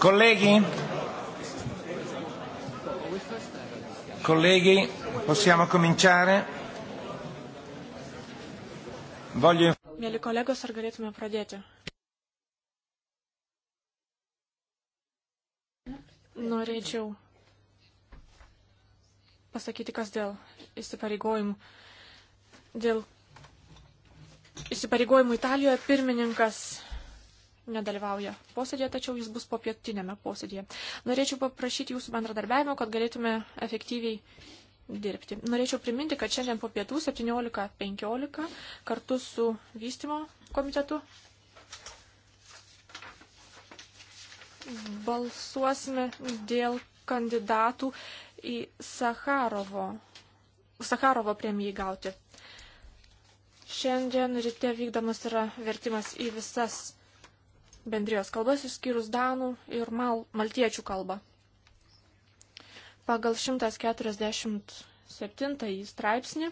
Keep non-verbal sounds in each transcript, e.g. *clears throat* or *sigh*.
Colleghi? Colleghi, possiamo cominciare? Voglio... Mėly kolegos, ar galėtume pradėti? Norėčiau pasakyti, kas dėl įsipareigojimų, dėl įsipareigojimų Italijoje pirmininkas nedalyvauja posėdėje, tačiau jis bus po pietinėme posėdėje. Norėčiau paprašyti jūsų bendradarbiavimo, kad galėtume efektyviai dirbti. Norėčiau priminti, kad šiandien po pietų 17.15 kartu su vystimo komitetu balsuosime dėl kandidatų į Sakarovo, Sakarovo premijai gauti. Šiandien ryte vykdomas yra vertimas į visas bendrijos kalbas, išskyrus danų ir mal, maltiečių kalbą. Pagal 147 straipsnį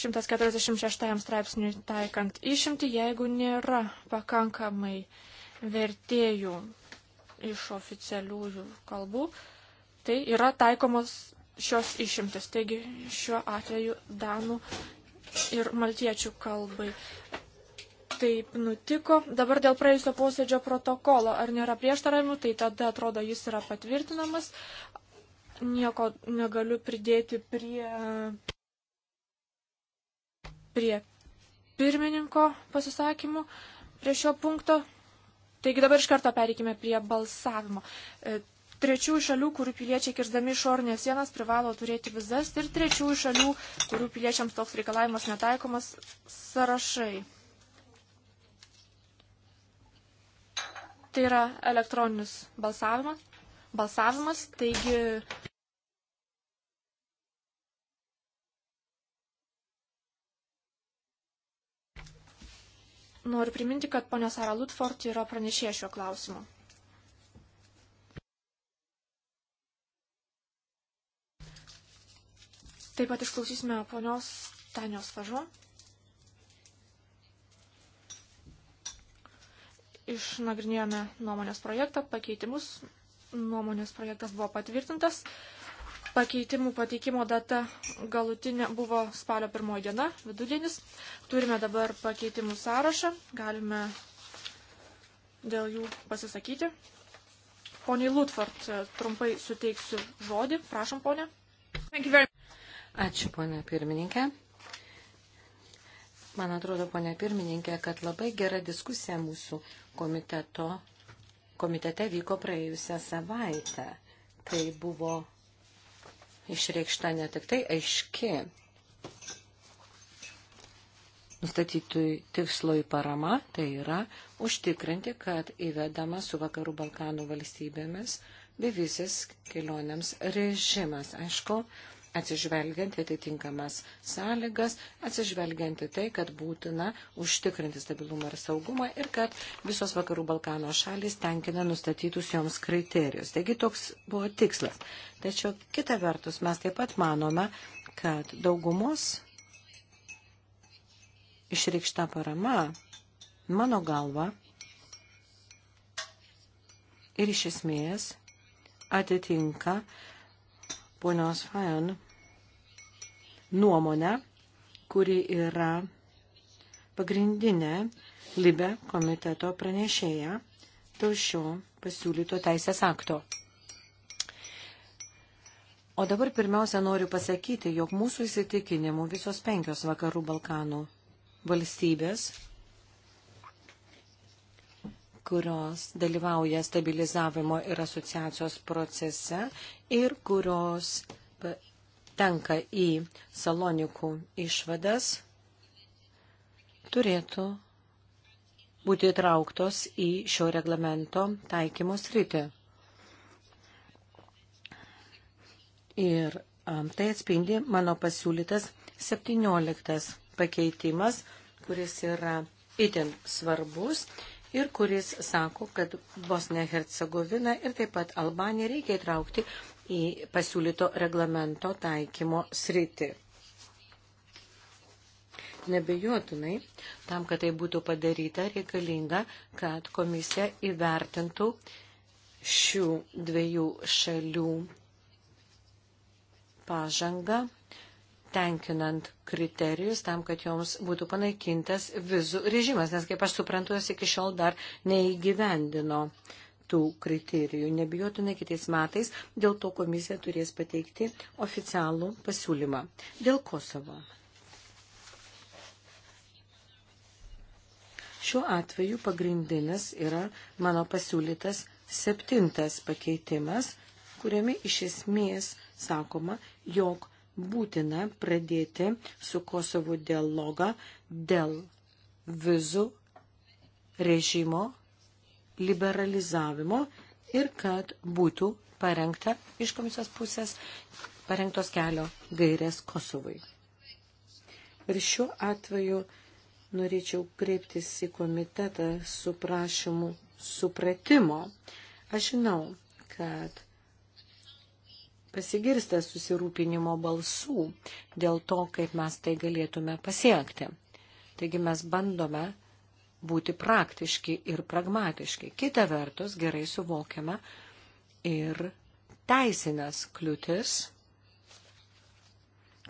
146 straipsniui taikant išimti, jeigu nėra pakankamai vertėjų iš oficialiųjų kalbų, tai yra taikomos šios išimtis. Taigi šiuo atveju Danų ir Maltiečių kalbai. Taip nutiko. Dabar dėl praėjusio posėdžio protokolo, ar nėra prieštaravimų, tai tada atrodo jis yra patvirtinamas. Nieko negaliu pridėti prie, prie pirmininko pasisakymų prie šio punkto. Taigi dabar iš karto pereikime prie balsavimo. E, trečiųjų šalių, kurių piliečiai kirzdami išornės sienas privalo turėti vizas ir trečiųjų šalių, kurių piliečiams toks reikalavimas netaikomas sąrašai. Tai yra elektroninis balsavimas. balsavimas taigi Noriu priminti, kad ponia Sara Lutford yra pranešė šiuo klausimu. Taip pat išklausysime ponios Tanios Važo. Išnagrinėjome nuomonės projektą, pakeitimus. Nuomonės projektas buvo patvirtintas. Pakeitimų pateikimo data galutinė buvo spalio pirmoji diena, vidudienis. Turime dabar pakeitimų sąrašą, galime dėl jų pasisakyti. Poniai Lutford, trumpai suteiksiu žodį. Prašom, ponė. Thank you very much. Ačiū, ponė pirmininkė. Man atrodo, ponė pirmininkė, kad labai gera diskusija mūsų komiteto, komitete vyko praėjusią savaitę. Tai buvo išreikšta ne tik tai aiški nustatytųjų tiksloj parama, tai yra užtikrinti, kad įvedama su vakarų Balkanų valstybėmis bevisis kelionėms režimas. Aišku, atsižvelgiant į atitinkamas sąlygas, atsižvelgiant į tai, kad būtina užtikrinti stabilumą ir saugumą ir kad visos vakarų Balkano šalis tenkina nustatytus joms kriterijus. Taigi toks buvo tikslas. Tačiau kita vertus mes taip pat manome, kad daugumos išreikšta parama, mano galva, ir iš esmės atitinka uh, ponios Fajon nuomonę, kuri yra pagrindinė Libe komiteto pranešėja dėl šio pasiūlyto teisės akto. O dabar pirmiausia noriu pasakyti, jog mūsų įsitikinimu visos penkios vakarų Balkanų valstybės kurios dalyvauja stabilizavimo ir asociacijos procese ir kurios tenka į salonikų išvadas, turėtų būti įtrauktos į šio reglamento taikymo sritį. Ir tai atspindi mano pasiūlytas 17 pakeitimas, kuris yra itin svarbus ir kuris sako, kad Bosnė Hercegovina ir taip pat Albanija reikia įtraukti į pasiūlyto reglamento taikymo sritį. Nebejotinai, tam, kad tai būtų padaryta, reikalinga, kad komisija įvertintų šių dviejų šalių pažangą tenkinant kriterijus tam, kad joms būtų panaikintas vizų režimas, nes kaip aš suprantu, jos iki šiol dar neįgyvendino tų kriterijų. Nebijotinai kitais metais dėl to komisija turės pateikti oficialų pasiūlymą. Dėl Kosovo. Šiuo atveju pagrindinis yra mano pasiūlytas septintas pakeitimas, kuriame iš esmės sakoma, jog būtina pradėti su Kosovu dialogą dėl vizų režimo liberalizavimo ir kad būtų parengta iš komisijos pusės parengtos kelio gairės Kosovui. Ir šiuo atveju norėčiau kreiptis į komitetą su prašymu supratimo. Aš žinau, kad pasigirsta susirūpinimo balsų dėl to, kaip mes tai galėtume pasiekti. Taigi mes bandome būti praktiški ir pragmatiški. Kita vertus, gerai suvokiame ir teisinės kliūtis,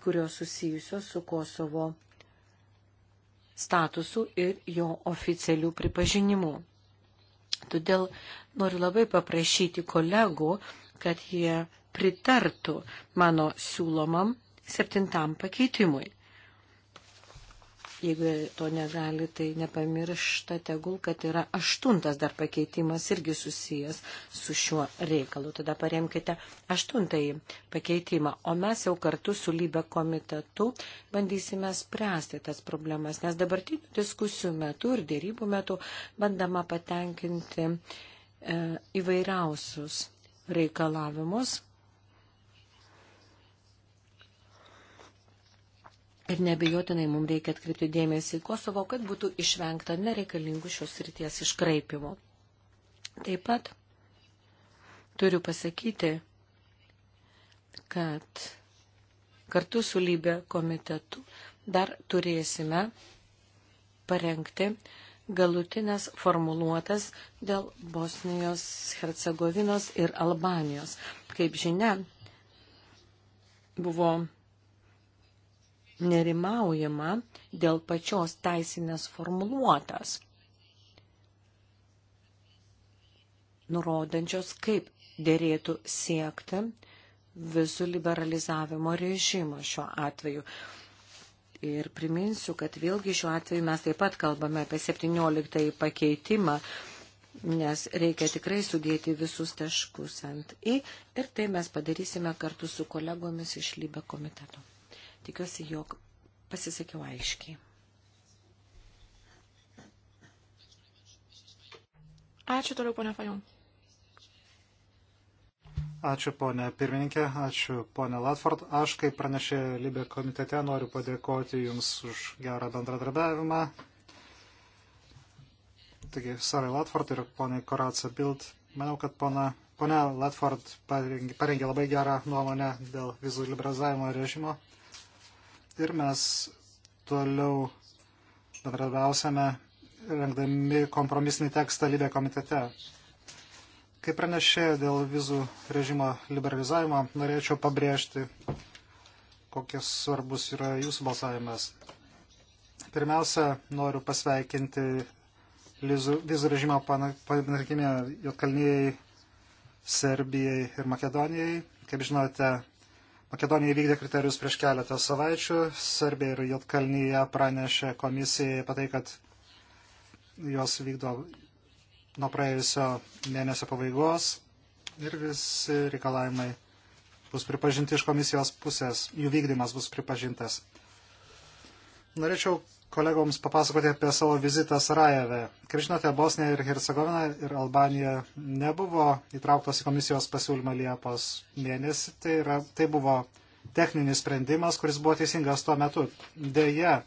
kurios susijusios su Kosovo statusu ir jo oficialių pripažinimu. Todėl noriu labai paprašyti kolegų kad jie pritartų mano siūlomam septintam pakeitimui. Jeigu to negali, tai nepamiršta tegul, kad yra aštuntas dar pakeitimas irgi susijęs su šiuo reikalu. Tada paremkite aštuntąjį pakeitimą, o mes jau kartu su lybe komitetu bandysime spręsti tas problemas, nes dabartinių diskusijų metu ir dėrybų metu bandama patenkinti e, įvairiausius reikalavimus Ir nebejotinai mums reikia atkreipti dėmesį į Kosovo, kad būtų išvengta nereikalingų šios ryties iškraipimo. Taip pat turiu pasakyti, kad kartu su lybė komitetu dar turėsime parengti galutinės formuluotas dėl Bosnijos, Hercegovinos ir Albanijos. Kaip žinia, buvo nerimaujama dėl pačios teisinės formuluotas, nurodančios, kaip dėrėtų siekti visų liberalizavimo režimo šiuo atveju. Ir priminsiu, kad vėlgi šiuo atveju mes taip pat kalbame apie 17 pakeitimą, nes reikia tikrai sudėti visus taškus ant į ir tai mes padarysime kartu su kolegomis iš Lybe komiteto. Tikiuosi, jog pasisakiau aiškiai. Ačiū toliau, ponia Fajon. Ačiū ponė pirmininkė, ačiū ponė Latford. Aš kaip pranešė Libė komitete noriu padėkoti Jums už gerą bendradarbiavimą. Taigi, Sarai Latford ir ponė Koratsa Bild. Manau, kad pona, ponė Latford parengė, parengė labai gerą nuomonę dėl vizų liberalizavimo režimo. Ir mes toliau bendradarbiausime rengdami kompromisinį tekstą Libė komitete. Kaip pranešė dėl vizų režimo liberalizavimo, norėčiau pabrėžti, kokias svarbus yra jūsų balsavimas. Pirmiausia, noriu pasveikinti vizų režimo panaikinimą Jotkalnyjei, Serbijai ir Makedonijai. Kaip žinote, Makedonija įvykdė kriterijus prieš keletą savaičių. Serbija ir Jotkalnyje pranešė komisijai apie tai, kad jos vykdo nuo praėjusio mėnesio pabaigos ir visi reikalavimai bus pripažinti iš komisijos pusės, jų vykdymas bus pripažintas. Norėčiau kolegoms papasakoti apie savo vizitą Sarajeve. Kaip žinote, Bosnija ir Hercegovina ir Albanija nebuvo įtrauktos į komisijos pasiūlymą Liepos mėnesį. Tai, yra, tai buvo techninis sprendimas, kuris buvo teisingas tuo metu. Deja,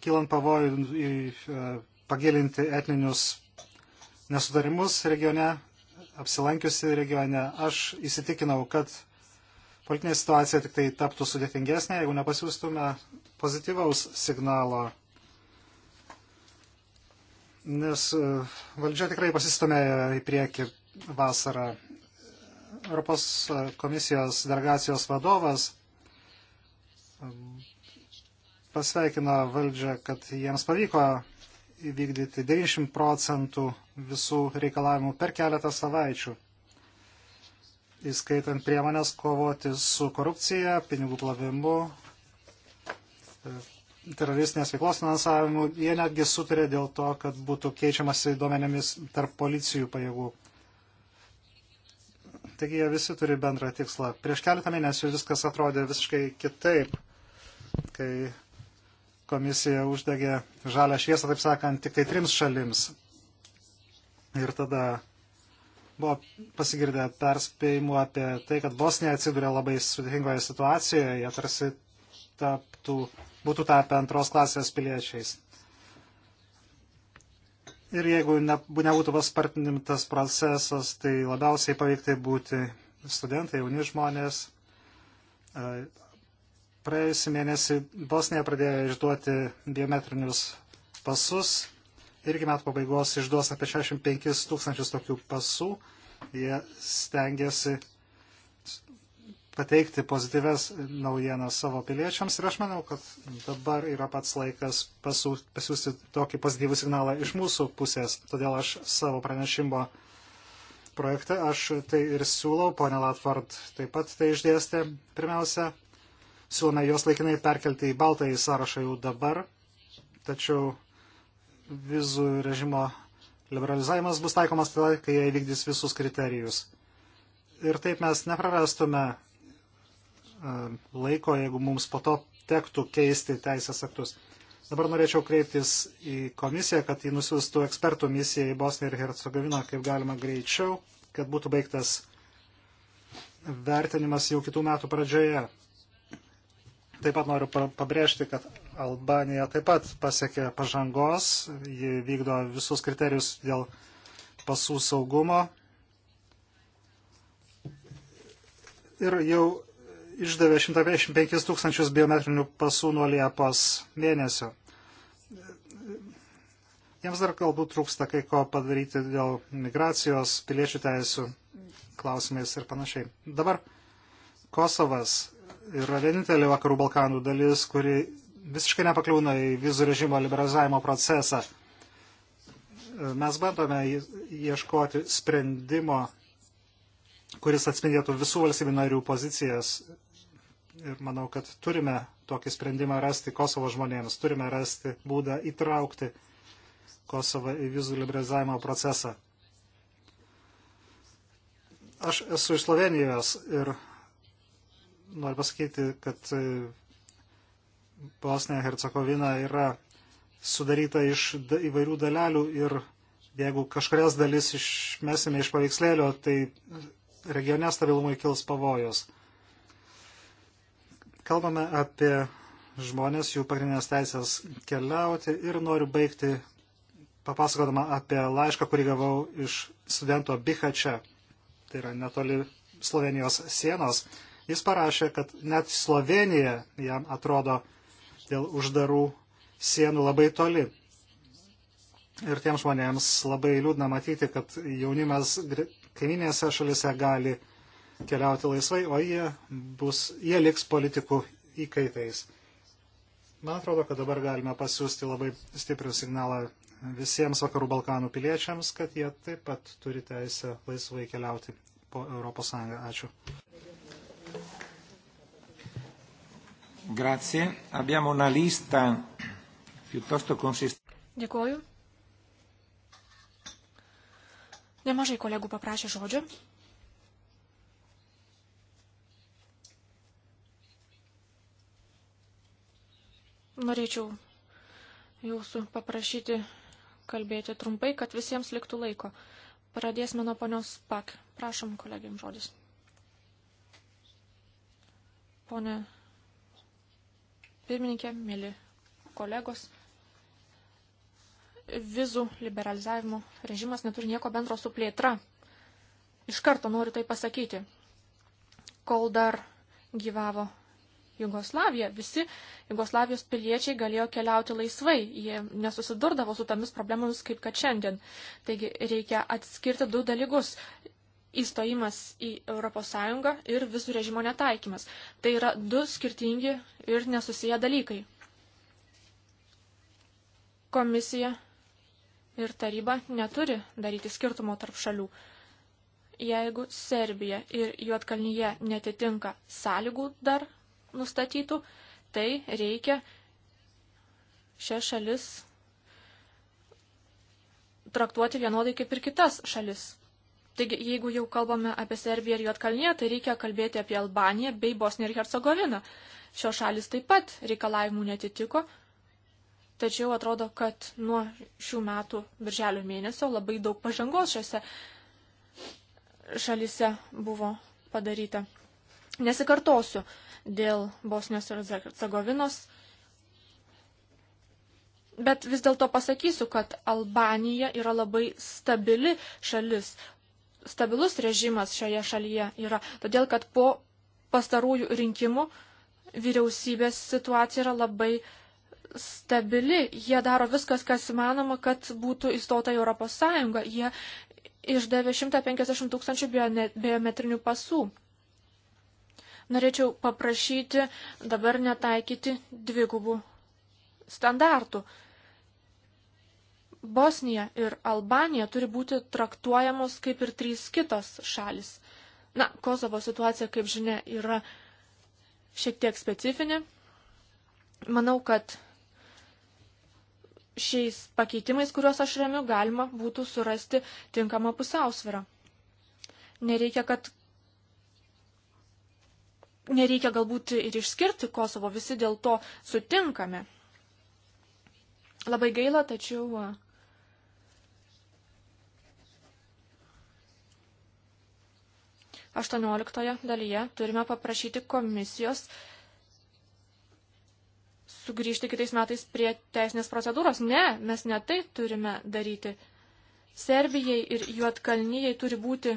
kilant pavojų į e, pagilinti etninius nesudarimus regione, apsilankiusi regione. Aš įsitikinau, kad politinė situacija tik tai taptų sudėtingesnė, jeigu nepasiūstume pozityvaus signalo. Nes e, valdžia tikrai pasistumė į priekį vasarą. Europos e, komisijos delegacijos vadovas e, pasveikino valdžią, kad jiems pavyko įvykdyti 90 procentų visų reikalavimų per keletą savaičių, įskaitant priemonės kovoti su korupcija, pinigų plavimu, e, teroristinės veiklos finansavimu. Jie netgi sutarė dėl to, kad būtų keičiamasi duomenėmis tarp policijų pajėgų. Taigi jie visi turi bendrą tikslą. Prieš keletą mėnesių viskas atrodė visiškai kitaip, kai komisija uždegė žalę šviesą, taip sakant, tik tai trims šalims. Ir tada buvo pasigirdę perspėjimų apie tai, kad Bosnija atsiduria labai sudėtingoje situacijoje, jie tarsi taptų, būtų tapę antros klasės piliečiais. Ir jeigu ne, nebūtų paspartinimtas procesas, tai labiausiai paveiktai būti studentai, jauni žmonės, Praėjusį mėnesį Bosnija pradėjo išduoti biometrinius pasus. Irgi metų pabaigos išduos apie 65 tūkstančius tokių pasų. Jie stengiasi pateikti pozityves naujienas savo piliečiams ir aš manau, kad dabar yra pats laikas pasų, pasiūsti tokį pozityvų signalą iš mūsų pusės. Todėl aš savo pranešimo projekte aš tai ir siūlau, ponė Latvard taip pat tai išdėstė. Pirmiausia, siūlome juos laikinai perkelti į baltąjį sąrašą jau dabar, tačiau vizų režimo liberalizavimas bus taikomas tada, kai jie įvykdys visus kriterijus. Ir taip mes neprarastume e, laiko, jeigu mums po to tektų keisti teisės aktus. Dabar norėčiau kreiptis į komisiją, kad jį nusiųstų ekspertų misiją į Bosniją ir Hercegoviną kaip galima greičiau, kad būtų baigtas vertinimas jau kitų metų pradžioje. Taip pat noriu pabrėžti, kad Albanija taip pat pasiekė pažangos, ji vykdo visus kriterijus dėl pasų saugumo ir jau išdavė 155 tūkstančius biometrinių pasų nuo Liepos mėnesio. Jiems dar galbūt trūksta kai ko padaryti dėl migracijos, piliečių teisų klausimais ir panašiai. Dabar Kosovas yra vienintelė Vakarų Balkanų dalis, kuri visiškai nepakliūna į vizų režimo liberalizavimo procesą. Mes bandome ieškoti sprendimo, kuris atspindėtų visų valstybių narių pozicijas. Ir manau, kad turime tokį sprendimą rasti Kosovo žmonėms, turime rasti būdą įtraukti Kosovą į vizų liberalizavimo procesą. Aš esu iš Slovenijos ir noriu pasakyti, kad e, Bosnija Hercegovina yra sudaryta iš įvairių dalelių ir jeigu kažkurias dalis išmesime iš paveikslėlio, tai regione stabilumui kils pavojos. Kalbame apie žmonės, jų pagrindinės teisės keliauti ir noriu baigti papasakodama apie laišką, kurį gavau iš studento Bihače, tai yra netoli Slovenijos sienos. Jis parašė, kad net Slovenija jam atrodo dėl uždarų sienų labai toli. Ir tiems žmonėms labai liūdna matyti, kad jaunimas kaiminėse šalise gali keliauti laisvai, o jie, bus, jie liks politikų įkaitais. Man atrodo, kad dabar galime pasiūsti labai stiprių signalą visiems vakarų Balkanų piliečiams, kad jie taip pat turi teisę laisvai keliauti po ES. Ačiū. Grazie. Abbiamo una lista piuttosto consistente. Dėkuoju. Nemažai kolegų paprašė žodžio. Norėčiau jūsų paprašyti kalbėti trumpai, kad visiems liktų laiko. Pradėsime nuo ponios Pak. Prašom, kolegiam žodis. Pone pirmininkė, mėly kolegos. Vizų liberalizavimo režimas neturi nieko bendro su plėtra. Iš karto noriu tai pasakyti. Kol dar gyvavo Jugoslavija, visi Jugoslavijos piliečiai galėjo keliauti laisvai, jie nesusidurdavo su tomis problemomis kaip kad šiandien. Taigi reikia atskirti du dalykus įstojimas į ES ir visų režimo netaikymas. Tai yra du skirtingi ir nesusiję dalykai. Komisija ir taryba neturi daryti skirtumo tarp šalių. Jeigu Serbija ir Juotkalnyje netitinka sąlygų dar nustatytų, tai reikia šią šalis traktuoti vienodai kaip ir kitas šalis. Taigi, jeigu jau kalbame apie Serbiją ir Jotkalniją, tai reikia kalbėti apie Albaniją bei Bosniją ir Hercegoviną. Šios šalis taip pat reikalavimų netitiko, tačiau atrodo, kad nuo šių metų birželio mėnesio labai daug pažangos šiose šalise buvo padaryta. Nesikartosiu dėl Bosnijos ir Hercegovinos, bet vis dėlto pasakysiu, kad Albanija yra labai stabili šalis, stabilus režimas šioje šalyje yra, todėl kad po pastarųjų rinkimų vyriausybės situacija yra labai stabili. Jie daro viskas, kas įmanoma, kad būtų įstota į Europos Sąjungą. Jie išdavė 150 tūkstančių biometrinių pasų. Norėčiau paprašyti dabar netaikyti dvigubų standartų. Bosnija ir Albanija turi būti traktuojamos kaip ir trys kitos šalis. Na, Kosovo situacija, kaip žinia, yra šiek tiek specifinė. Manau, kad šiais pakeitimais, kuriuos aš remiu, galima būtų surasti tinkamą pusiausvirą. Nereikia, kad. Nereikia galbūt ir išskirti Kosovo, visi dėl to sutinkame. Labai gaila, tačiau 18 dalyje turime paprašyti komisijos sugrįžti kitais metais prie teisinės procedūros. Ne, mes ne tai turime daryti. Serbijai ir Juotkalnyjai turi būti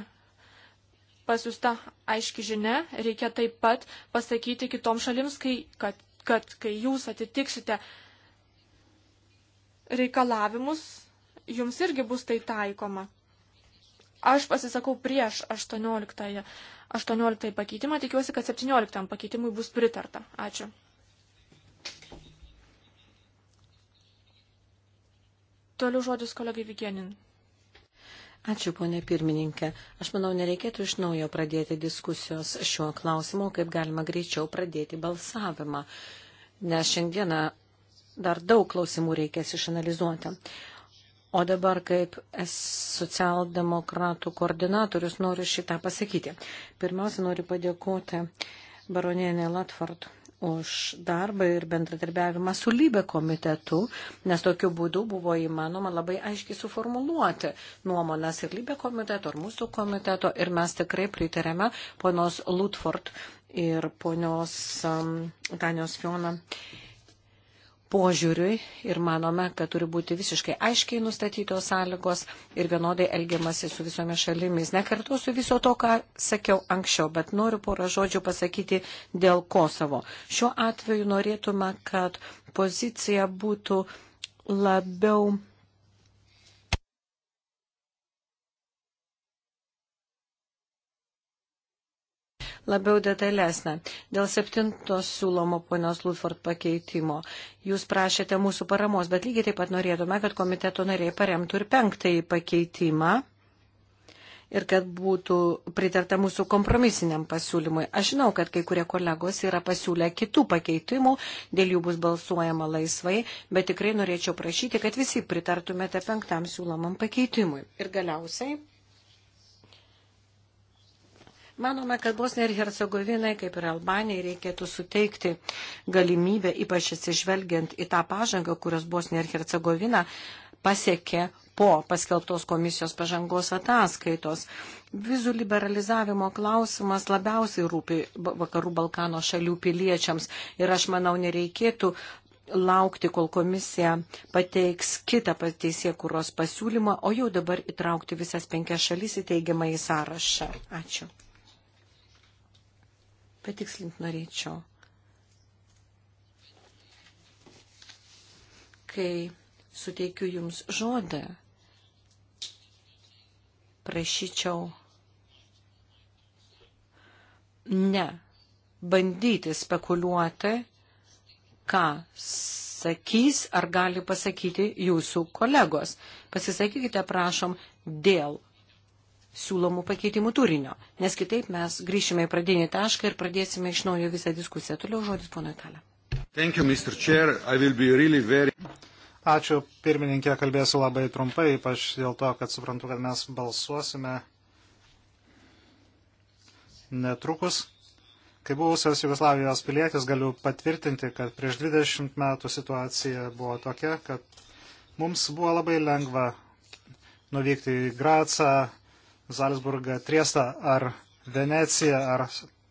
pasiusta aiški žinia. Reikia taip pat pasakyti kitoms šalims, kai, kad, kad kai jūs atitiksite reikalavimus, jums irgi bus tai taikoma. Aš pasisakau prieš 18, 18 pakeitimą, tikiuosi, kad 17 pakeitimui bus pritarta. Ačiū. Toliau žodis kolegai Vigenin. Ačiū, ponė pirmininkė. Aš manau, nereikėtų iš naujo pradėti diskusijos šiuo klausimu, kaip galima greičiau pradėti balsavimą, nes šiandieną dar daug klausimų reikės išanalizuoti. O dabar kaip socialdemokratų koordinatorius noriu šitą pasakyti. Pirmiausia, noriu padėkoti baronienė Latvart už darbą ir bendradarbiavimą su lybė komitetu, nes tokiu būdu buvo įmanoma labai aiškiai suformuluoti nuomonas ir lybė komiteto, ir mūsų komiteto, ir mes tikrai pritarėme ponos Lutford ir ponios um, Danios Fiona. Uh, požiūriui ir manome, kad turi būti visiškai aiškiai nustatytos sąlygos ir vienodai elgiamasi su visomis šalimis. Nekartosiu viso to, ką sakiau anksčiau, bet noriu porą žodžių pasakyti dėl Kosovo. Šiuo atveju norėtume, kad pozicija būtų labiau labiau detalesnė. Dėl septintos siūlomo ponios Lutford pakeitimo. Jūs prašėte mūsų paramos, bet lygiai taip pat norėtume, kad komiteto nariai paremtų ir penktąjį pakeitimą ir kad būtų pritarta mūsų kompromisiniam pasiūlymui. Aš žinau, kad kai kurie kolegos yra pasiūlę kitų pakeitimų, dėl jų bus balsuojama laisvai, bet tikrai norėčiau prašyti, kad visi pritartumėte penktam siūlomam pakeitimui. Ir galiausiai Manome, kad Bosnija ir Hercegovinai, kaip ir Albanijai, reikėtų suteikti galimybę, ypač atsižvelgiant į tą pažangą, kurios Bosnija ir Hercegovina pasiekė po paskelbtos komisijos pažangos ataskaitos. Vizų liberalizavimo klausimas labiausiai rūpi vakarų Balkano šalių piliečiams ir aš manau nereikėtų laukti, kol komisija pateiks kitą teisėkuros pasiūlymą, o jau dabar įtraukti visas penkias šalis į teigiamą į sąrašą. Ačiū patikslinti norėčiau. Kai suteikiu Jums žodą, prašyčiau ne bandyti spekuliuoti, ką sakys ar gali pasakyti jūsų kolegos. Pasisakykite, prašom, dėl siūlomų pakeitimų turinio, nes kitaip mes grįšime į pradinį tašką ir pradėsime iš naujo visą diskusiją. Toliau žodis ponui Kalė. Really very... Ačiū, pirmininkė, kalbėsiu labai trumpai, ypač dėl to, kad suprantu, kad mes balsuosime netrukus. Kai buvusios Jugoslavijos pilietis galiu patvirtinti, kad prieš 20 metų situacija buvo tokia, kad mums buvo labai lengva nuvykti į Gracą, Zalzburgą, Triestą ar Veneciją ar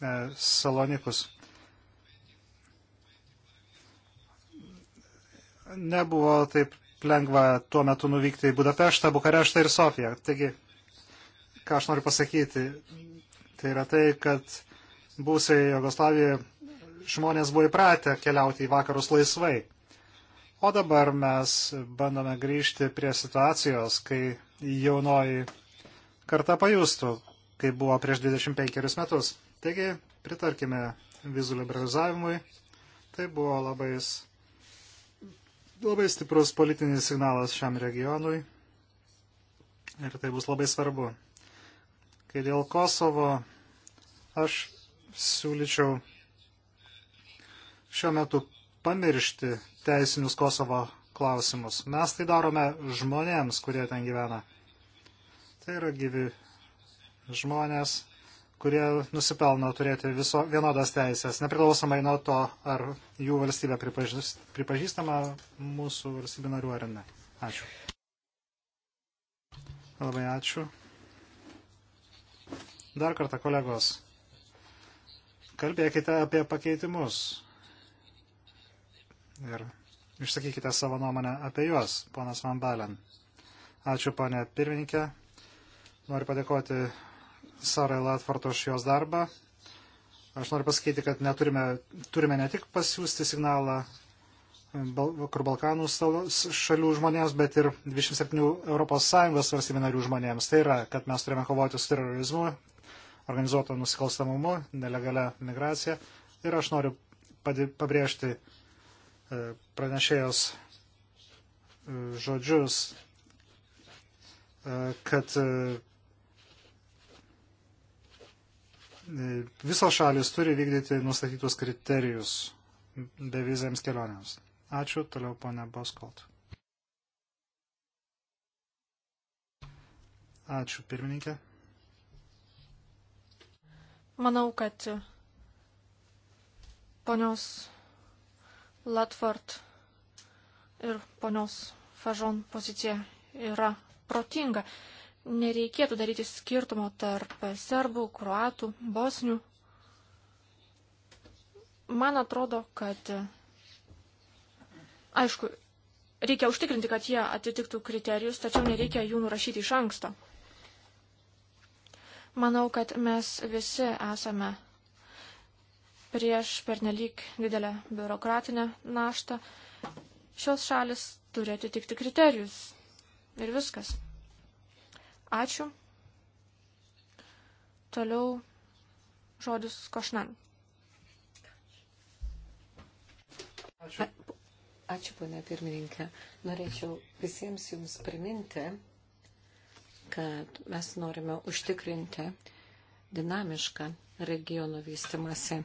e, Salonikus. Nebuvo taip lengva tuo metu nuvykti į Budapeštą, Bukareštą ir Sofiją. Taigi, ką aš noriu pasakyti, tai yra tai, kad būsiai Jugoslavijoje žmonės buvo įpratę keliauti į vakarus laisvai. O dabar mes bandome grįžti prie situacijos, kai jaunoji kartą pajustų, kaip buvo prieš 25 metus. Taigi, pritarkime vizų liberalizavimui. Tai buvo labai, labai stiprus politinis signalas šiam regionui. Ir tai bus labai svarbu. Kai dėl Kosovo aš siūlyčiau šiuo metu pamiršti teisinius Kosovo klausimus. Mes tai darome žmonėms, kurie ten gyvena. Tai yra gyvi žmonės, kurie nusipelno turėti viso, vienodas teisės, nepriklausomai nuo to, ar jų valstybė pripažįstama mūsų valstybė narių ar ne. Ačiū. Labai ačiū. Dar kartą, kolegos, kalbėkite apie pakeitimus ir išsakykite savo nuomonę apie juos, ponas Van Balen. Ačiū, ponė pirmininkė. Noriu padėkoti Sarai Latvarto už jos darbą. Aš noriu pasakyti, kad neturime, turime ne tik pasiūsti signalą vakarų Balkanų šalių žmonėms, bet ir 27 ES valstybių narių žmonėms. Tai yra, kad mes turime kovoti su terorizmu, organizuoto nusikalstamumu, nelegalia migracija. Ir aš noriu pabrėžti e, pranešėjos e, žodžius, e, kad visos šalis turi vykdyti nustatytus kriterijus bevizėms kelionėms. Ačiū, toliau ponė Boskolt. Ačiū, pirmininkė. Manau, kad ponios Latvart ir ponios Fažon pozicija yra protinga nereikėtų daryti skirtumo tarp serbų, kruatų, bosnių. Man atrodo, kad aišku, reikia užtikrinti, kad jie atitiktų kriterijus, tačiau nereikia jų nurašyti iš anksto. Manau, kad mes visi esame prieš pernelyg didelę biurokratinę naštą. Šios šalis turi atitikti kriterijus. Ir viskas. Ačiū. Toliau žodis Košnan. Ačiū. Ačiū, ponia pirmininkė. Norėčiau visiems jums priminti, kad mes norime užtikrinti dinamišką regionų vystimasi.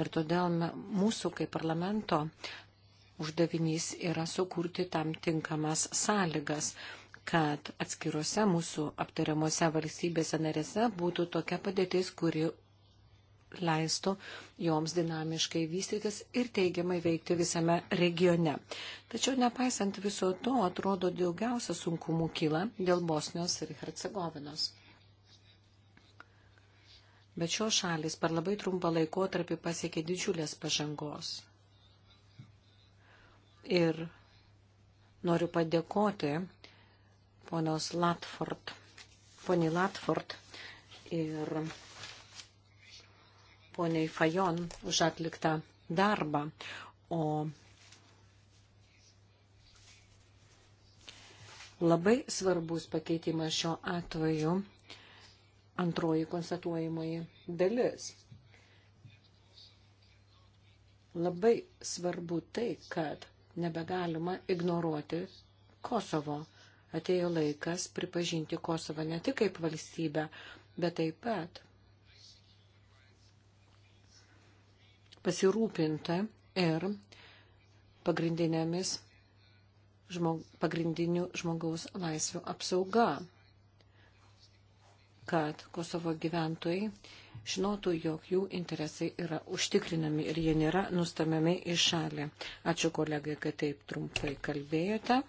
Ir todėl mūsų kaip parlamento uždavinys yra sukurti tam tinkamas sąlygas kad atskiruose mūsų aptariamuose valstybėse narėse būtų tokia padėtis, kuri leistų joms dinamiškai vystytis ir teigiamai veikti visame regione. Tačiau nepaisant viso to, atrodo, daugiausia sunkumų kyla dėl Bosnios ir Hercegovinos. Bet šios šalis per labai trumpą laikotarpį pasiekė didžiulės pažangos. Ir noriu padėkoti ponios Latford, poniai Latford ir poniai Fajon už atliktą darbą. O labai svarbus pakeitimas šio atveju antroji konstatuojamoji dalis. Labai svarbu tai, kad nebegalima ignoruoti Kosovo atėjo laikas pripažinti Kosovą ne tik kaip valstybę, bet taip pat pasirūpinta ir pagrindinėmis žmog, pagrindinių žmogaus laisvių apsauga, kad Kosovo gyventojai žinotų, jog jų interesai yra užtikrinami ir jie nėra nustamiami į šalį. Ačiū kolegai, kad taip trumpai kalbėjote.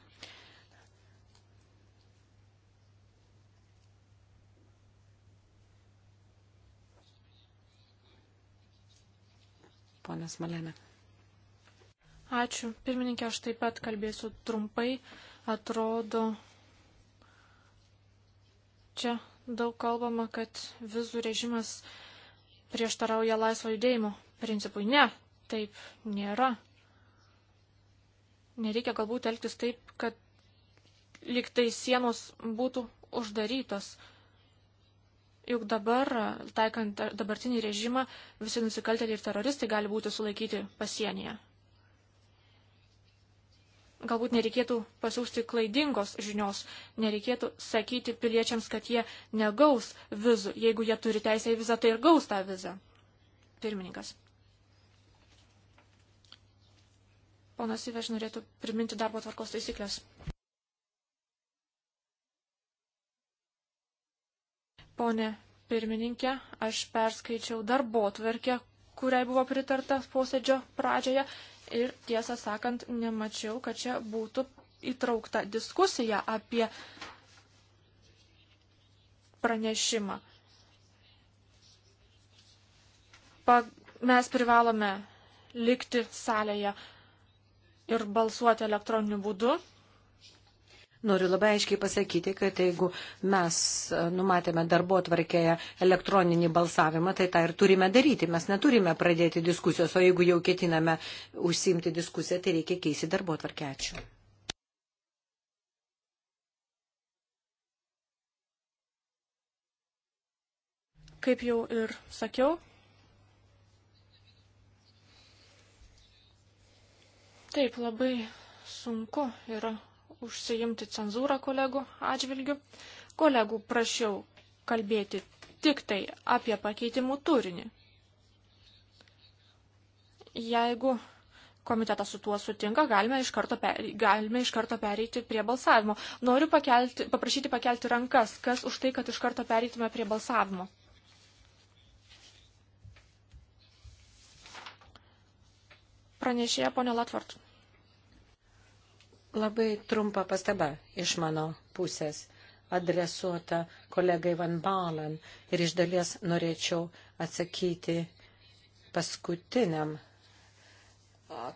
ponas Malena. Ačiū. Pirmininkė, aš taip pat kalbėsiu trumpai. Atrodo, čia daug kalbama, kad vizų režimas prieštarauja laisvo judėjimo principui. Ne, taip nėra. Nereikia galbūt elgtis taip, kad liktai sienos būtų uždarytos. Juk dabar, taikant dabartinį režimą, visi nusikaltėliai ir teroristai gali būti sulaikyti pasienyje. Galbūt nereikėtų pasiūsti klaidingos žinios, nereikėtų sakyti piliečiams, kad jie negaus vizų, jeigu jie turi teisę į vizą, tai ir gaus tą vizą. Pirmininkas. Ponas Iveš norėtų priminti darbo tvarkos taisyklės. Pone pirmininkė, aš perskaičiau darbo tvarkę, kuriai buvo pritarta posėdžio pradžioje ir tiesą sakant, nemačiau, kad čia būtų įtraukta diskusija apie pranešimą. Pa, mes privalome likti salėje ir balsuoti elektroniniu būdu. Noriu labai aiškiai pasakyti, kad jeigu mes e, numatėme darbo tvarkėje elektroninį balsavimą, tai tą ir turime daryti. Mes neturime pradėti diskusijos, o jeigu jau ketiname užsimti diskusiją, tai reikia keisti darbo tvarkę. Ačiū. Kaip jau ir sakiau, Taip, labai sunku yra užsijimti cenzūrą kolegų atžvilgių. Kolegų prašiau kalbėti tik tai apie pakeitimų turinį. Jeigu komitetas su tuo sutinka, galime iš karto, per, galime iš karto pereiti prie balsavimo. Noriu pakelti, paprašyti pakelti rankas, kas už tai, kad iš karto pereitume prie balsavimo. Pranešėja ponė Latvart. Labai trumpa pastaba iš mano pusės adresuota kolegai Van Balen ir iš dalies norėčiau atsakyti paskutiniam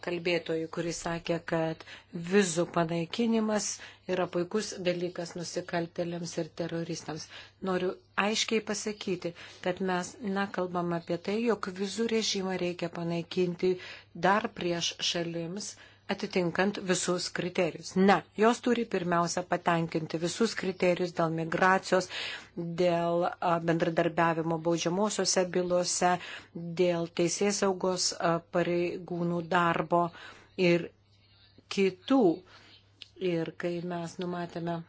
kalbėtojui, kuris sakė, kad vizų panaikinimas yra puikus dalykas nusikaltėliams ir teroristams. Noriu aiškiai pasakyti, kad mes nekalbam apie tai, jog vizų režimą reikia panaikinti dar prieš šalims atitinkant visus kriterijus. Ne, jos turi pirmiausia patenkinti visus kriterijus dėl migracijos, dėl bendradarbiavimo baudžiamosiose bylose, dėl teisės saugos pareigūnų darbo ir kitų. Ir kai mes numatėme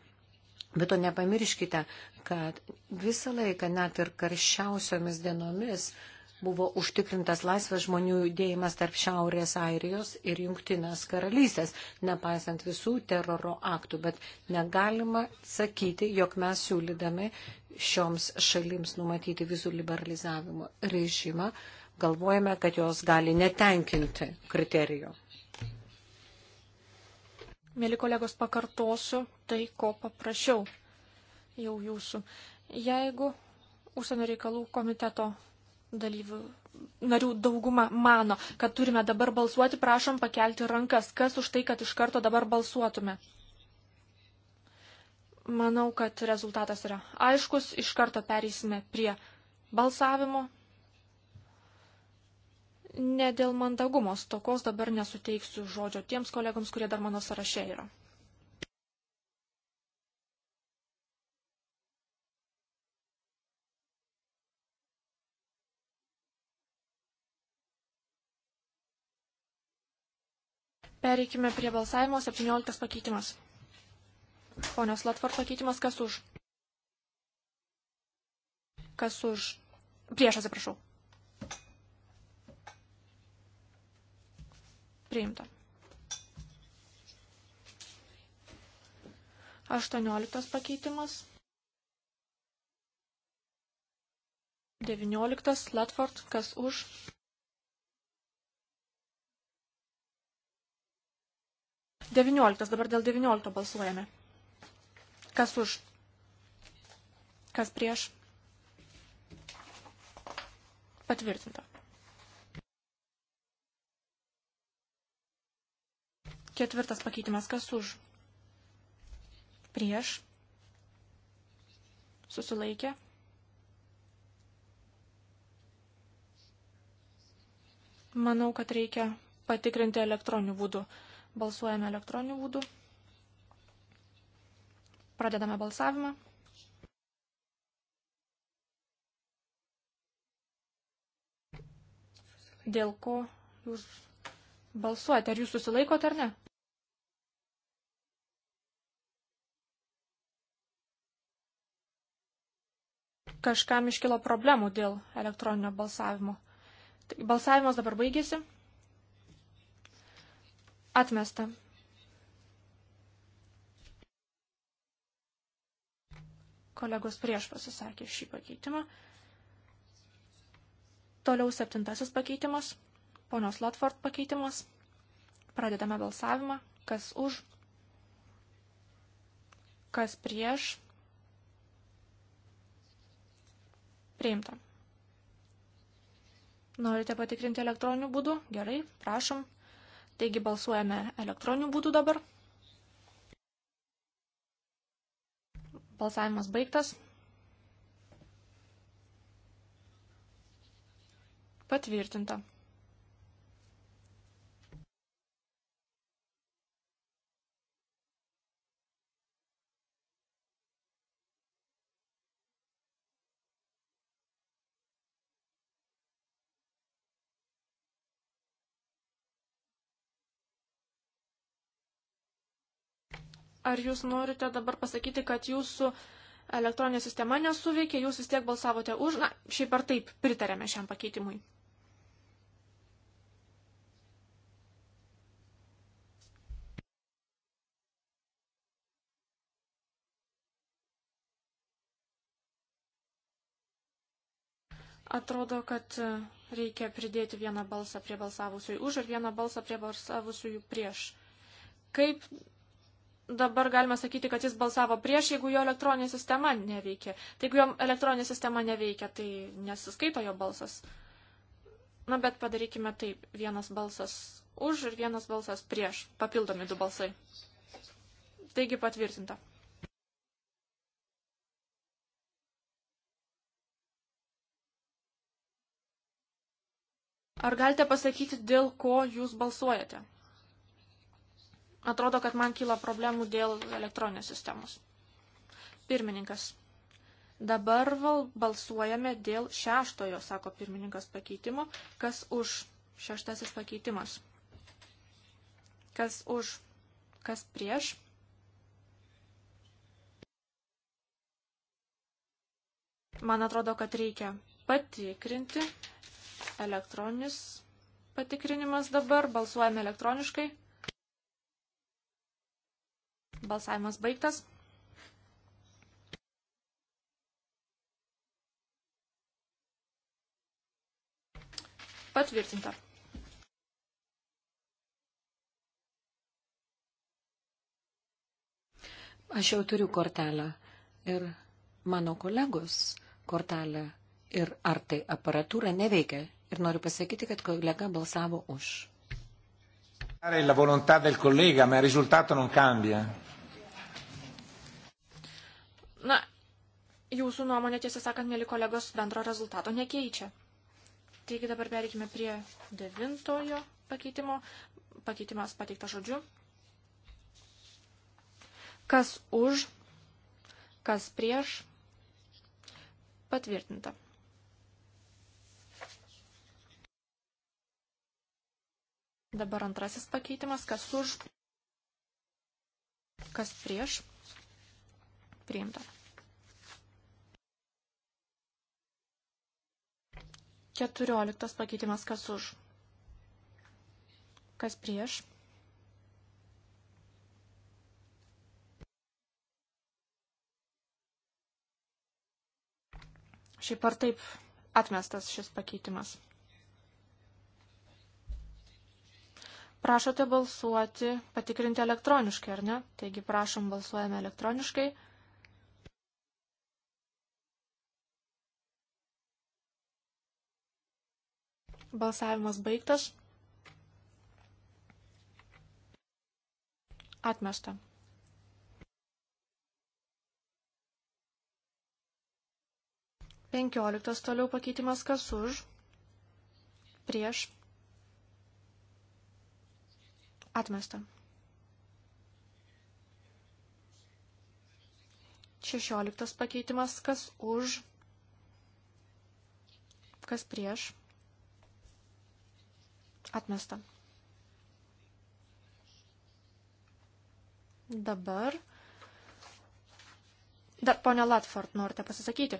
Bet to nepamirškite, kad visą laiką, net ir karščiausiomis dienomis, buvo užtikrintas laisvas žmonių judėjimas tarp Šiaurės Airijos ir Jungtinės karalystės, nepaisant visų teroro aktų. Bet negalima sakyti, jog mes siūlydami šioms šalims numatyti vizų liberalizavimo režimą, galvojame, kad jos gali netenkinti kriterijų. Mėly kolegos, pakartosiu tai, ko paprašiau jau jūsų. Jeigu užsienio reikalų komiteto dalyvių narių dauguma mano, kad turime dabar balsuoti, prašom pakelti rankas. Kas už tai, kad iš karto dabar balsuotume? Manau, kad rezultatas yra aiškus. Iš karto pereisime prie balsavimo. Ne dėl mandagumo stokos dabar nesuteiksiu žodžio tiems kolegams, kurie dar mano sąraše yra. Pereikime prie balsavimo. 17 pakeitimas. Ponios Latvart pakeitimas. Kas už? Kas už? Prieš atsiprašau. Priimta. 18 pakeitimas. 19 Latford, kas už, 19. Dabar dėl 19 balsuojame. Kas už? Kas prieš? Patvirtinta. Ketvirtas pakeitimas. Kas už? Prieš. Susilaikė. Manau, kad reikia patikrinti elektroniniu būdu. Balsuojame elektroniniu būdu. Pradedame balsavimą. Dėl ko jūs balsuojate? Ar jūs susilaikote ar ne? Kažkam iškilo problemų dėl elektroninio balsavimo. Tai balsavimas dabar baigėsi. Atmesta. Kolegos prieš pasisakė šį pakeitimą. Toliau septintasis pakeitimas. Ponios Lotford pakeitimas. Pradedame balsavimą. Kas už? Kas prieš? Priimta. Norite patikrinti elektroniniu būdu? Gerai, prašom. Taigi balsuojame elektroniniu būdu dabar. Balsavimas baigtas. Patvirtinta. ar jūs norite dabar pasakyti, kad jūsų elektroninė sistema nesuveikė, jūs vis tiek balsavote už, na, šiaip ar taip pritarėme šiam pakeitimui. Atrodo, kad reikia pridėti vieną balsą prie balsavusiųjų už ir vieną balsą prie balsavusiųjų prieš. Kaip dabar galime sakyti, kad jis balsavo prieš, jeigu jo elektroninė sistema neveikia. Tai jeigu jo elektroninė sistema neveikia, tai nesiskaito jo balsas. Na, bet padarykime taip. Vienas balsas už ir vienas balsas prieš. Papildomi du balsai. Taigi patvirtinta. Ar galite pasakyti, dėl ko jūs balsuojate? Atrodo, kad man kyla problemų dėl elektroninės sistemos. Pirmininkas. Dabar val, balsuojame dėl šeštojo, sako pirmininkas pakeitimo. Kas už šeštasis pakeitimas? Kas už? Kas prieš? Man atrodo, kad reikia patikrinti. Elektroninis patikrinimas dabar. Balsuojame elektroniškai. Balsavimas baigtas. Patvirtinta. Aš jau turiu kortelę ir mano kolegos kortelę ir ar tai aparatūra neveikia. Ir noriu pasakyti, kad kolega balsavo už. La volontà del collega, ma il risultato non cambia. Na, jūsų nuomonė, tiesą sakant, mėly kolegos, bendro rezultato nekeičia. Taigi dabar perikime prie devintojo pakeitimo. Pakeitimas pateiktas žodžiu. Kas už, kas prieš, patvirtinta. Dabar antrasis pakeitimas, kas už, kas prieš, priimta. Keturioliktas pakeitimas, kas už, kas prieš. Šiaip ar taip atmestas šis pakeitimas. Prašote balsuoti, patikrinti elektroniškai, ar ne? Taigi prašom balsuojame elektroniškai. Balsavimas baigtas. Atmesta. Penkioliktas toliau pakeitimas kas už, prieš, Atmesta. 16 pakeitimas, kas už, kas prieš, atmesta. Dabar, dar ponia Latford, norite pasisakyti?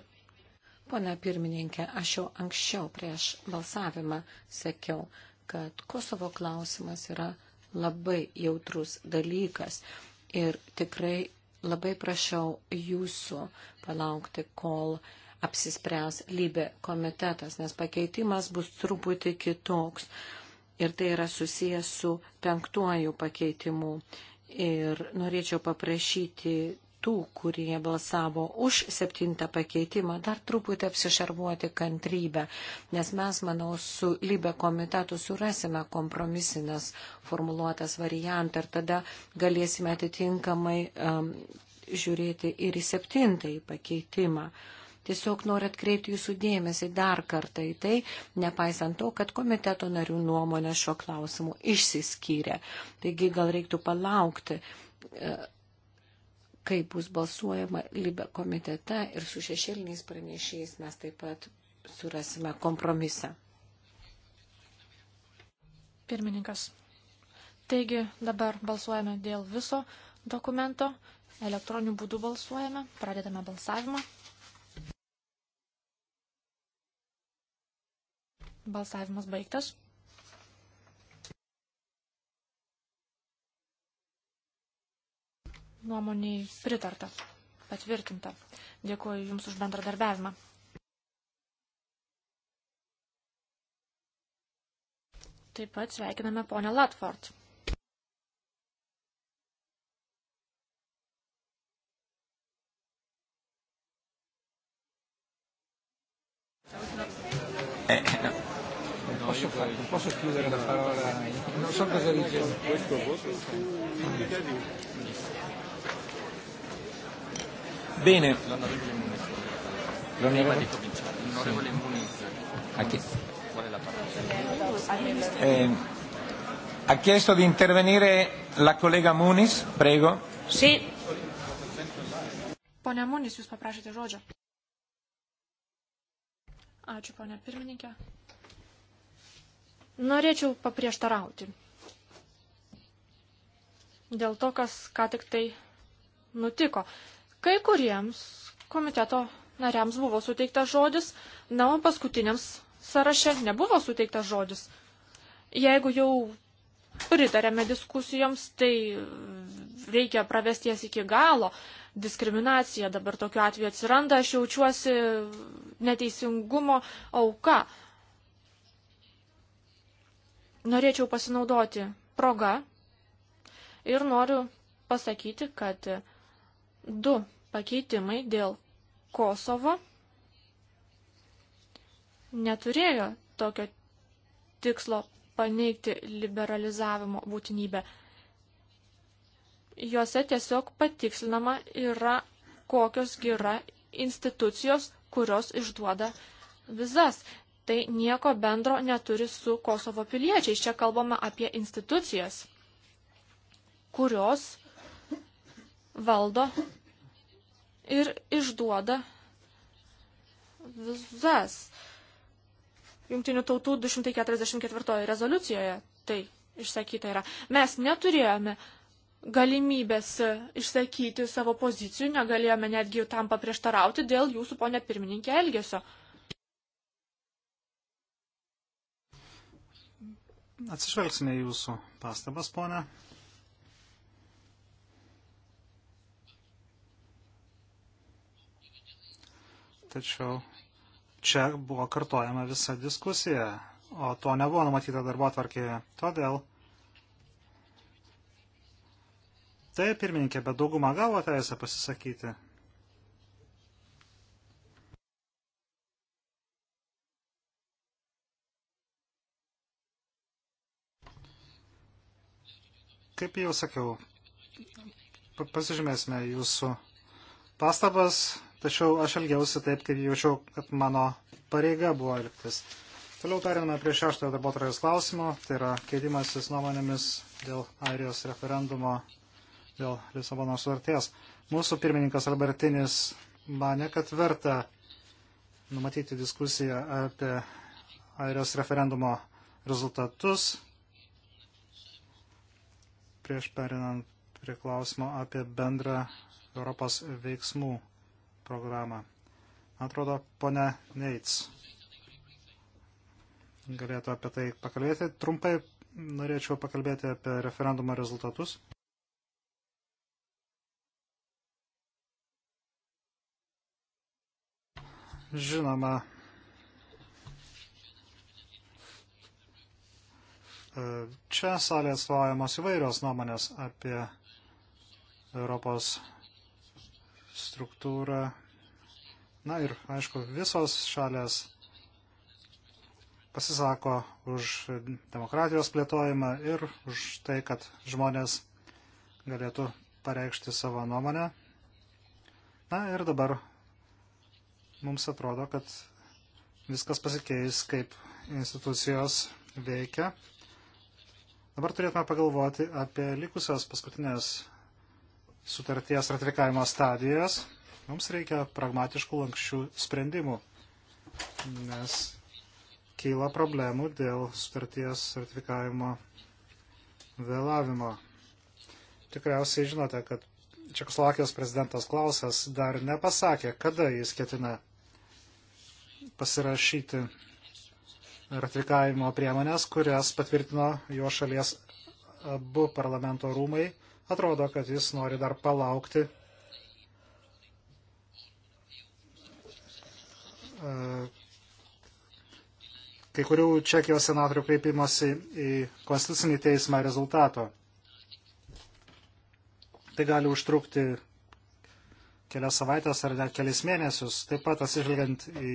Pone pirmininkė, aš jau anksčiau prieš balsavimą sakiau, kad Kosovo klausimas yra labai jautrus dalykas ir tikrai labai prašau jūsų palaukti, kol apsispręs lybė komitetas, nes pakeitimas bus truputį kitoks. Ir tai yra susijęs su penktuoju pakeitimu. Ir norėčiau paprašyti tų, kurie balsavo už septintą pakeitimą, dar truputį apsišarvuoti kantrybę, nes mes, manau, su Libe komitetu surasime kompromisinės formuluotas variantą ir tada galėsime atitinkamai um, žiūrėti ir į septintąjį pakeitimą. Tiesiog noriu atkreipti jūsų dėmesį dar kartą į tai, nepaisant to, kad komiteto narių nuomonė šio klausimu išsiskyrė. Taigi gal reiktų palaukti. Uh, kaip bus balsuojama Libe komitete ir su šešėliniais pranešėjais mes taip pat surasime kompromisą. Pirmininkas. Taigi dabar balsuojame dėl viso dokumento. Elektroniniu būdu balsuojame. Pradedame balsavimą. Balsavimas baigtas. nuomoniai pritarta, patvirtinta. Dėkuoju Jums už bendradarbiavimą. Taip pat sveikiname ponę Latford. Eh, eh no. non, posso fare, non posso chiudere la parola, non so cosa dicevo. Questo voto? Bene. L'onorevole Muniz. Prima di cominciare, l'onorevole Muniz. A chi? Qual è la parola? Eh, ha chiesto di intervenire la collega Muniz, prego. Sì. Pone Muniz, jūs paprašėte žodžio. Ačiū, ponė pirmininkė. Norėčiau paprieštarauti. Dėl to, kas ką tik tai nutiko. Kai kuriems komiteto nariams buvo suteiktas žodis, na, o paskutiniams sąraše nebuvo suteiktas žodis. Jeigu jau pritarėme diskusijoms, tai reikia pravesti jas iki galo. Diskriminacija dabar tokiu atveju atsiranda, aš jaučiuosi neteisingumo auka. Norėčiau pasinaudoti progą ir noriu pasakyti, kad du pakeitimai dėl Kosovo neturėjo tokio tikslo paneigti liberalizavimo būtinybę. Juose tiesiog patikslinama yra, kokios yra institucijos, kurios išduoda vizas. Tai nieko bendro neturi su Kosovo piliečiais. Čia kalbame apie institucijas, kurios valdo ir išduoda vizas. Jungtinių tautų 244 rezoliucijoje tai išsakyta yra. Mes neturėjome galimybės išsakyti savo pozicijų, negalėjome netgi tam paprieštarauti dėl jūsų, ponė pirmininkė, elgesio. Atsižvelgsime jūsų pastabas, ponė. tačiau čia buvo kartojama visa diskusija, o to nebuvo numatyta darbo atvarkėje. Todėl. Taip, pirmininkė, bet dauguma gavo teisę pasisakyti. kaip jau sakiau, pasižymėsime jūsų pastabas, Tačiau aš elgiausi taip, kaip jaučiau, kad mano pareiga buvo elgtis. Toliau periname prie šeštojo darbo trajos klausimo, tai yra keitimasis nuomonėmis dėl Airijos referendumo dėl Lisabono sutarties. Mūsų pirmininkas Albertinis mane, kad verta numatyti diskusiją apie Airijos referendumo rezultatus. Prieš perinant prie klausimo apie bendrą Europos veiksmų programą. Atrodo, pone Neits galėtų apie tai pakalbėti. Trumpai norėčiau pakalbėti apie referendumo rezultatus. Žinoma, čia salėje atstovaujamos įvairios nuomonės apie Europos struktūrą. Na ir, aišku, visos šalės pasisako už demokratijos plėtojimą ir už tai, kad žmonės galėtų pareikšti savo nuomonę. Na ir dabar mums atrodo, kad viskas pasikeis, kaip institucijos veikia. Dabar turėtume pagalvoti apie likusias paskutinės sutarties ratifikavimo stadijos, mums reikia pragmatiškų lankščių sprendimų, nes kyla problemų dėl sutarties ratifikavimo vėlavimo. Tikriausiai žinote, kad Čekoslovakijos prezidentas Klausas dar nepasakė, kada jis ketina pasirašyti ratifikavimo priemonės, kurias patvirtino jo šalies abu parlamento rūmai Atrodo, kad jis nori dar palaukti, e, kai kurių Čekijos senatorių kreipimosi į konstitucinį teismą rezultato. Tai gali užtrukti kelias savaitės ar net kelias mėnesius. Taip pat atsižvelgiant į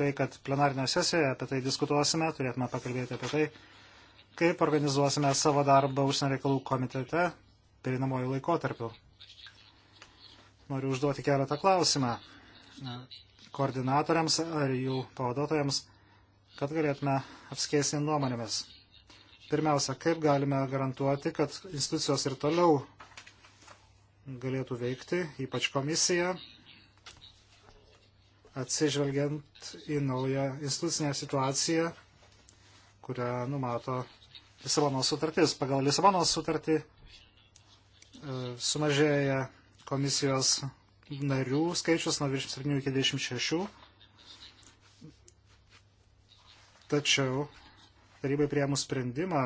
tai, kad plenarinė sesijoje apie tai diskutuosime, turėtume pakalbėti apie tai, kaip organizuosime savo darbą užsienio reikalų komitete, perinamojo laikotarpiu. Noriu užduoti keletą klausimą koordinatoriams ar jų pavaduotojams, kad galėtume apskėsti nuomonėmis. Pirmiausia, kaip galime garantuoti, kad institucijos ir toliau galėtų veikti, ypač komisija, atsižvelgiant į naują institucinę situaciją, kurią numato Lisabonos sutartis. Pagal Lisabonos sutartį E, sumažėja komisijos narių skaičius nuo 27 iki 26. Tačiau tarybai prieimus sprendimą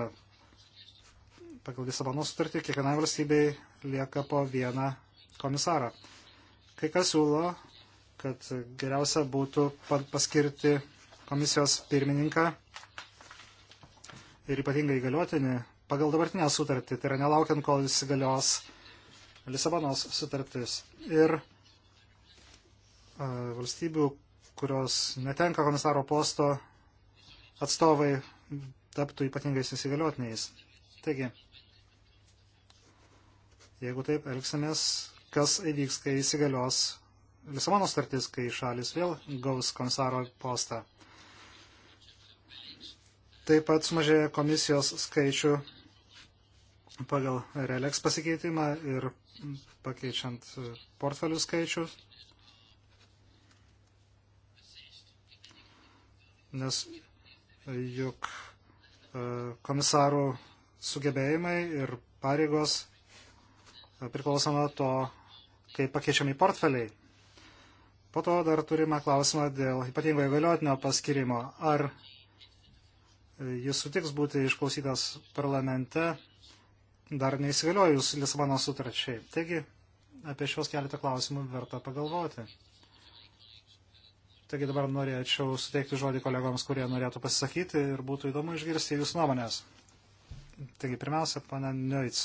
pagal Lisabono sutartį kiekvienai valstybei lieka po vieną komisarą. Kai kas siūlo, kad geriausia būtų paskirti komisijos pirmininką ir ypatingai įgaliotinį pagal dabartinę sutartį, tai yra nelaukiant, kol įsigalios Lisabonos sutartis. Ir e, valstybių, kurios netenka komisaro posto, atstovai taptų ypatingais įsigaliotiniais. Taigi, jeigu taip elgsimės, kas įvyks, kai įsigalios Lisabono sutartis, kai šalis vėl gaus komisaro postą. Taip pat sumažėja komisijos skaičių pagal Relex pasikeitimą ir pakeičiant portfelių skaičius. Nes juk e, komisarų sugebėjimai ir pareigos e, priklauso nuo to, kaip pakeičiami portfeliai. Po to dar turime klausimą dėl ypatingo įgaliotinio paskirimo. Ar jis sutiks būti išklausytas parlamente dar neįsigaliojus Lisabono sutarčiai. Taigi, apie šios keletą klausimų verta pagalvoti. Taigi dabar norėčiau suteikti žodį kolegoms, kurie norėtų pasisakyti ir būtų įdomu išgirsti jūsų nuomonės. Taigi, pirmiausia, pana Neitz.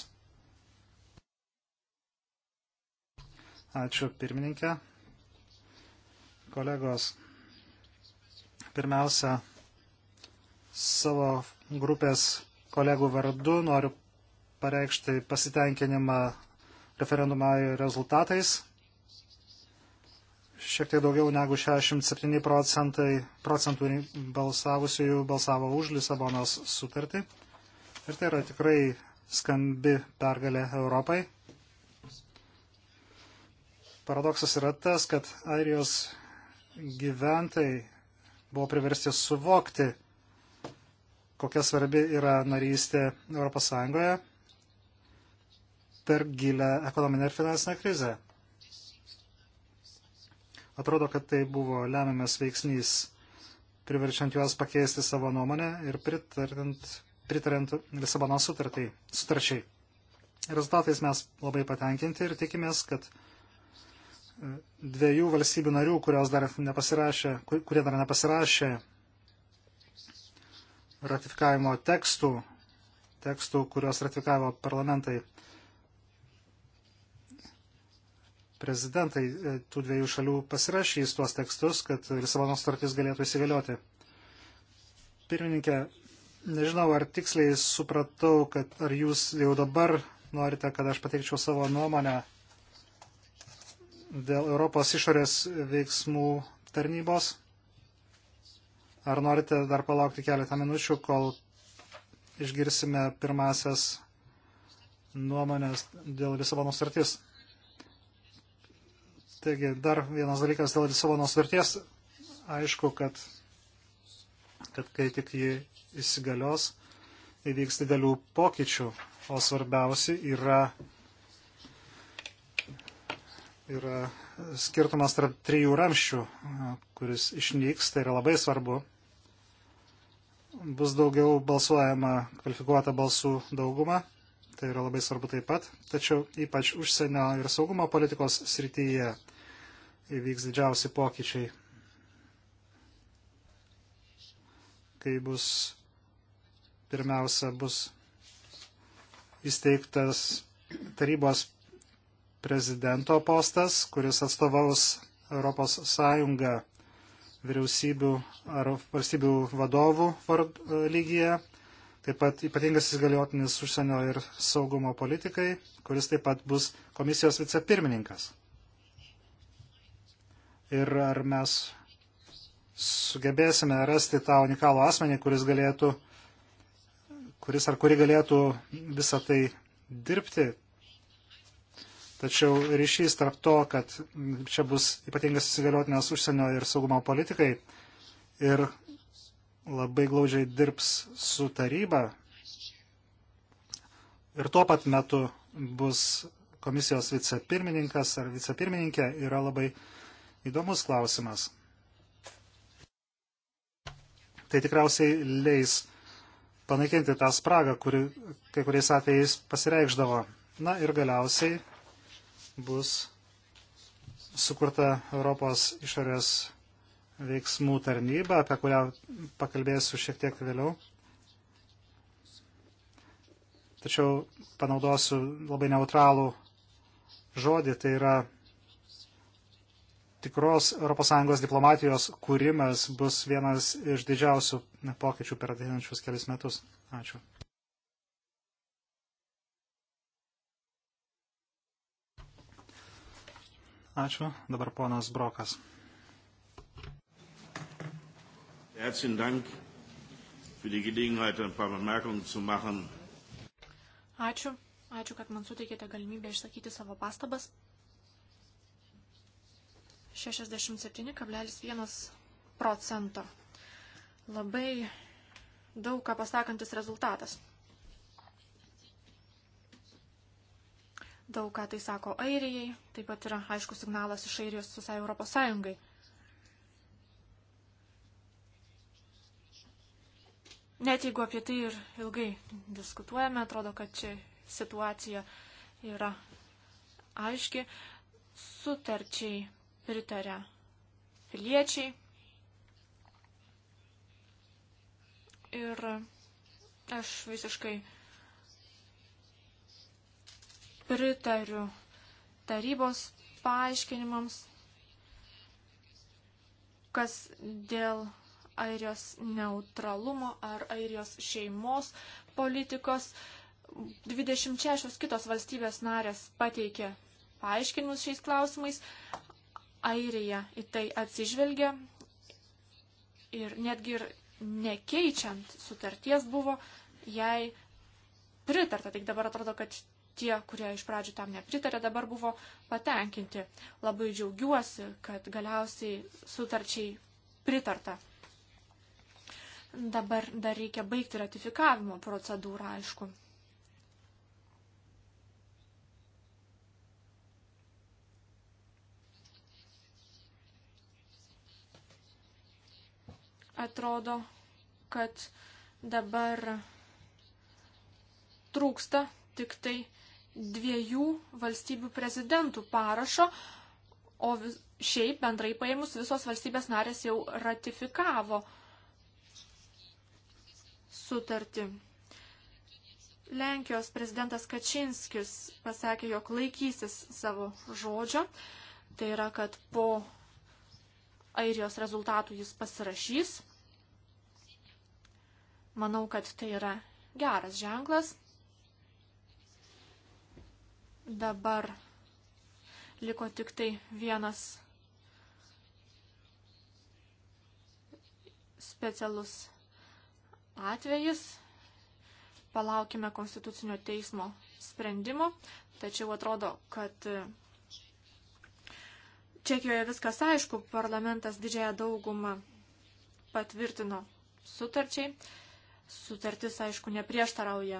Ačiū, pirmininkė. Kolegos, pirmiausia, savo grupės kolegų vardu noriu pareikšti pasitenkinimą referendumą rezultatais. Šiek tiek daugiau negu 67 procentai, procentų balsavusiųjų balsavo už Lisabonos sutartį. Ir tai yra tikrai skambi pergalė Europai. Paradoksas yra tas, kad Airijos gyventojai buvo priversti suvokti, kokia svarbi yra narystė ES per gilę ekonominę ir finansinę krizę. Atrodo, kad tai buvo lemiamas veiksnys, priverčiant juos pakeisti savo nuomonę ir pritarint, pritarint Lisabono sutarčiai. Rezultatais mes labai patenkinti ir tikimės, kad e, dviejų valstybių narių, kurios dar nepasirašė, kurie dar nepasirašė ratifikavimo tekstų, tekstų, kurios ratifikavo parlamentai, prezidentai e, tų dviejų šalių pasirašys tuos tekstus, kad Lisabono startis galėtų įsigalioti. Pirmininkė, nežinau, ar tiksliai supratau, kad ar jūs jau dabar norite, kad aš pateikčiau savo nuomonę dėl Europos išorės veiksmų tarnybos. Ar norite dar palaukti keletą minučių, kol išgirsime pirmasias nuomonės dėl Lisabono startis? Taigi, dar vienas dalykas dėl Lisabono sutarties. Aišku, kad, kad kai tik ji įsigalios, įvyks didelių pokyčių, o svarbiausia yra, yra skirtumas tarp trijų ramščių, kuris išnyks, tai yra labai svarbu. Bus daugiau balsuojama kvalifikuota balsų dauguma tai yra labai svarbu taip pat, tačiau ypač užsienio ir saugumo politikos srityje įvyks didžiausi pokyčiai, kai bus pirmiausia bus įsteigtas tarybos prezidento postas, kuris atstovaus Europos Sąjungą vyriausybių ar valstybių vadovų lygyje taip pat ypatingas įsigaliotinis užsienio ir saugumo politikai, kuris taip pat bus komisijos vicepirmininkas. Ir ar mes sugebėsime rasti tą unikalų asmenį, kuris galėtų, kuris ar kuri galėtų visą tai dirbti. Tačiau ryšys tarp to, kad čia bus ypatingas įsigaliotinės užsienio ir saugumo politikai ir labai glaudžiai dirbs su taryba ir tuo pat metu bus komisijos vicepirmininkas ar vicepirmininkė, yra labai įdomus klausimas. Tai tikriausiai leis panaikinti tą spragą, kuri kai kuriais atvejais pasireikždavo. Na ir galiausiai bus sukurta Europos išorės veiksmų tarnybą, apie kurią pakalbėsiu šiek tiek vėliau. Tačiau panaudosiu labai neutralų žodį, tai yra tikros ES diplomatijos kūrimas bus vienas iš didžiausių pokyčių per ateinančius kelius metus. Ačiū. Ačiū. Dabar ponas Brokas. Herzlichen Dank für die Gelegenheit, ein paar Bemerkungen zu machen. Ačiū. Ačiū, kad man suteikėte galimybę išsakyti savo pastabas. 67,1 procento. Labai daug ką pasakantis rezultatas. Daug ką tai sako Airijai, taip pat yra aišku signalas iš Airijos visai Europos Sąjungai. Net jeigu apie tai ir ilgai diskutuojame, atrodo, kad čia situacija yra aiški, sutarčiai pritarė piliečiai ir aš visiškai pritariu tarybos paaiškinimams, kas dėl airijos neutralumo ar airijos šeimos politikos. 26 kitos valstybės narės pateikė paaiškinimus šiais klausimais. Airija į tai atsižvelgia ir netgi ir nekeičiant sutarties buvo jai pritarta. Tik dabar atrodo, kad tie, kurie iš pradžių tam nepritarė, dabar buvo patenkinti. Labai džiaugiuosi, kad galiausiai sutarčiai pritarta. Dabar dar reikia baigti ratifikavimo procedūrą, aišku. Atrodo, kad dabar trūksta tik tai dviejų valstybių prezidentų parašo, o vis, šiaip bendrai paėmus visos valstybės narės jau ratifikavo uh, sutartį. Lenkijos prezidentas Kačinskis pasakė, jog laikysis savo žodžio, tai yra, kad po airijos rezultatų jis pasirašys. Manau, kad tai yra geras ženklas. Dabar liko tik tai vienas specialus atvejis. Palaukime Konstitucinio teismo sprendimo, tačiau atrodo, kad e, Čekijoje viskas aišku, parlamentas didžiąją daugumą patvirtino sutarčiai. Sutartis, aišku, neprieštarauja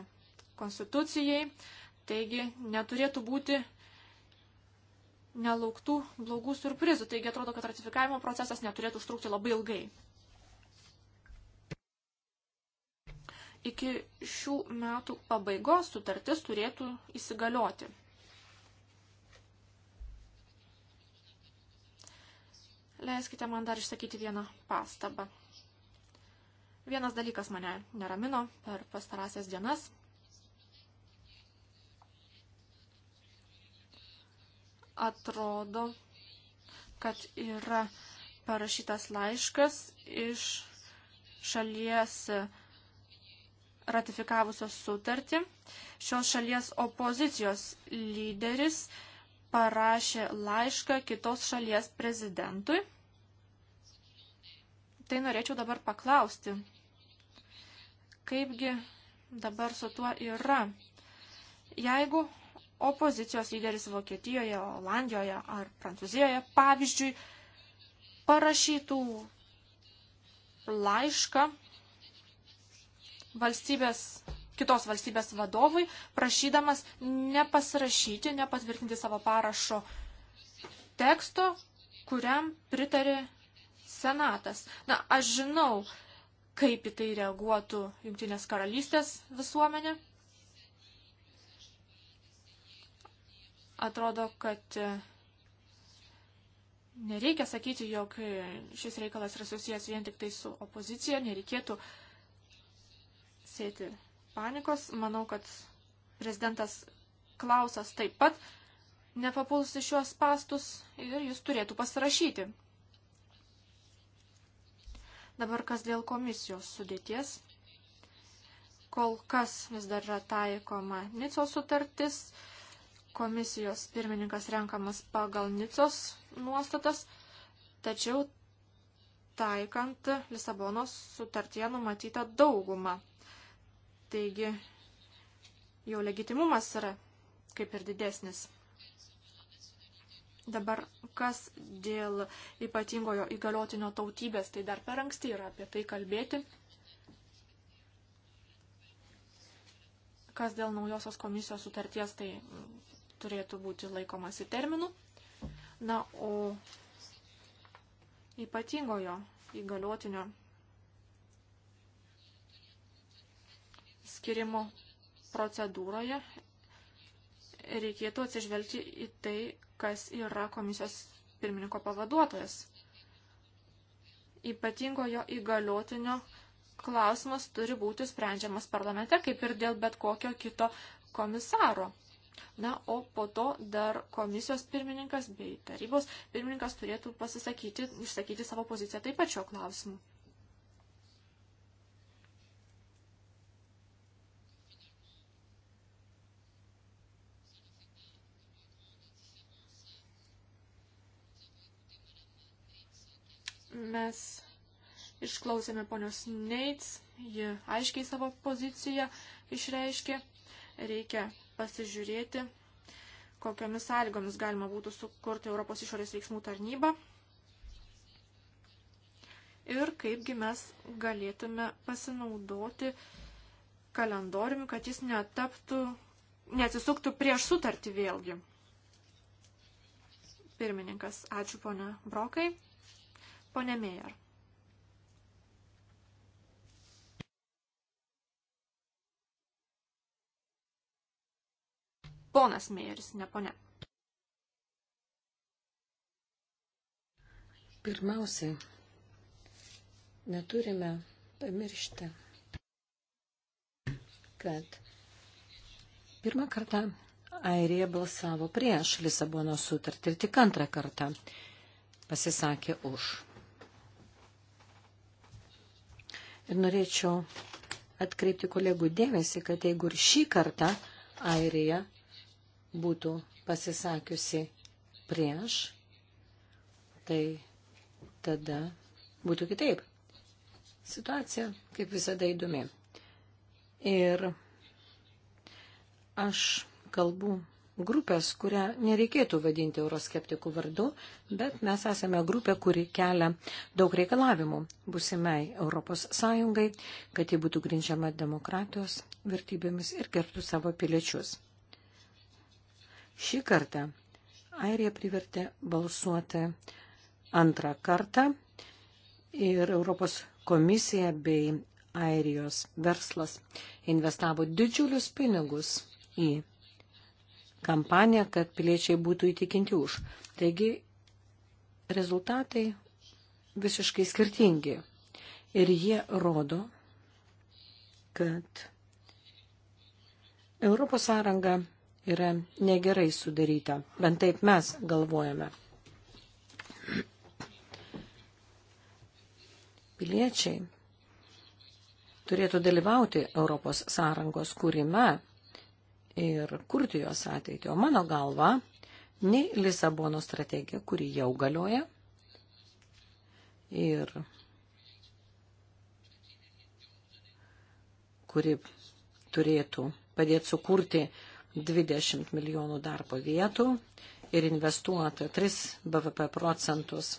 konstitucijai, taigi neturėtų būti nelauktų blogų surprizų. Taigi atrodo, kad ratifikavimo procesas neturėtų užtrukti labai ilgai. iki šių metų pabaigos sutartis turėtų įsigalioti. Leiskite man dar išsakyti vieną pastabą. Vienas dalykas mane neramino per pastarąsias dienas. Atrodo, kad yra parašytas laiškas iš šalies ratifikavusios sutartį. Šios šalies opozicijos lyderis parašė laišką kitos šalies prezidentui. Tai norėčiau dabar paklausti, kaipgi dabar su tuo yra. Jeigu opozicijos lyderis Vokietijoje, Olandijoje ar Prancūzijoje, pavyzdžiui, parašytų laišką valstybės, kitos valstybės vadovui, prašydamas nepasirašyti, nepatvirtinti savo parašo teksto, kuriam pritarė Senatas. Na, aš žinau, kaip į tai reaguotų Junktinės karalystės visuomenė. Atrodo, kad e, nereikia sakyti, jog šis reikalas yra susijęs vien tik tai su opozicija, nereikėtų uh, sėti panikos. Manau, kad prezidentas Klausas taip pat nepapuls į šiuos pastus ir jis turėtų pasirašyti. Dabar kas dėl komisijos sudėties. Kol kas vis dar yra taikoma Nicos sutartis. Komisijos pirmininkas renkamas pagal Nicos nuostatas, tačiau taikant Lisabonos sutartie numatytą daugumą Taigi jau legitimumas yra kaip ir didesnis. Dabar kas dėl ypatingojo įgaliotinio tautybės, tai dar per anksti yra apie tai kalbėti. Kas dėl naujosios komisijos sutarties, tai turėtų būti laikomasi terminų. Na, o ypatingojo įgaliotinio skirimo procedūroje reikėtų atsižvelgti į tai, kas yra komisijos pirmininko pavaduotojas. Ypatingojo įgaliotinio klausimas turi būti sprendžiamas parlamente, kaip ir dėl bet kokio kito komisaro. Na, o po to dar komisijos pirmininkas bei tarybos pirmininkas turėtų pasisakyti, išsakyti savo poziciją taip pat šio klausimu. Mes išklausėme ponios Neits, ji aiškiai savo poziciją išreiškė. Reikia pasižiūrėti, kokiamis sąlygomis galima būtų sukurti Europos išorės veiksmų tarnybą ir kaipgi mes galėtume pasinaudoti kalendoriumi, kad jis netaptų, neatsisuktų prieš sutartį vėlgi. Pirmininkas, ačiū ponia Brokai. Pone Mėjar. Ponas Mėjeris, ne pone. Pirmiausiai, neturime pamiršti, kad pirmą kartą Airija balsavo prieš Lisabono sutartį ir tik antrą kartą pasisakė už. Ir norėčiau atkreipti kolegų dėmesį, kad jeigu ir šį kartą Airija būtų pasisakiusi prieš, tai tada būtų kitaip. Situacija, kaip visada, įdomi. Ir aš kalbu grupės, kurią nereikėtų vadinti euroskeptikų vardu, bet mes esame grupė, kuri kelia daug reikalavimų busimai Europos Sąjungai, kad ji būtų grindžiama demokratijos vertybėmis ir gerbtų savo piliečius. Šį kartą Airija privertė balsuoti antrą kartą ir Europos komisija bei Airijos verslas investavo didžiulius pinigus į kampaniją, kad piliečiai būtų įtikinti už. Taigi rezultatai visiškai skirtingi. Ir jie rodo, kad Europos sąranga yra negerai sudaryta. Bent taip mes galvojame. Piliečiai turėtų dalyvauti Europos sąrangos kūrime ir kurti jos ateitį. O mano galva, nei Lisabono strategija, kuri jau galioja, ir kuri turėtų padėti sukurti 20 milijonų darbo vietų ir investuoti 3 BVP procentus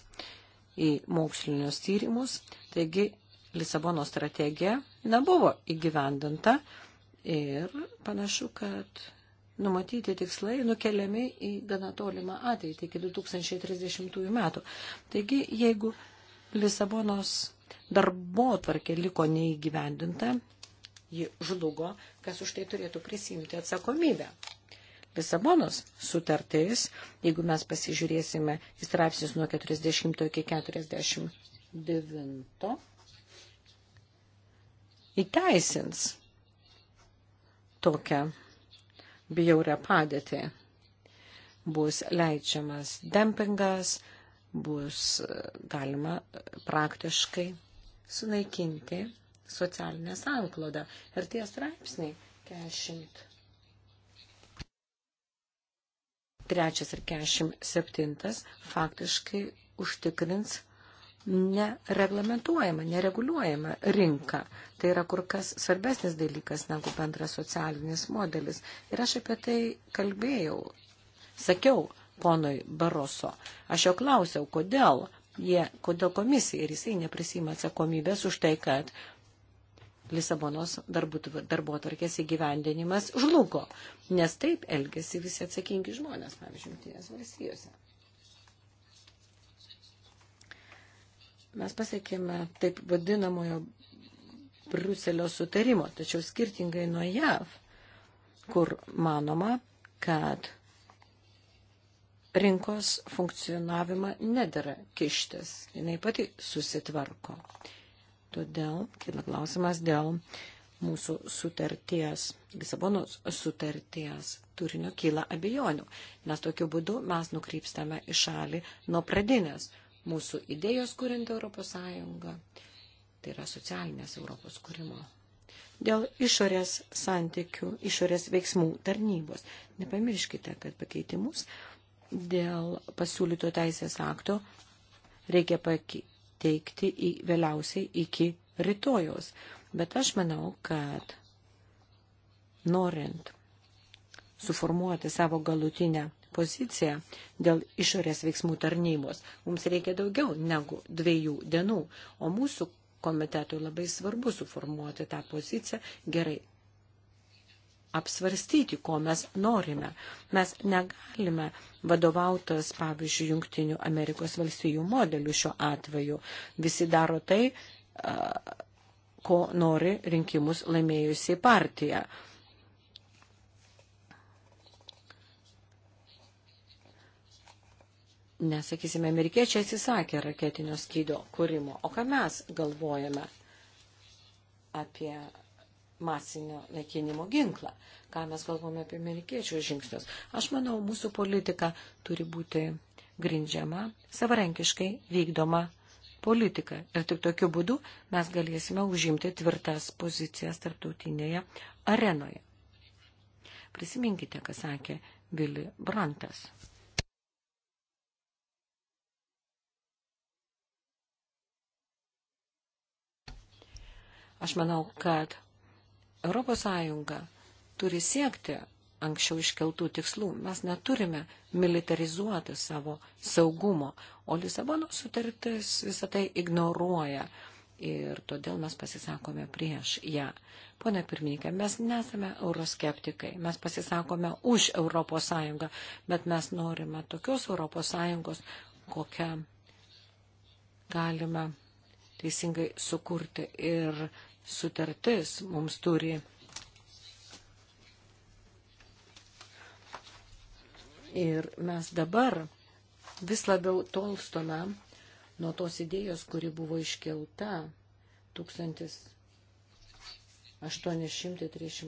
į mokslinius tyrimus. Taigi Lisabono strategija nebuvo įgyvendinta, Ir panašu, kad numatyti tikslai nukeliami į gana tolimą ateitį iki 2030 metų. Taigi, jeigu Lisabonos darbo tvarkė liko neįgyvendinta, ji žlugo, kas už tai turėtų prisimti atsakomybę. Lisabonos sutartis, jeigu mes pasižiūrėsime į straipsnius nuo 40 iki 49, įteisins tokią bijaurę padėtį. Bus leidžiamas dempingas, bus e, galima e, praktiškai sunaikinti socialinę sanklodą. Ir tie straipsniai 40. Trečias ir 47 faktiškai užtikrins nereglamentuojama, nereguliuojama rinka. Tai yra kur kas svarbesnis dalykas negu bendras socialinis modelis. Ir aš apie tai kalbėjau, sakiau ponui Baroso. Aš jo klausiau, kodėl, jie, kodėl komisija ir jisai neprisima atsakomybės už tai, kad Lisabonos darbo tvarkės įgyvendinimas žlugo, nes taip elgesi visi atsakingi žmonės, pavyzdžiui, Jungtinės valstijose. Mes pasiekėme taip vadinamojo Briuselio sutarimo, tačiau skirtingai nuo JAV, kur manoma, kad rinkos funkcionavimą nedara kištis, jinai pati susitvarko. Todėl kila klausimas dėl mūsų sutarties, Lisabonos sutarties turinio kyla abejonių, nes tokiu būdu mes nukrypstame į šalį nuo pradinės mūsų idėjos kuriant Europos Sąjungą, tai yra socialinės Europos kūrimo. Dėl išorės santykių, išorės veiksmų tarnybos. Nepamirškite, kad pakeitimus dėl pasiūlyto teisės akto reikia pateikti į, vėliausiai iki rytojos. Bet aš manau, kad norint suformuoti savo galutinę poziciją dėl išorės veiksmų tarnybos. Mums reikia daugiau negu dviejų dienų, o mūsų komitetui labai svarbu suformuoti tą poziciją gerai apsvarstyti, ko mes norime. Mes negalime vadovautas, pavyzdžiui, Junktinių Amerikos valstijų modeliu šiuo atveju. Visi daro tai, ko nori rinkimus laimėjusiai partija. Nes, sakysime, amerikiečiai atsisakė raketinio skydo kūrimo. O ką mes galvojame apie masinio naikinimo ginklą? Ką mes galvojame apie amerikiečių žingsnius? Aš manau, mūsų politika turi būti grindžiama savarankiškai vykdoma politika. Ir tik tokiu būdu mes galėsime užimti tvirtas pozicijas tarptautinėje arenoje. Prisiminkite, ką sakė Vili Brantas. Aš manau, kad ES turi siekti anksčiau iškeltų tikslų. Mes neturime militarizuoti savo saugumo, o Lisabono sutartis visą tai ignoruoja ir todėl mes pasisakome prieš ją. Pone pirmininkė, mes nesame euroskeptikai, mes pasisakome už Europos Sąjungą, bet mes norime tokios Europos Sąjungos, kokią galime teisingai sukurti ir sutartis mums turi Ir mes dabar vis labiau tolstome nuo tos idėjos, kuri buvo iškelta 1838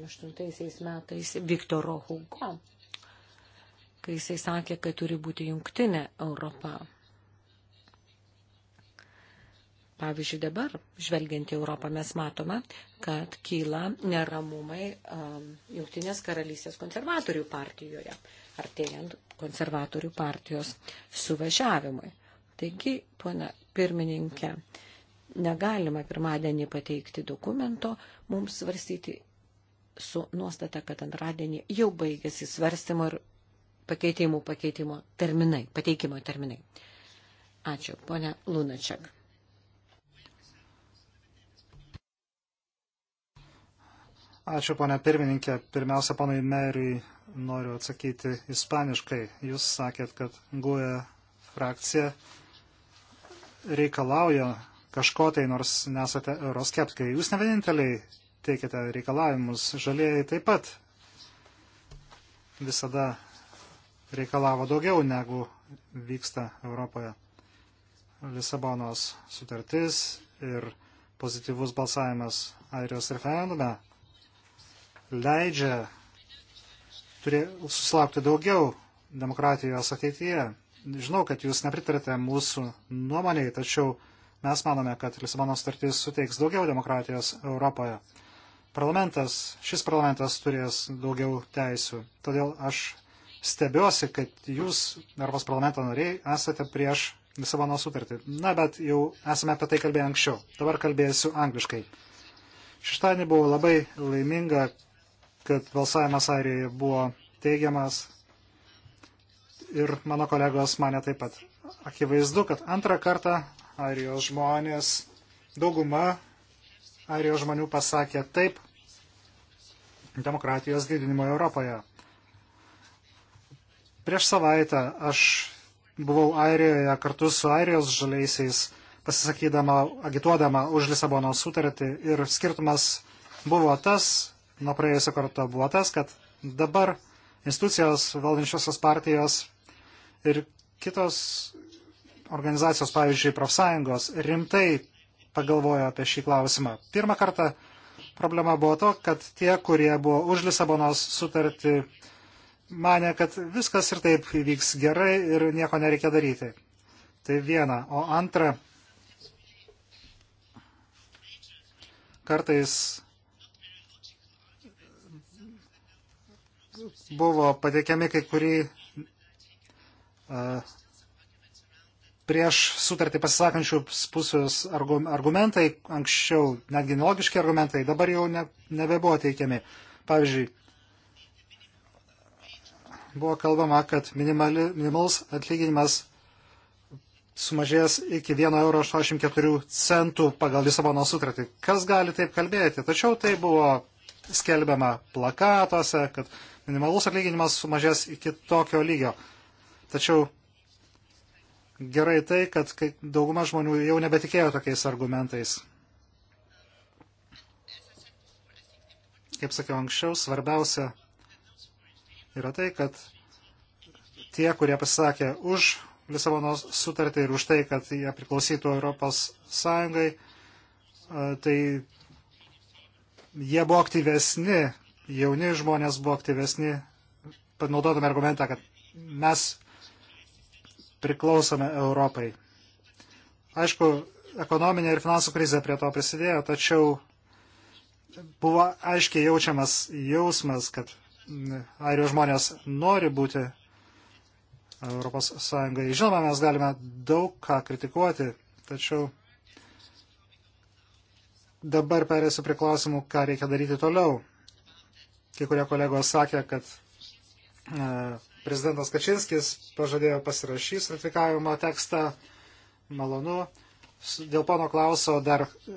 metais Viktoro Hugo, kai jisai sakė, kad turi būti jungtinė Europa. Pavyzdžiui, dabar, žvelgiant į Europą, mes matome, kad kyla neramumai um, Jungtinės karalystės konservatorių partijoje, artėjant konservatorių partijos suvažiavimui. Taigi, pona pirmininkė, negalima pirmadienį pateikti dokumento, mums svarstyti su nuostata, kad antradienį jau baigėsi svarstymo ir pakeitimų pakeitimo terminai, pateikimo terminai. Ačiū, ponia Lunačiak. Ačiū, ponia pirmininkė. Pirmiausia, ponai Meriui noriu atsakyti ispaniškai. Jūs sakėt, kad GUE frakcija reikalauja kažko tai, nors nesate euroskeptikai. Jūs ne vieninteliai teikiate reikalavimus, žalieji taip pat visada reikalavo daugiau negu vyksta Europoje. Lisabonos sutartis ir pozityvus balsavimas Airijos referendume leidžia turė, susilaukti daugiau demokratijos ateityje. Žinau, kad jūs nepritarite mūsų nuomonėje, tačiau mes manome, kad Lisabono sutartis suteiks daugiau demokratijos Europoje. Parlamentas, šis parlamentas turės daugiau teisių. Todėl aš stebiuosi, kad jūs, Europos parlamento nariai, esate prieš Lisabono sutartį. Na, bet jau esame apie tai kalbėję anksčiau. Dabar kalbėsiu angliškai. Šeštadienį buvau labai laiminga, kad balsavimas Airijoje buvo teigiamas ir mano kolegos mane taip pat. Akivaizdu, kad antrą kartą Airijos žmonės, dauguma Airijos žmonių pasakė taip demokratijos didinimo Europoje. Prieš savaitę aš buvau Airijoje kartu su Airijos žaliaisiais pasisakydama, agituodama už Lisabono sutartį ir skirtumas buvo tas, nuo praėjusio karto buvo tas, kad dabar institucijos, valdančiosios partijos ir kitos organizacijos, pavyzdžiui, profsąjungos, rimtai pagalvojo apie šį klausimą. Pirmą kartą problema buvo to, kad tie, kurie buvo už Lisabonos sutartį, mane, kad viskas ir taip įvyks gerai ir nieko nereikia daryti. Tai viena. O antra, kartais buvo pateikiami kai kurį uh, prieš sutartį pasisakančių pusės argumentai, anksčiau netgi nelogiški argumentai, dabar jau ne, nebebuvo teikiami. Pavyzdžiui, buvo kalbama, kad minimali, minimalus atlyginimas sumažės iki 1,84 centų pagal Lisabono sutartį. Kas gali taip kalbėti? Tačiau tai buvo skelbiama plakatuose, kad Minimalus atlyginimas sumažės iki tokio lygio. Tačiau gerai tai, kad dauguma žmonių jau nebetikėjo tokiais argumentais. Kaip sakiau anksčiau, svarbiausia yra tai, kad tie, kurie pasisakė už Lisabonos sutartį ir už tai, kad jie priklausytų Europos Sąjungai, tai jie buvo aktyvesni jauni žmonės buvo aktyvesni, panaudotume argumentą, kad mes priklausome Europai. Aišku, ekonominė ir finansų krizė prie to prisidėjo, tačiau buvo aiškiai jaučiamas jausmas, kad airijos žmonės nori būti Europos Sąjungai. Žinoma, mes galime daug ką kritikuoti, tačiau dabar perėsiu prie klausimų, ką reikia daryti toliau kai kurie kolegos sakė, kad e, prezidentas Kačinskis pažadėjo pasirašys ratifikavimo tekstą. Malonu. Dėl pono klauso dar e,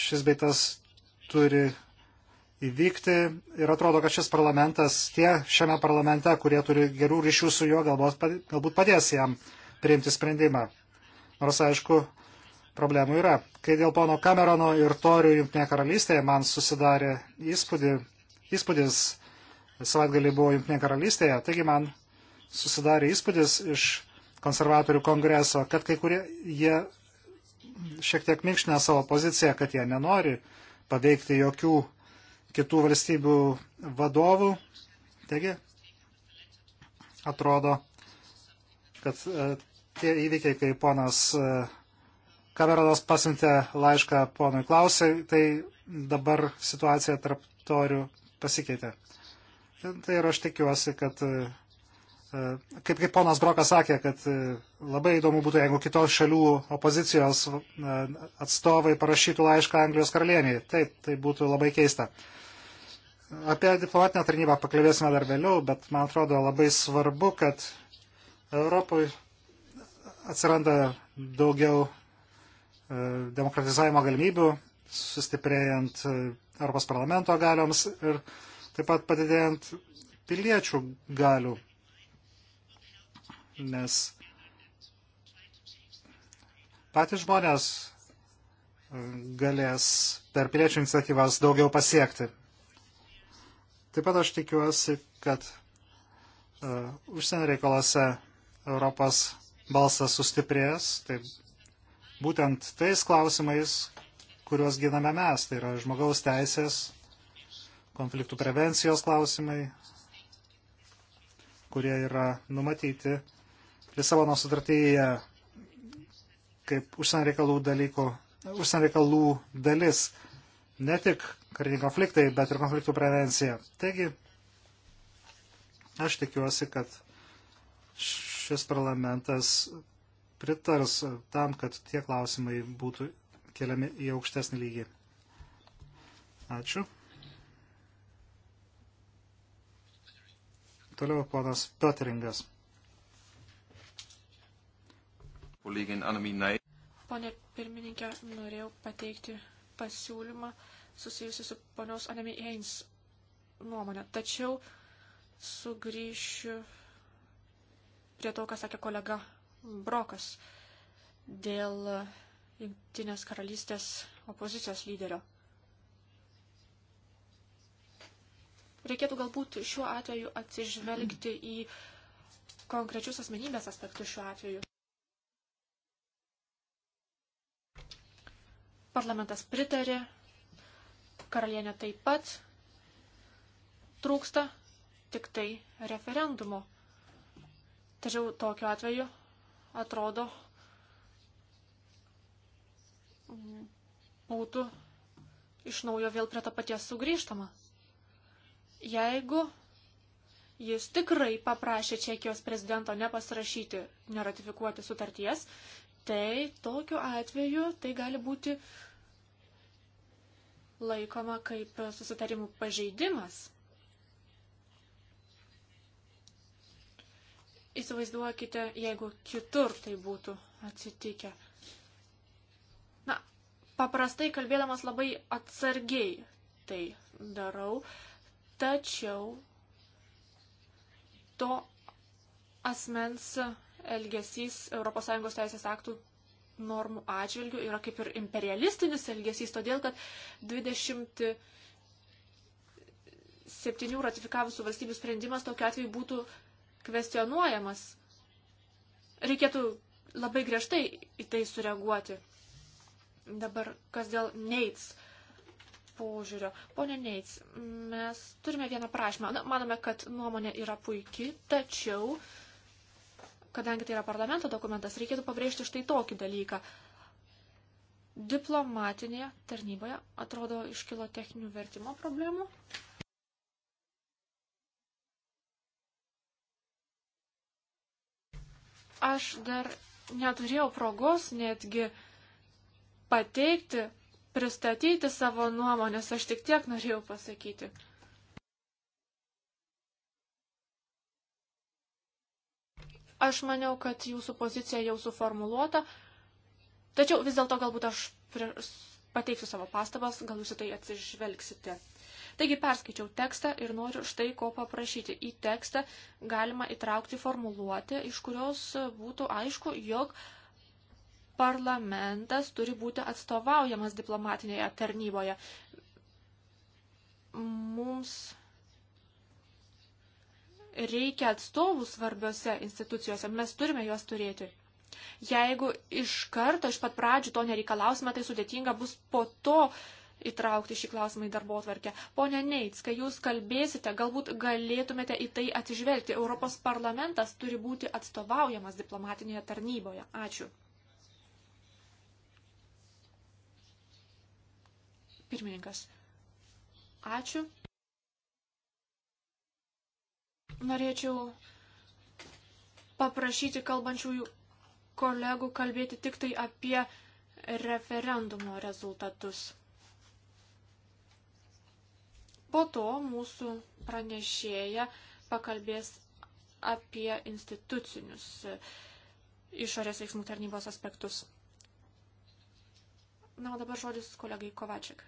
šis beitas turi įvykti ir atrodo, kad šis parlamentas, tie šiame parlamente, kurie turi gerų ryšių su juo, galbūt padės jam priimti sprendimą. Nors aišku, problemų yra. Kai dėl pono Camerono ir Torių Junktinėje karalystėje man susidarė įspūdį, įspūdis savaitgalį buvo Junktinė karalystėje, taigi man susidarė įspūdis iš konservatorių kongreso, kad kai kurie jie šiek tiek minkština savo poziciją, kad jie nenori paveikti jokių kitų valstybių vadovų. Taigi, atrodo, kad e, tie įvykiai, kai ponas e, Kameronas pasintė laišką ponui Klausai, tai dabar situacija tarp torių pasikeitė. Tai ir aš tikiuosi, kad, e, e, kaip, kaip ponas Brokas sakė, kad e, labai įdomu būtų, jeigu kitos šalių opozicijos atstovai parašytų laišką Anglijos karalieniai. Taip, tai būtų labai keista. Apie diplomatinę tarnybą pakalbėsime dar vėliau, bet man atrodo labai svarbu, kad Europoje atsiranda daugiau demokratizavimo galimybių, sustiprėjant Europos parlamento galioms ir taip pat padidėjant piliečių galių, nes patys žmonės e, galės per piliečių iniciatyvas daugiau pasiekti. Taip pat aš tikiuosi, kad uh, užsienio reikalose Europos balsas sustiprės, tai būtent tais klausimais, kuriuos giname mes, tai yra žmogaus teisės, konfliktų prevencijos klausimai, kurie yra numatyti Lisabono sutartyje kaip užsienio reikalų, dalykų, užsienio reikalų dalis, ne tik kariniai konfliktai, bet ir konfliktų prevencija. Taigi, aš tikiuosi, kad šis parlamentas pritars tam, kad tie klausimai būtų keliami į aukštesnį lygį. Ačiū. Toliau ponas Pöteringas. Pone pirmininkė, norėjau pateikti pasiūlymą susijusi su ponios Anemi Eins nuomonė. Tačiau sugrįšiu prie to, ką sakė kolega Brokas dėl Junktinės karalystės opozicijos lyderio. Reikėtų galbūt šiuo atveju atsižvelgti į konkrečius asmenybės aspektus šiuo atveju. Parlamentas pritarė, karalienė taip pat trūksta tik tai referendumo. Tačiau tokiu atveju atrodo būtų iš naujo vėl prie to paties sugrįžtama. Jeigu jis tikrai paprašė Čekijos prezidento nepasirašyti, neratifikuoti sutarties, tai tokiu atveju tai gali būti laikoma kaip susitarimų pažeidimas. Įsivaizduokite, jeigu kitur tai būtų atsitikę paprastai kalbėdamas labai atsargiai tai darau, tačiau to asmens elgesys ES teisės aktų normų atžvilgių yra kaip ir imperialistinis elgesys, todėl kad 27 ratifikavusių valstybių sprendimas tokiu atveju būtų kvestionuojamas. Reikėtų labai griežtai į tai sureaguoti. Dabar kas dėl Neits požiūrio. Pone Neits, mes turime vieną prašymą. Na, manome, kad nuomonė yra puikiai, tačiau, kadangi tai yra parlamento dokumentas, reikėtų pabrėžti štai tokį dalyką. Diplomatinėje tarnyboje atrodo iškilo techninių vertimo problemų. Aš dar neturėjau progos netgi uh, pateikti, pristatyti savo nuomonės, aš tik tiek norėjau pasakyti. Aš maniau, kad jūsų pozicija jau suformuluota, tačiau vis dėlto galbūt aš pateiksiu savo pastabas, gal jūs į tai atsižvelgsite. Taigi perskaičiau tekstą ir noriu štai ko paprašyti. Į tekstą galima įtraukti formuluotę, iš kurios būtų aišku, jog uh, parlamentas turi būti atstovaujamas diplomatinėje tarnyboje. Mums reikia atstovų svarbiose institucijose, mes turime juos turėti. Jeigu iš karto, iš pat pradžių to nereikalausime, tai sudėtinga bus po to įtraukti šį klausimą į darbo atvarkę. Pone Neits, kai jūs kalbėsite, galbūt galėtumėte į tai atsižvelgti. Europos parlamentas turi būti atstovaujamas diplomatinėje tarnyboje. Ačiū. Pirmininkas. Ačiū. Norėčiau paprašyti kalbančiųjų kolegų kalbėti tik tai apie referendumo rezultatus. Po to mūsų pranešėja pakalbės apie institucinius išorės veiksmų tarnybos aspektus. Na, o dabar žodis kolegai Kovačik.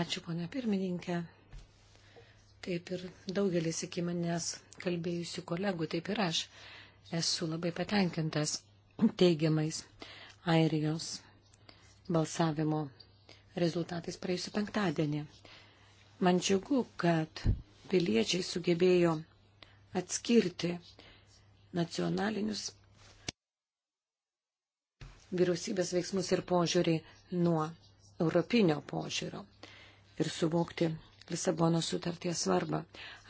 Ačiū, ponia pirmininkė. Kaip ir daugelis iki manęs kalbėjusių kolegų, taip ir aš esu labai patenkintas teigiamais Airijos balsavimo rezultatais praėjusiu penktadienį. Man džiugu, kad piliečiai sugebėjo atskirti nacionalinius vyriausybės veiksmus ir požiūrį nuo europinio požiūrio ir suvokti Lisabono sutarties svarbą.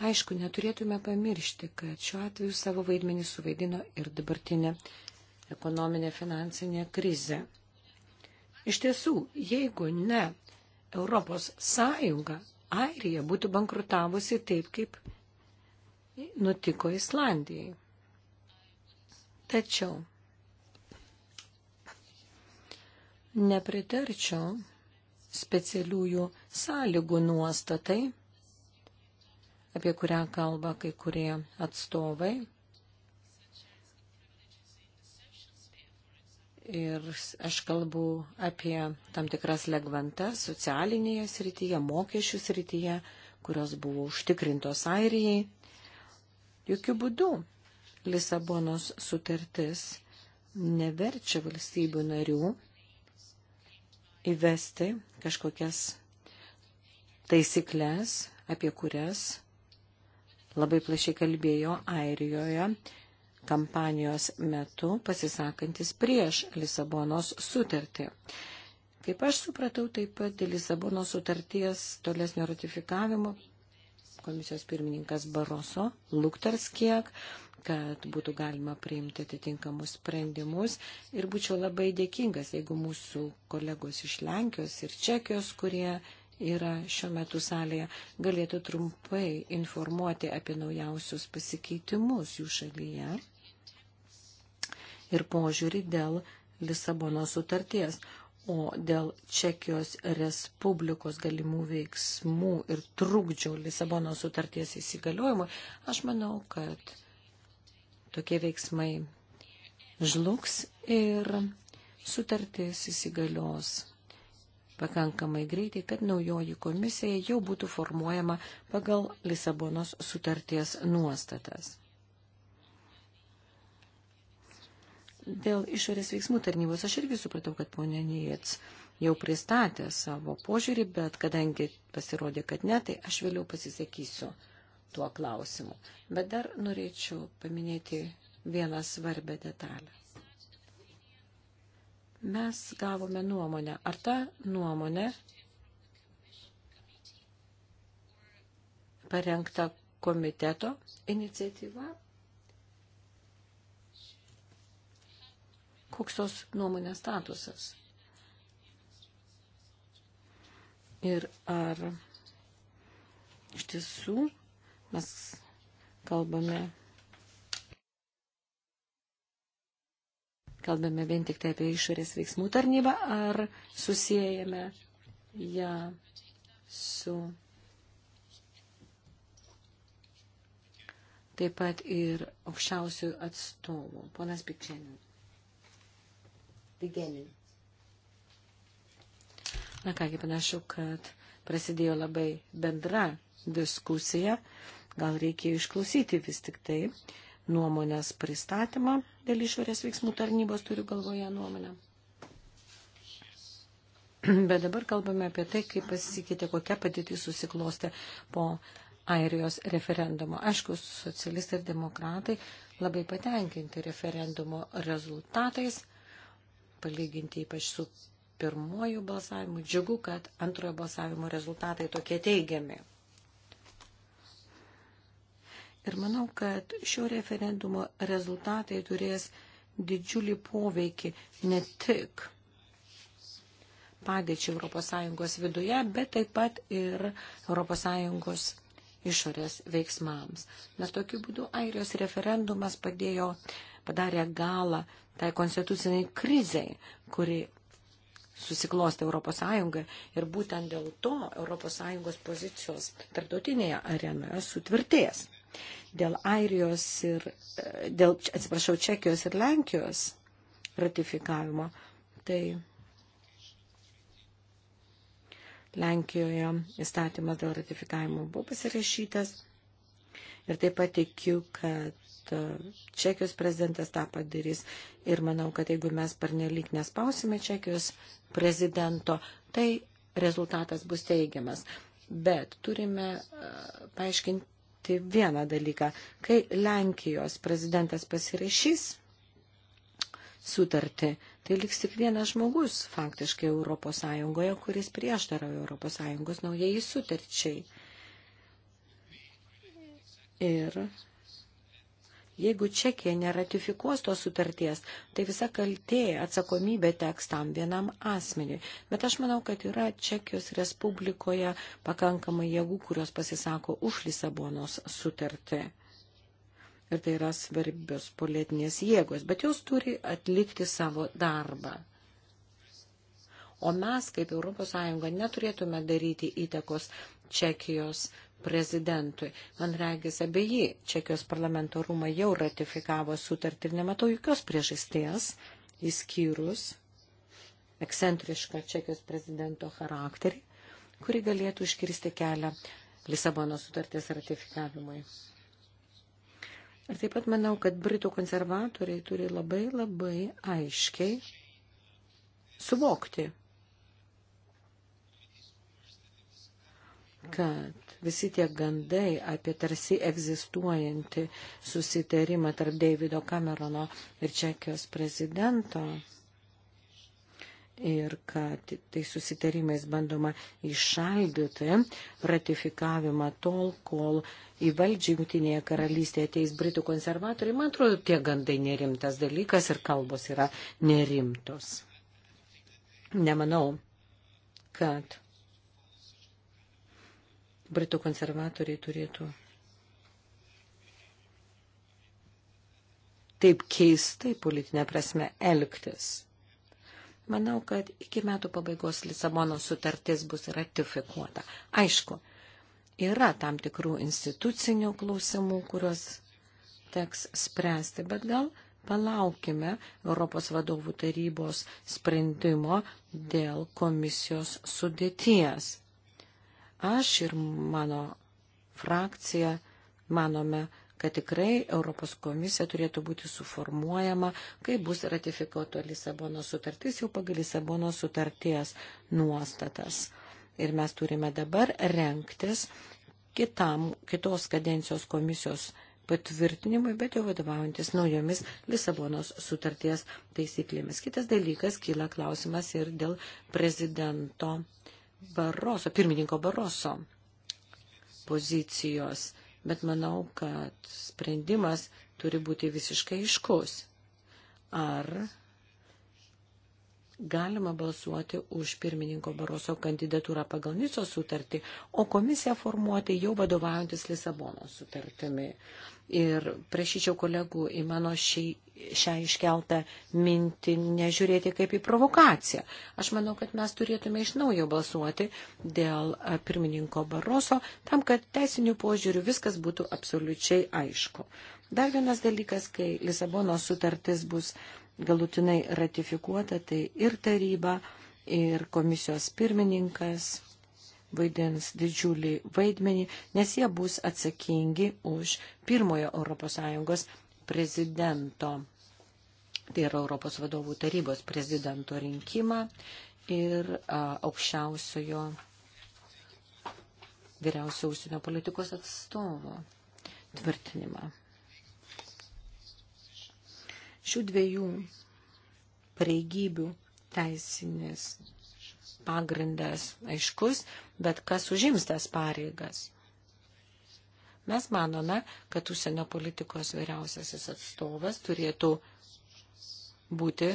Aišku, neturėtume pamiršti, kad šiuo atveju savo vaidmenį suvaidino ir dabartinė ekonominė finansinė krizė. Iš tiesų, jeigu ne Europos Sąjunga, Airija būtų bankrutavusi taip, kaip nutiko Islandijai. Tačiau nepritarčiau specialiųjų sąlygų nuostatai, apie kurią kalba kai kurie atstovai. Ir aš kalbu apie tam tikras legvantas socialinėje srityje, mokesčių srityje, kurios buvo užtikrintos Airijai. Jokių būdų Lisabonos sutartis neverčia valstybių narių įvesti kažkokias taisyklės, apie kurias labai plašiai kalbėjo Airijoje kampanijos metu pasisakantis prieš Lisabonos sutartį. Kaip aš supratau, taip pat dėl Lisabonos sutarties tolesnio ratifikavimo komisijos pirmininkas Baroso luktars kiek kad būtų galima priimti atitinkamus sprendimus. Ir būčiau labai dėkingas, jeigu mūsų kolegos iš Lenkijos ir Čekijos, kurie yra šiuo metu salėje, galėtų trumpai informuoti apie naujausius pasikeitimus jų šalyje ir požiūrį dėl Lisabono sutarties. O dėl Čekijos Respublikos galimų veiksmų ir trukdžių Lisabono sutarties įsigaliojimui, aš manau, kad tokie veiksmai žlugs ir sutartis įsigalios pakankamai greitai, kad naujoji komisija jau būtų formuojama pagal Lisabonos sutarties nuostatas. Dėl išorės veiksmų tarnybos aš irgi supratau, kad ponė Nijets jau pristatė savo požiūrį, bet kadangi pasirodė, kad ne, tai aš vėliau pasisakysiu tuo klausimu. Bet dar norėčiau paminėti vieną svarbę detalę. Mes gavome nuomonę. Ar ta nuomonė parengta komiteto iniciatyva? Koks tos nuomonės statusas? Ir ar iš tiesų Mes kalbame, kalbame vien tik tai apie išorės veiksmų tarnybą ar susijėjame ją su taip pat ir aukščiausių atstovų. Ponas Pikčenin. Pigenin. Na kągi, panašu, kad prasidėjo labai bendra diskusija Gal reikėjo išklausyti vis tik tai nuomonės pristatymą dėl išorės veiksmų tarnybos, turiu galvoje nuomonę. *clears throat* Bet dabar kalbame apie tai, kaip pasikeitė, kokia padėtis susiklostė po Airijos referendumo. Aišku, socialistai ir demokratai labai patenkinti referendumo rezultatais, palyginti ypač su pirmuoju balsavimu. Džiugu, kad antrojo balsavimo rezultatai tokie teigiami. Ir manau, kad šio referendumo rezultatai turės didžiulį poveikį ne tik padėčiai ES viduje, bet taip pat ir ES išorės veiksmams. Nes tokiu būdu Airijos referendumas padėjo, padarė galą tai konstituciniai krizai, kuri susiklosti ES ir būtent dėl to ES pozicijos tarptautinėje arenoje sutvirtės. Dėl Airijos ir, e, dėl, atsiprašau, Čekijos ir Lenkijos ratifikavimo, tai Lenkijoje įstatymas dėl ratifikavimo buvo pasirašytas. Ir taip pat tikiu, kad e, Čekijos prezidentas tą padarys. Ir manau, kad jeigu mes pernelyg nespausime Čekijos prezidento, tai rezultatas bus teigiamas. Bet turime e, paaiškinti paminėti vieną dalyką. Kai Lenkijos prezidentas pasirašys sutartį, tai liks tik vienas žmogus faktiškai Europos Sąjungoje, kuris prieštarauja Europos Sąjungos naujai sutarčiai. Ir Jeigu Čekija neratifikuos tos sutarties, tai visa kaltė atsakomybė teks tam vienam asmeniui. Bet aš manau, kad yra Čekijos Respublikoje pakankamai jėgų, kurios pasisako už Lisabonos sutartį. Ir tai yra svarbios politinės jėgos, bet jos turi atlikti savo darbą. O mes, kaip ES, neturėtume daryti įtakos Čekijos prezidentui. Man regis, abieji Čekijos parlamento rūmai jau ratifikavo sutartį ir nematau jokios priežasties, įskyrus ekscentrišką Čekijos prezidento charakterį, kuri galėtų iškirsti kelią Lisabono sutarties ratifikavimui. Ir taip pat manau, kad Britų konservatoriai turi labai labai aiškiai suvokti, kad visi tie gandai apie tarsi egzistuojantį susitarimą tarp Davido Camerono ir Čekijos prezidento ir kad tai susitarimais bandoma išaldyti ratifikavimą tol, kol į valdžią jungtinėje karalystėje ateis britų konservatoriai. Man atrodo, tie gandai nerimtas dalykas ir kalbos yra nerimtos. Nemanau, kad Britų konservatoriai turėtų taip keistai politinė prasme elgtis. Manau, kad iki metų pabaigos Lisabono sutartis bus ratifikuota. Aišku, yra tam tikrų institucinių klausimų, kuriuos teks spręsti, bet gal palaukime Europos vadovų tarybos sprendimo dėl komisijos sudėties. Aš ir mano frakcija manome, kad tikrai Europos komisija turėtų būti suformuojama, kai bus ratifikuoto Lisabono sutartis jau pagal Lisabono sutarties nuostatas. Ir mes turime dabar renktis kitam, kitos kadencijos komisijos patvirtinimui, bet jau vadovaujantis naujomis Lisabonos sutarties taisyklėmis. Kitas dalykas, kyla klausimas ir dėl prezidento uh, Baroso, pirmininko Baroso pozicijos, bet manau, kad sprendimas turi būti visiškai iškus. Ar galima balsuoti už pirmininko Baroso kandidatūrą pagal Niso sutartį, o komisiją formuoti jau vadovaujantis Lisabono sutartimi ir prašyčiau kolegų į mano šį, šią iškeltą mintį nežiūrėti kaip į provokaciją. Aš manau, kad mes turėtume iš naujo balsuoti dėl pirmininko Baroso, tam, kad teisinių požiūrių viskas būtų absoliučiai aišku. Dar vienas dalykas, kai Lisabono sutartis bus galutinai ratifikuota, tai ir taryba, ir komisijos pirmininkas vaidins didžiulį vaidmenį, nes jie bus atsakingi už pirmojo ES prezidento, tai yra Europos vadovų tarybos prezidento rinkimą ir a, aukščiausiojo vyriausio užsienio politikos atstovo tvirtinimą. Šių dviejų pareigybių teisinės pagrindas aiškus, bet kas užims tas pareigas. Mes manome, kad užsienio politikos vyriausiasis atstovas turėtų būti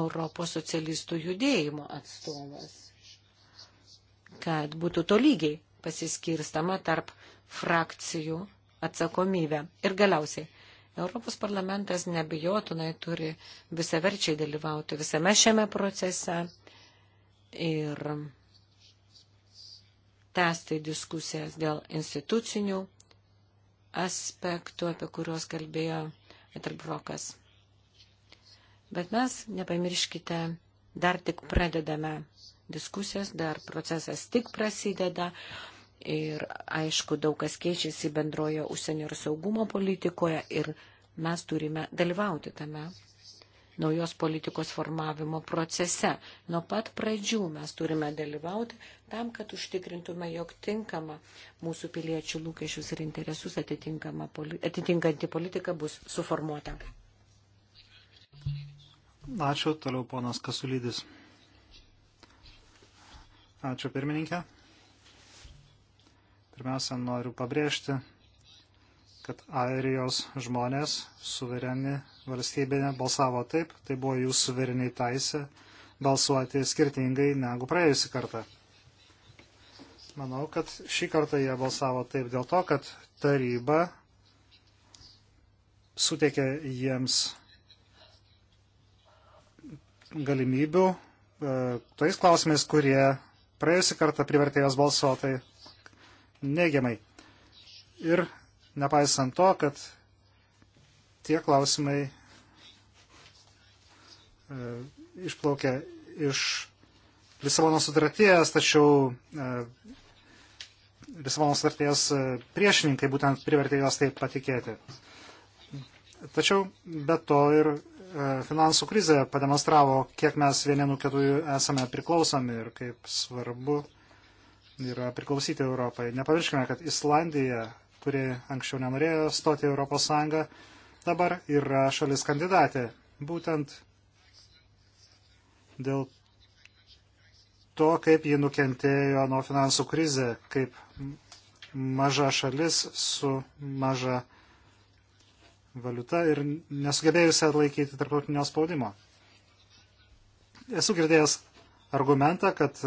Europos socialistų judėjimo atstovas, kad būtų tolygiai pasiskirstama tarp frakcijų atsakomybė. Ir galiausiai, Europos parlamentas nebijotinai turi visaverčiai dalyvauti visame šiame procese ir tęsti diskusijas dėl institucinių aspektų, apie kuriuos kalbėjo Eterbrokas. Bet mes, nepamirškite, dar tik pradedame diskusijas, dar procesas tik prasideda. Ir aišku, daug kas keičiasi bendrojo užsienio ir saugumo politikoje ir mes turime dalyvauti tame naujos politikos formavimo procese. Nuo pat pradžių mes turime dalyvauti tam, kad užtikrintume, jog tinkama mūsų piliečių lūkesčius ir interesus atitinkanti politika bus suformuota. Ačiū, toliau ponas Kasulydis. Ačiū pirmininkė. Pirmiausia, noriu pabrėžti, kad Airijos žmonės suvereni valstybė balsavo taip, tai buvo jų suvereniai teisė balsuoti skirtingai negu praėjusi kartą. Manau, kad šį kartą jie balsavo taip dėl to, kad taryba suteikė jiems galimybių e, tais klausimais, kurie praėjusi kartą privertė jos balsuotai neigiamai. Ir nepaisant to, kad tie klausimai e, išplaukia iš Lisabono sutarties, tačiau e, Lisabono sutarties e, priešininkai būtent privertė juos taip patikėti. Tačiau be to ir finansų krizė pademonstravo, kiek mes vienienų keturių esame priklausomi ir kaip svarbu yra priklausyti Europai. Nepamirškime, kad Islandija kuri anksčiau nenorėjo stoti į Europos Sąjungą, dabar yra šalis kandidatė. Būtent dėl to, kaip ji nukentėjo nuo finansų krizė, kaip maža šalis su maža valiuta ir nesugebėjusi atlaikyti tarptautinio spaudimo. Esu girdėjęs argumentą, kad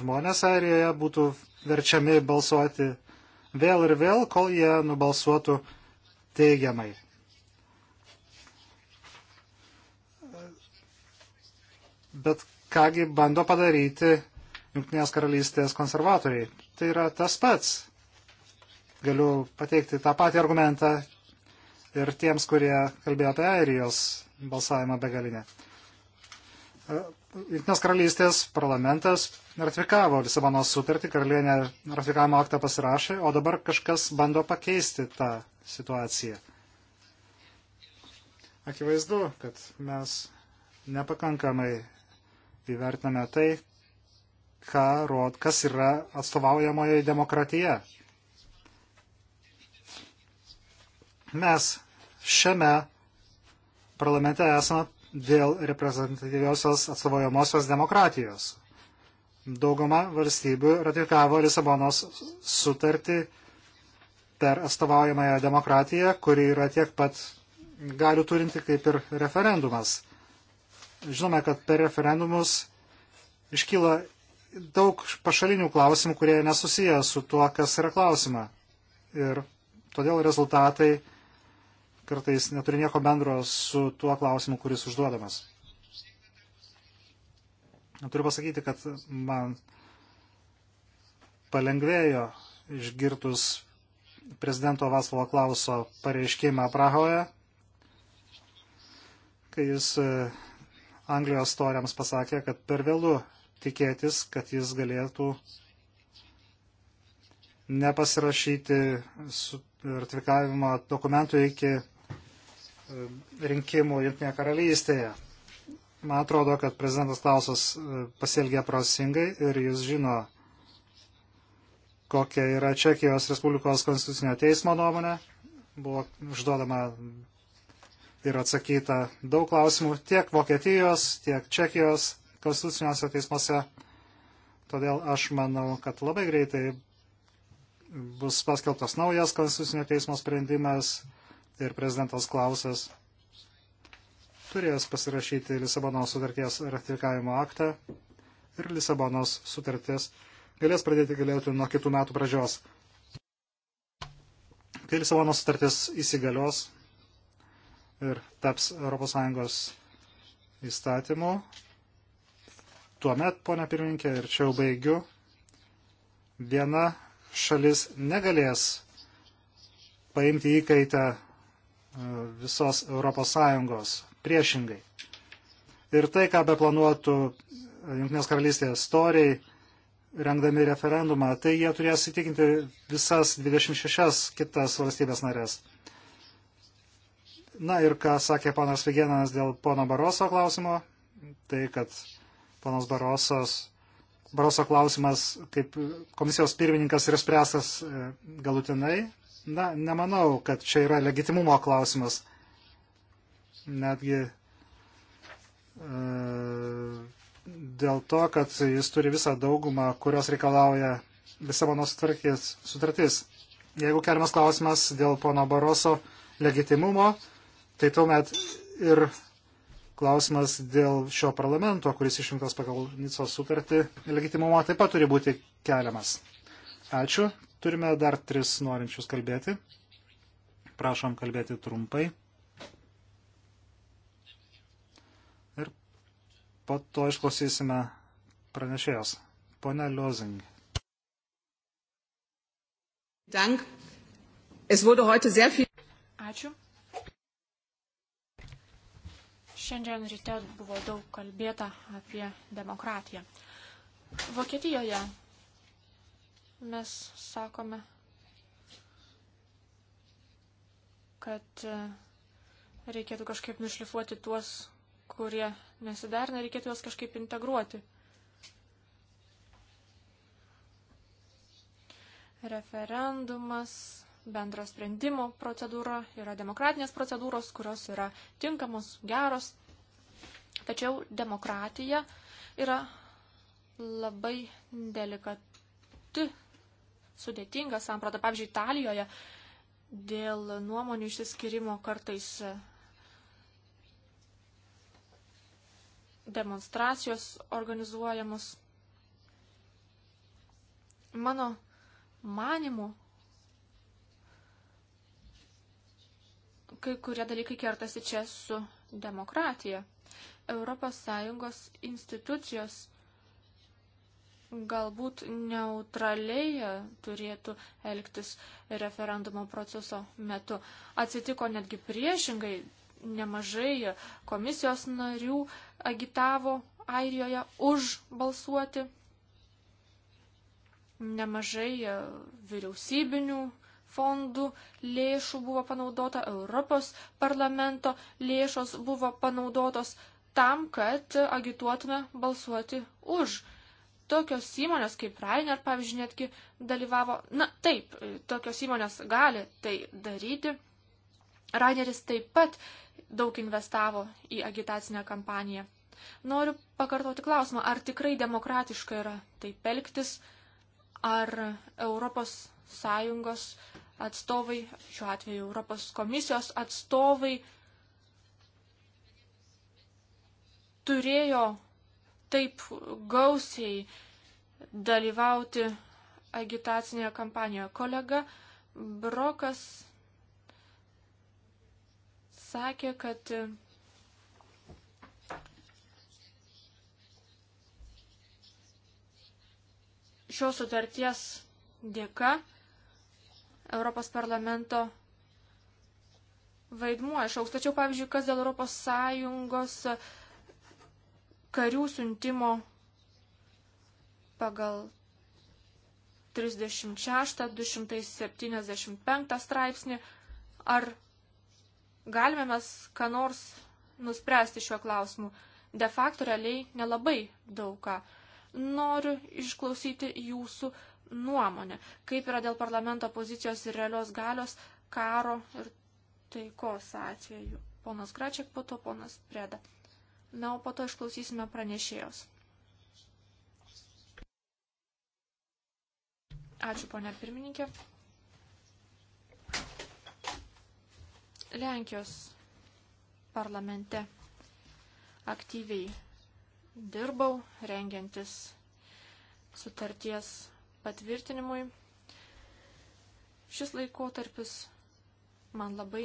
žmonės Airijoje būtų verčiami balsuoti vėl ir vėl, kol jie nubalsuotų teigiamai. Bet kągi bando padaryti Junktinės karalystės konservatoriai. Tai yra tas pats. Galiu pateikti tą patį argumentą ir tiems, kurie kalbėjo apie airijos balsavimą begalinę. Junktinės karalystės parlamentas ratifikavo Lisabono sutartį, karalienė ratifikavimo aktą pasirašė, o dabar kažkas bando pakeisti tą situaciją. Akivaizdu, kad mes nepakankamai įvertiname tai, ką rod, kas yra atstovaujamoje demokratija. Mes šiame parlamente esame dėl reprezentatyviosios atstovojamosios demokratijos. Dauguma valstybių ratifikavo Lisabonos sutartį per atstovaujamąją demokratiją, kuri yra tiek pat galių turinti kaip ir referendumas. Žinome, kad per referendumus iškyla daug pašalinių klausimų, kurie nesusiję su tuo, kas yra klausima. Ir todėl rezultatai kartais neturi nieko bendro su tuo klausimu, kuris užduodamas. Turiu pasakyti, kad man palengvėjo išgirtus prezidento Vaslovo Klauso pareiškimą Prahoje, kai jis e, Anglijos storiams pasakė, kad per vėlų tikėtis, kad jis galėtų nepasirašyti ratifikavimo dokumentų iki E, rinkimų Junktinėje karalystėje. Man atrodo, kad prezidentas Klausas e, pasielgė prosingai ir jis žino, kokia yra Čekijos Respublikos konstitucinio teismo nuomonė. Buvo užduodama ir atsakyta daug klausimų tiek Vokietijos, tiek Čekijos konstituciniuose teismuose. Todėl aš manau, kad labai greitai bus paskelbtas naujas konstitucinio teismo sprendimas ir prezidentas Klausas turės pasirašyti Lisabonos sutarties ratifikavimo aktą ir Lisabonos sutartis galės pradėti galėti nuo kitų metų pradžios. Kai Lisabonos sutartis įsigalios ir taps ES įstatymu, tuomet, ponia pirminkė, ir čia jau baigiu, viena šalis negalės paimti įkaitę visos ES priešingai. Ir tai, ką beplanuotų Junktinės karalystės storiai, rengdami referendumą, tai jie turės įtikinti visas 26 kitas valstybės narės. Na ir ką sakė ponas Vigenas dėl pono Baroso klausimo, tai kad ponas Barosos, Baroso klausimas kaip komisijos pirmininkas yra spręstas e, galutinai, Na, nemanau, kad čia yra legitimumo klausimas. Netgi e, dėl to, kad jis turi visą daugumą, kurios reikalauja Lisabono sutartis. sutartis. Jeigu keliamas klausimas dėl pono Baroso legitimumo, tai tuomet ir klausimas dėl šio parlamento, kuris išrinktas pagal Nicos sutartį, legitimumo taip pat turi būti keliamas. Ačiū. Turime dar tris norinčius kalbėti. Prašom kalbėti trumpai. Ir po to išklausysime pranešėjos. Pone Liozing. Dank. Es wurde heute sehr viel. Ačiū. Šiandien ryte buvo daug kalbėta apie demokratiją. Vokietijoje mes sakome, kad e, reikėtų kažkaip nušlifuoti tuos, kurie nesiderina, reikėtų juos kažkaip integruoti. Referendumas, bendro sprendimo procedūra yra demokratinės procedūros, kurios yra tinkamos, geros. Tačiau demokratija yra labai delikati sudėtinga samprata. Pavyzdžiui, Italijoje dėl nuomonių išsiskirimo kartais e, demonstracijos organizuojamos. Mano manimu, kai kurie dalykai kertasi čia su demokratija. Europos Sąjungos institucijos galbūt neutraliai turėtų elgtis referendumo proceso metu. Atsitiko netgi priešingai, nemažai komisijos narių agitavo Airijoje už balsuoti, nemažai e, vyriausybinių fondų lėšų buvo panaudota, Europos parlamento lėšos buvo panaudotos tam, kad agituotume balsuoti už tokios įmonės kaip Rainer, pavyzdžiui, netgi dalyvavo. Na taip, tokios įmonės gali tai daryti. Raineris taip pat daug investavo į agitacinę kampaniją. Noriu pakartoti klausimą, ar tikrai demokratiška yra taip elgtis, ar Europos Sąjungos atstovai, šiuo atveju Europos komisijos atstovai, turėjo taip gausiai dalyvauti agitacinėje kampanijoje. Kolega Brokas sakė, kad šios sutarties dėka Europos parlamento vaidmuo išauks. Tačiau, pavyzdžiui, kas dėl Europos Sąjungos uh, karių siuntimo pagal 36-275 straipsnį, ar galime mes ką nors nuspręsti šiuo klausimu. De facto realiai nelabai daugą. Noriu išklausyti jūsų nuomonę, kaip yra dėl parlamento pozicijos ir realios galios karo ir taikos atveju. Ponas Gračiak, po to ponas Preda. Na, o po to išklausysime pranešėjos. Ačiū, ponia pirmininkė. Lenkijos parlamente aktyviai dirbau, rengiantis sutarties patvirtinimui. Šis laikotarpis man labai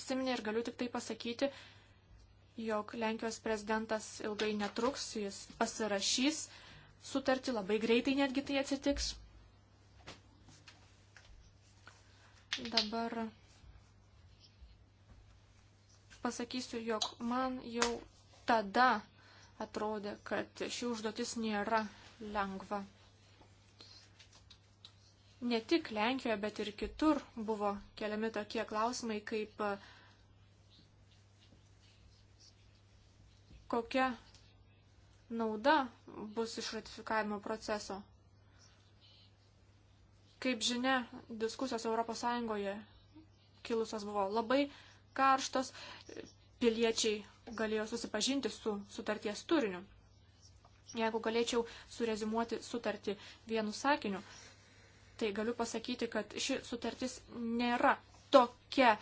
įsiminė ir galiu tik tai pasakyti, jog Lenkijos prezidentas ilgai netruks, jis pasirašys sutartį, labai greitai netgi tai atsitiks. Dabar pasakysiu, jog man jau tada atrodė, kad ši užduotis nėra lengva. Ne tik Lenkijoje, bet ir kitur buvo keliami tokie klausimai kaip uh, kokia nauda bus iš ratifikavimo proceso. Kaip žinia, diskusijos ES kilusios buvo labai karštos, piliečiai galėjo susipažinti su sutarties turiniu. Jeigu galėčiau surezimuoti sutartį vienu sakiniu, tai galiu pasakyti, kad ši sutartis nėra tokia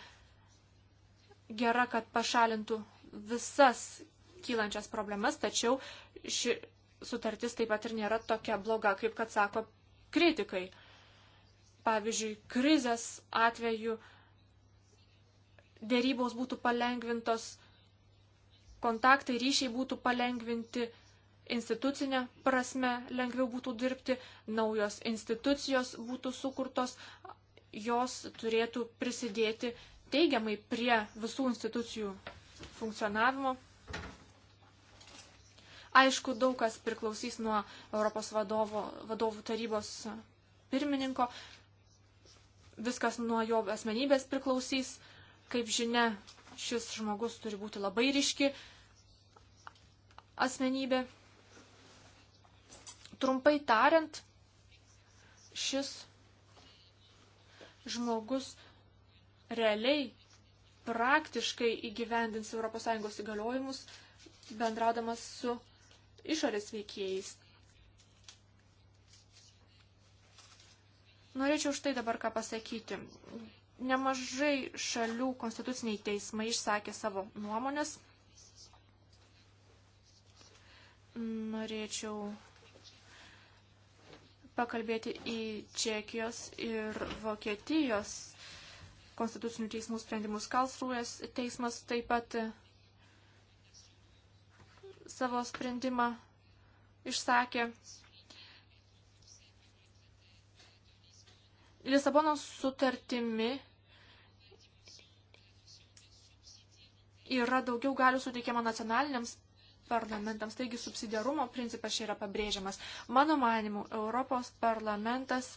gera, kad pašalintų visas kylančias problemas, tačiau ši sutartis taip pat ir nėra tokia bloga, kaip kad sako kritikai. Pavyzdžiui, krizės atveju dėrybos būtų palengvintos, kontaktai, ryšiai būtų palengvinti, institucinė prasme lengviau būtų dirbti, naujos institucijos būtų sukurtos, jos turėtų prisidėti teigiamai prie visų institucijų funkcionavimo. Aišku, daug kas priklausys nuo Europos vadovo, vadovų tarybos pirmininko. Viskas nuo jo asmenybės priklausys. Kaip žinia, šis žmogus turi būti labai ryški asmenybė. Trumpai tariant, šis žmogus realiai praktiškai įgyvendins ES įgaliojimus bendraudamas su išorės veikėjais. Norėčiau štai dabar ką pasakyti. Nemažai šalių konstituciniai teismai išsakė savo nuomonės. Norėčiau pakalbėti į Čekijos ir Vokietijos konstitucinių teismų sprendimus. Kalsrūės teismas taip pat savo sprendimą išsakė. Lisabonos sutartimi yra daugiau galių suteikiama nacionaliniams parlamentams, taigi subsidiarumo principas čia yra pabrėžiamas. Mano manimu, Europos parlamentas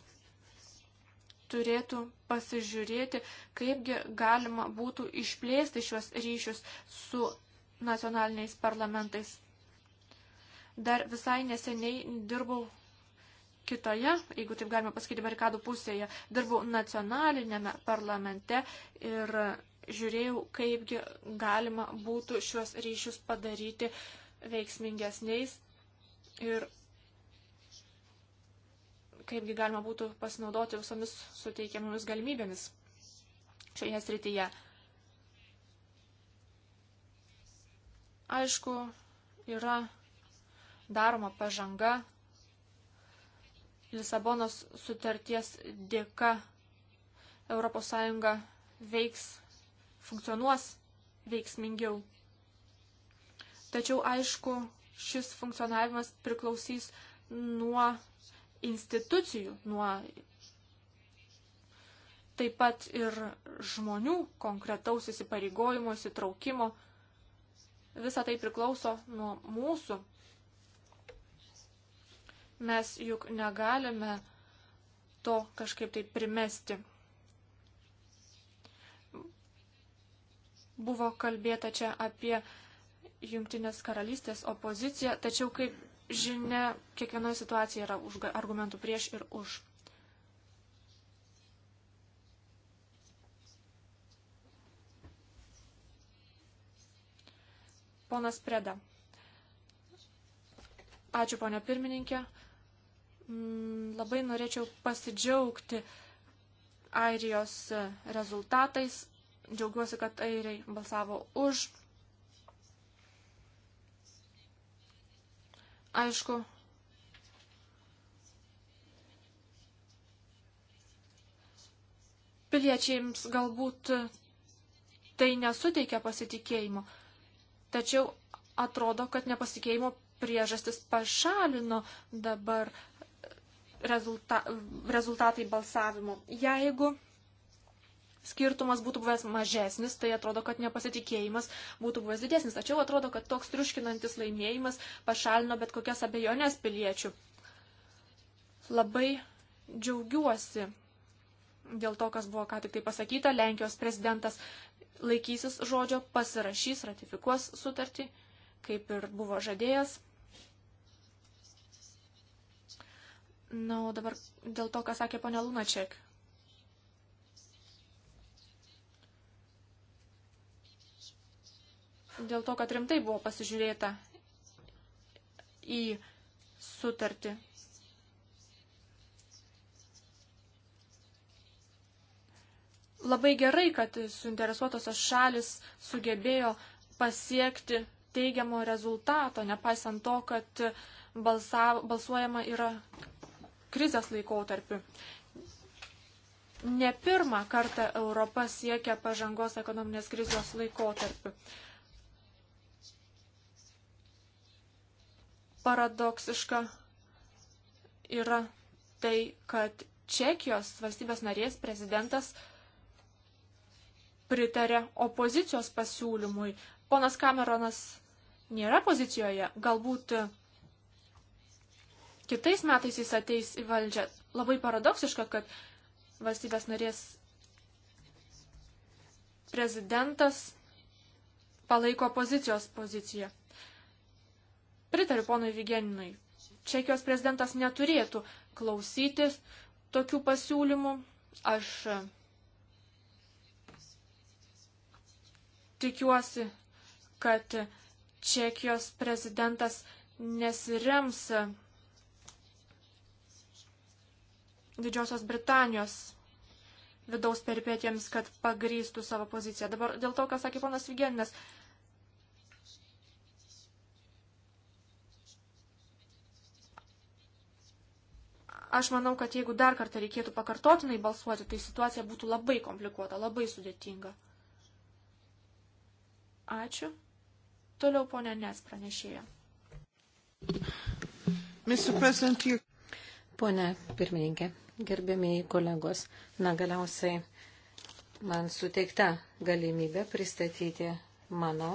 turėtų pasižiūrėti, kaipgi galima būtų išplėsti šiuos ryšius su nacionaliniais parlamentais. Dar visai neseniai dirbau kitoje, jeigu taip galima pasakyti, barikadų pusėje. Dirbau nacionalinėme parlamente ir žiūrėjau, kaipgi galima būtų šiuos ryšius padaryti veiksmingesniais ir kaipgi galima būtų pasinaudoti visomis suteikiamomis galimybėmis šioje srityje. Aišku, yra daroma pažanga Lisabonos sutarties dėka ES veiks, funkcionuos veiksmingiau. Tačiau, aišku, šis funkcionavimas priklausys nuo institucijų, nuo taip pat ir žmonių konkretaus įsipareigojimo, įsitraukimo, Visa tai priklauso nuo mūsų. Mes juk negalime to kažkaip tai primesti. Buvo kalbėta čia apie Junktinės karalystės opoziciją, tačiau kaip žinia, kiekvienoje situacijoje yra argumentų prieš ir už. Ponas Preda. Ačiū, ponė pirmininkė. Mm, labai norėčiau pasidžiaugti Airijos rezultatais. Džiaugiuosi, kad airiai balsavo už. Aišku, piliečiams galbūt tai nesuteikia pasitikėjimo, Tačiau atrodo, kad nepasikeimo priežastis pašalino dabar rezulta, rezultatai balsavimo. Jeigu skirtumas būtų buvęs mažesnis, tai atrodo, kad nepasitikėjimas būtų buvęs didesnis. Tačiau atrodo, kad toks triuškinantis laimėjimas pašalino bet kokias abejonės piliečių. Labai džiaugiuosi dėl to, kas buvo ką tik tai pasakyta. Lenkijos prezidentas laikysis žodžio, pasirašys, ratifikuos sutartį, kaip ir buvo žadėjęs. Na, o dabar dėl to, ką sakė ponia Lunaček. Dėl to, kad rimtai buvo pasižiūrėta į sutartį Labai gerai, kad suinteresuotosios šalis sugebėjo pasiekti teigiamo rezultato, nepaisant to, kad balsa, balsuojama yra krizės laikotarpiu. Ne pirmą kartą Europa siekia pažangos ekonominės krizės laikotarpiu. Paradoksiška yra tai, kad Čekijos valstybės narės prezidentas pritarė opozicijos pasiūlymui. Ponas Kameronas nėra pozicijoje, galbūt kitais metais jis ateis į valdžią. Labai paradoksiška, kad valstybės narės prezidentas palaiko opozicijos poziciją. Pritariu ponui Vigeninui. Čekijos prezidentas neturėtų klausytis tokių pasiūlymų. Aš tikiuosi, kad Čekijos prezidentas nesirems Didžiosios Britanijos vidaus peripėtėms, kad pagrystų savo poziciją. Dabar dėl to, ką sakė ponas Vigeninas, aš manau, kad jeigu dar kartą reikėtų pakartotinai balsuoti, tai situacija būtų labai komplikuota, labai sudėtinga. Ačiū. Toliau ponia Nes pranešėja. You... Pone pirmininkė, gerbėmiai kolegos, na galiausiai man suteikta galimybė pristatyti mano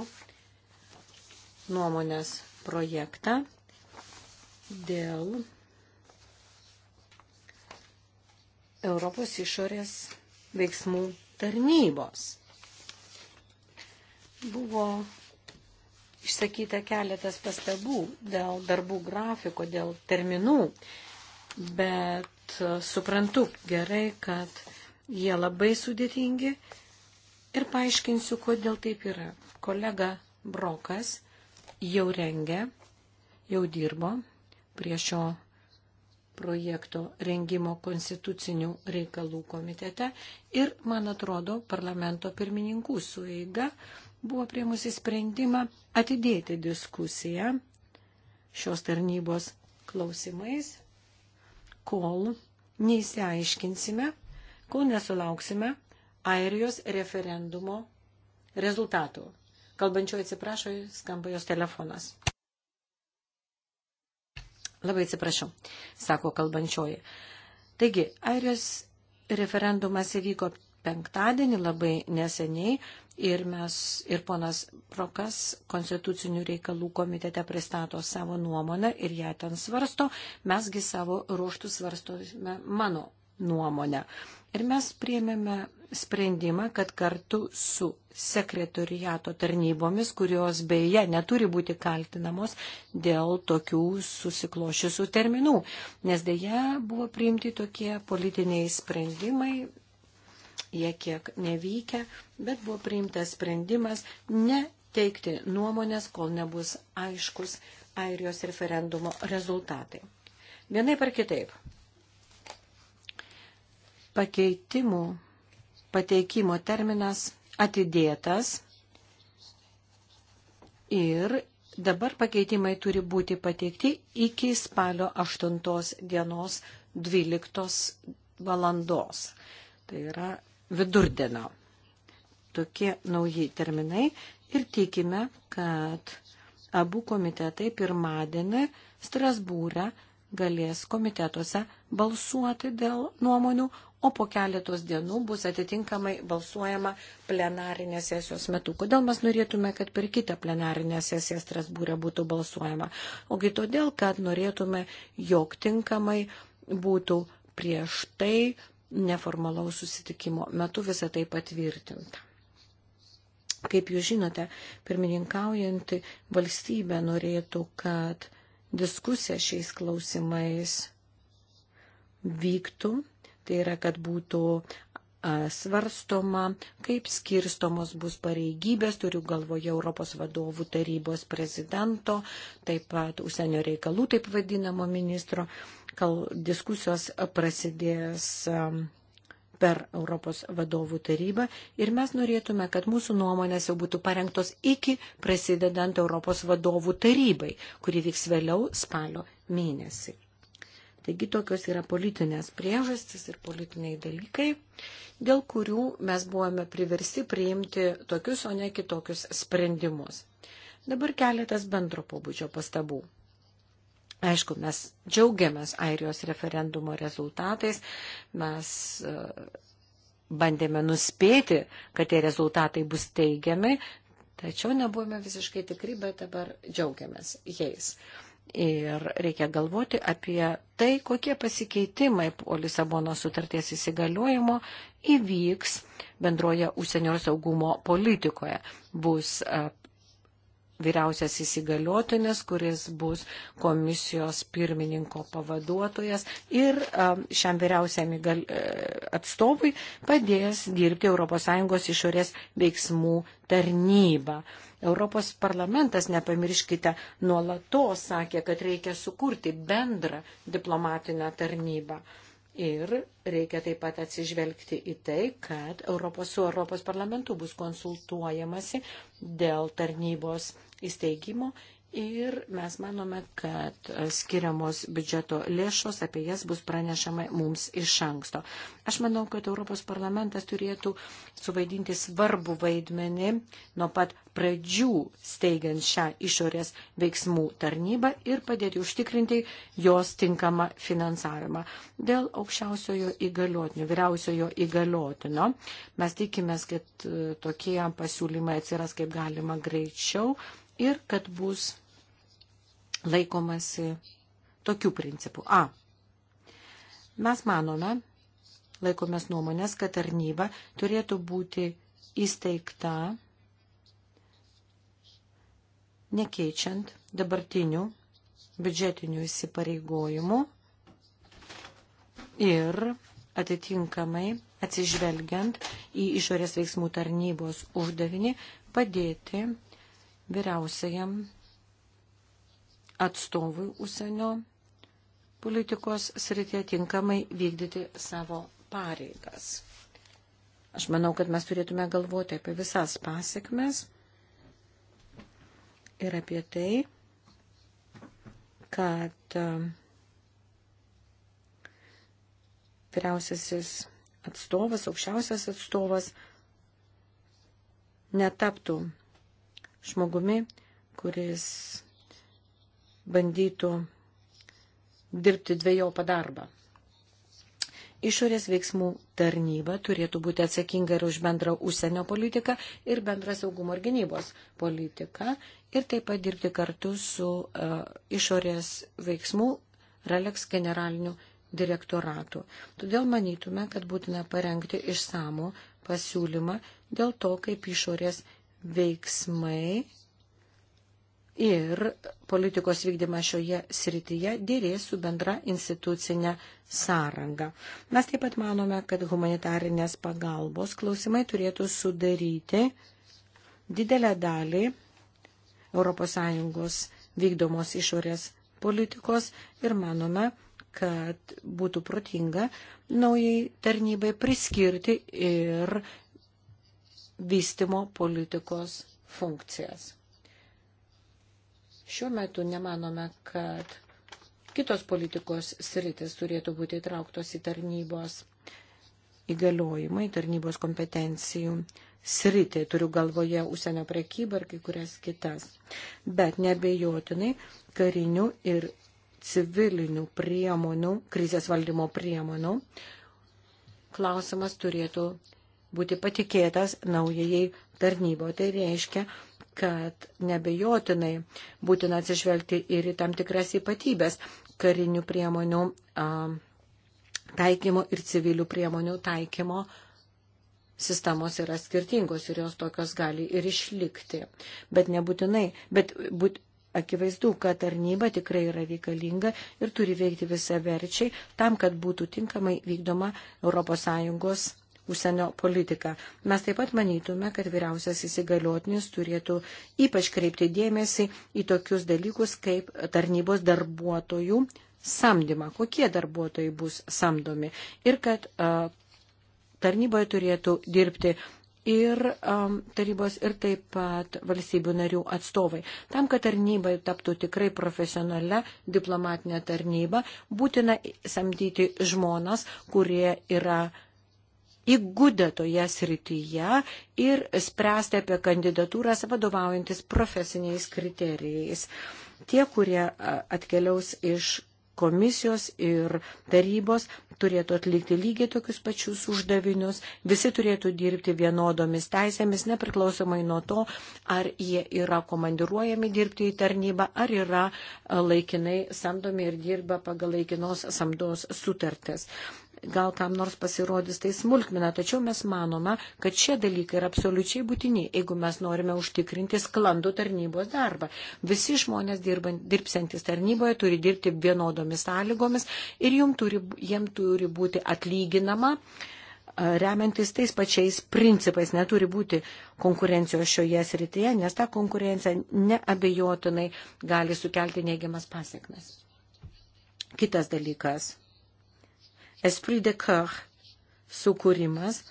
nuomonės projektą dėl Europos išorės veiksmų tarnybos. Buvo išsakyta keletas pastabų dėl darbų grafiko, dėl terminų, bet suprantu gerai, kad jie labai sudėtingi ir paaiškinsiu, kodėl taip yra. Kolega Brokas jau rengia, jau dirbo prie šio projekto rengimo konstitucinių reikalų komitete ir, man atrodo, parlamento pirmininkų sueiga buvo priemusi sprendimą atidėti diskusiją šios tarnybos klausimais, kol neįsiaiškinsime, kol nesulauksime Airijos referendumo rezultatų. Kalbančioji atsiprašo, skamba jos telefonas. Labai atsiprašau, sako kalbančioji. Taigi, Airijos referendumas įvyko penktadienį labai neseniai ir mes, ir ponas Prokas konstitucinių reikalų komitete pristato savo nuomonę ir ją ten svarsto, mesgi savo ruoštų svarstome mano nuomonę. Ir mes priėmėme sprendimą, kad kartu su sekretoriato tarnybomis, kurios beje neturi būti kaltinamos dėl tokių susiklošiusių terminų, nes dėja buvo priimti tokie politiniai sprendimai jie kiek nevykę, bet buvo priimtas sprendimas neteikti nuomonės, kol nebus aiškus Airijos referendumo rezultatai. Vienaip ar kitaip, pakeitimų pateikimo terminas atidėtas ir dabar pakeitimai turi būti pateikti iki spalio 8 dienos 12 valandos. Tai yra vidurdienio. Tokie nauji terminai ir tikime, kad abu komitetai pirmadienį Strasbūrę galės komitetuose balsuoti dėl nuomonių, o po keletos dienų bus atitinkamai balsuojama plenarinės sesijos metu. Kodėl mes norėtume, kad per kitą plenarinę sesiją Strasbūrė būtų balsuojama? Ogi todėl, kad norėtume, jog tinkamai būtų prieš tai neformalaus susitikimo metu visą tai patvirtinta. Kaip jūs žinote, pirmininkaujanti valstybė norėtų, kad diskusija šiais klausimais vyktų, tai yra, kad būtų E, svarstoma, kaip skirstomos bus pareigybės, turiu galvoje Europos vadovų tarybos prezidento, taip pat užsienio reikalų, taip vadinamo ministro. Kal, diskusijos prasidės e, per Europos vadovų tarybą ir mes norėtume, kad mūsų nuomonės jau būtų parengtos iki prasidedant Europos vadovų tarybai, kuri vyks vėliau spalio mėnesį. Taigi tokios yra politinės priežastis ir politiniai dalykai, dėl kurių mes buvome priversti priimti tokius, o ne kitokius sprendimus. Dabar keletas bendro pobūdžio pastabų. Aišku, mes džiaugiamės Airijos referendumo rezultatais, mes e, bandėme nuspėti, kad tie rezultatai bus teigiami, tačiau nebuvome visiškai tikri, bet dabar džiaugiamės jais. Ir reikia galvoti apie tai, kokie pasikeitimai po Lisabono sutarties įsigaliojimo įvyks bendroje užsienio saugumo politikoje. Bus e, vyriausias įsigaliotinis, kuris bus komisijos pirmininko pavaduotojas ir šiam vyriausiam e, atstovui padės dirbti ES išorės veiksmų tarnybą. Europos parlamentas, nepamirškite, nuolatos sakė, kad reikia sukurti bendrą diplomatinę tarnybą. Ir reikia taip pat atsižvelgti į tai, kad Europos, su Europos parlamentu bus konsultuojamasi dėl tarnybos įsteigimo ir mes manome, kad skiriamos biudžeto lėšos, apie jas bus pranešama mums iš anksto. Aš manau, kad Europos parlamentas turėtų suvaidinti svarbų vaidmenį nuo pat pradžių steigiant šią išorės veiksmų tarnybą ir padėti užtikrinti jos tinkamą finansavimą. Dėl aukščiausiojo įgaliotinio, vyriausiojo įgaliotino, mes tikimės, kad tokie pasiūlymai atsiras kaip galima greičiau ir kad bus laikomasi tokių principų. A. Mes manome, laikomės nuomonės, kad tarnyba turėtų būti įsteigta nekeičiant dabartinių biudžetinių įsipareigojimų ir atitinkamai atsižvelgiant į išorės veiksmų tarnybos uždavinį padėti vyriausiajam atstovui užsienio politikos srityje tinkamai vykdyti savo pareigas. Aš manau, kad mes turėtume galvoti apie visas pasiekmes ir apie tai, kad e, vyriausiasis atstovas, aukščiausias atstovas netaptų žmogumi, kuris bandytų dirbti dviejopą darbą. Išorės veiksmų tarnyba turėtų būti atsakinga ir už bendrą užsienio politiką ir bendrą saugumo ir gynybos politiką ir taip pat dirbti kartu su uh, išorės veiksmų RELEX generaliniu direktoratu. Todėl manytume, kad būtina parengti išsamų pasiūlymą dėl to, kaip išorės veiksmai ir politikos vykdymas šioje srityje dėrės su bendra institucinė sąranga. Mes taip pat manome, kad humanitarinės pagalbos klausimai turėtų sudaryti didelę dalį ES vykdomos išorės politikos ir manome, kad būtų protinga naujai tarnybai priskirti ir vystimo politikos funkcijas. Šiuo metu nemanome, kad kitos politikos sritis turėtų būti įtrauktos į tarnybos įgaliojimą, į tarnybos kompetencijų sritį. Turiu galvoje užsienio prekybą ir kai kurias kitas. Bet nebejotinai karinių ir civilinių priemonių, krizės valdymo priemonių klausimas turėtų būti patikėtas naujai tarnybo. Tai reiškia, kad nebejotinai būtina atsižvelgti ir į tam tikras ypatybės karinių priemonių a, taikymo ir civilių priemonių taikymo sistemos yra skirtingos ir jos tokios gali ir išlikti. Bet nebūtinai, bet būt, akivaizdu, kad tarnyba tikrai yra reikalinga ir turi veikti visą verčiai tam, kad būtų tinkamai vykdoma ES užsienio politiką. Mes taip pat manytume, kad vyriausias įsigaliotinis turėtų ypač kreipti dėmesį į tokius dalykus kaip tarnybos darbuotojų samdymą, kokie darbuotojai bus samdomi ir kad uh, tarnyboje turėtų dirbti ir um, tarybos, ir taip pat valstybių narių atstovai. Tam, kad tarnybai taptų tikrai profesionalia diplomatinė tarnyba, būtina samdyti žmonas, kurie yra įgudę toje srityje ir spręsti apie kandidatūras vadovaujantis profesiniais kriterijais. Tie, kurie atkeliaus iš komisijos ir tarybos turėtų atlikti lygiai tokius pačius uždavinius, visi turėtų dirbti vienodomis teisėmis, nepriklausomai nuo to, ar jie yra komandiruojami dirbti į tarnybą, ar yra laikinai samdomi ir dirba pagal laikinos samdos sutartis gal kam nors pasirodys tai smulkmina, tačiau mes manoma, kad šie dalykai yra absoliučiai būtini, jeigu mes norime užtikrinti sklandų tarnybos darbą. Visi žmonės dirbant, dirbsantis tarnyboje turi dirbti vienodomis sąlygomis ir jiem turi, jiem turi būti atlyginama remiantis tais pačiais principais. Neturi būti konkurencijos šioje srityje, nes ta konkurencija neabejotinai gali sukelti neigiamas pasiekmes. Kitas dalykas esprit de cœur sukūrimas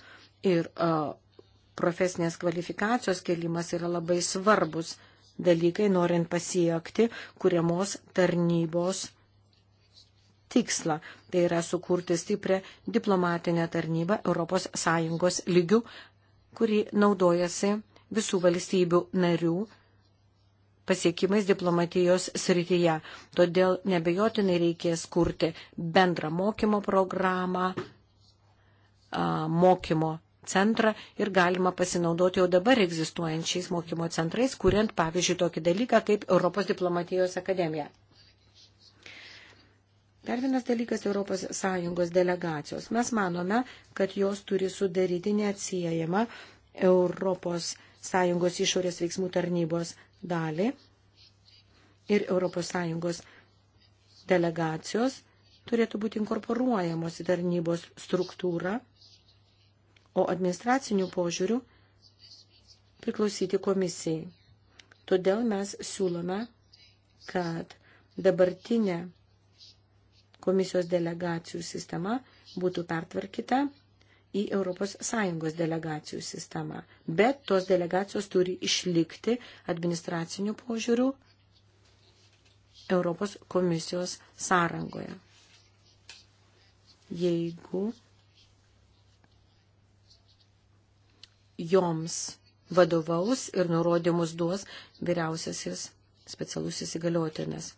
ir uh, profesinės kvalifikacijos kelimas yra labai svarbus dalykai, norint pasiekti kuriamos tarnybos tikslą. Tai yra sukurti stiprią diplomatinę tarnybą ES lygių, kuri naudojasi visų valstybių narių pasiekimais diplomatijos srityje. Todėl nebejotinai reikės kurti bendrą mokymo programą, mokymo centrą ir galima pasinaudoti jau dabar egzistuojančiais mokymo centrais, kuriant, pavyzdžiui, tokį dalyką kaip Europos diplomatijos akademija. Dar vienas dalykas Europos Sąjungos delegacijos. Mes manome, kad jos turi sudaryti neatsiejama Europos Sąjungos išorės veiksmų tarnybos dalį ir ES delegacijos turėtų būti inkorporuojamos į tarnybos struktūrą, o administracinių požiūrių priklausyti komisijai. Todėl mes siūlome, kad dabartinė komisijos delegacijų sistema būtų pertvarkyta į ES delegacijų sistemą, bet tos delegacijos turi išlikti administracinių požiūrių Europos komisijos sąrangoje. Jeigu joms vadovaus ir nurodymus duos vyriausiasis specialusis įgaliotinis.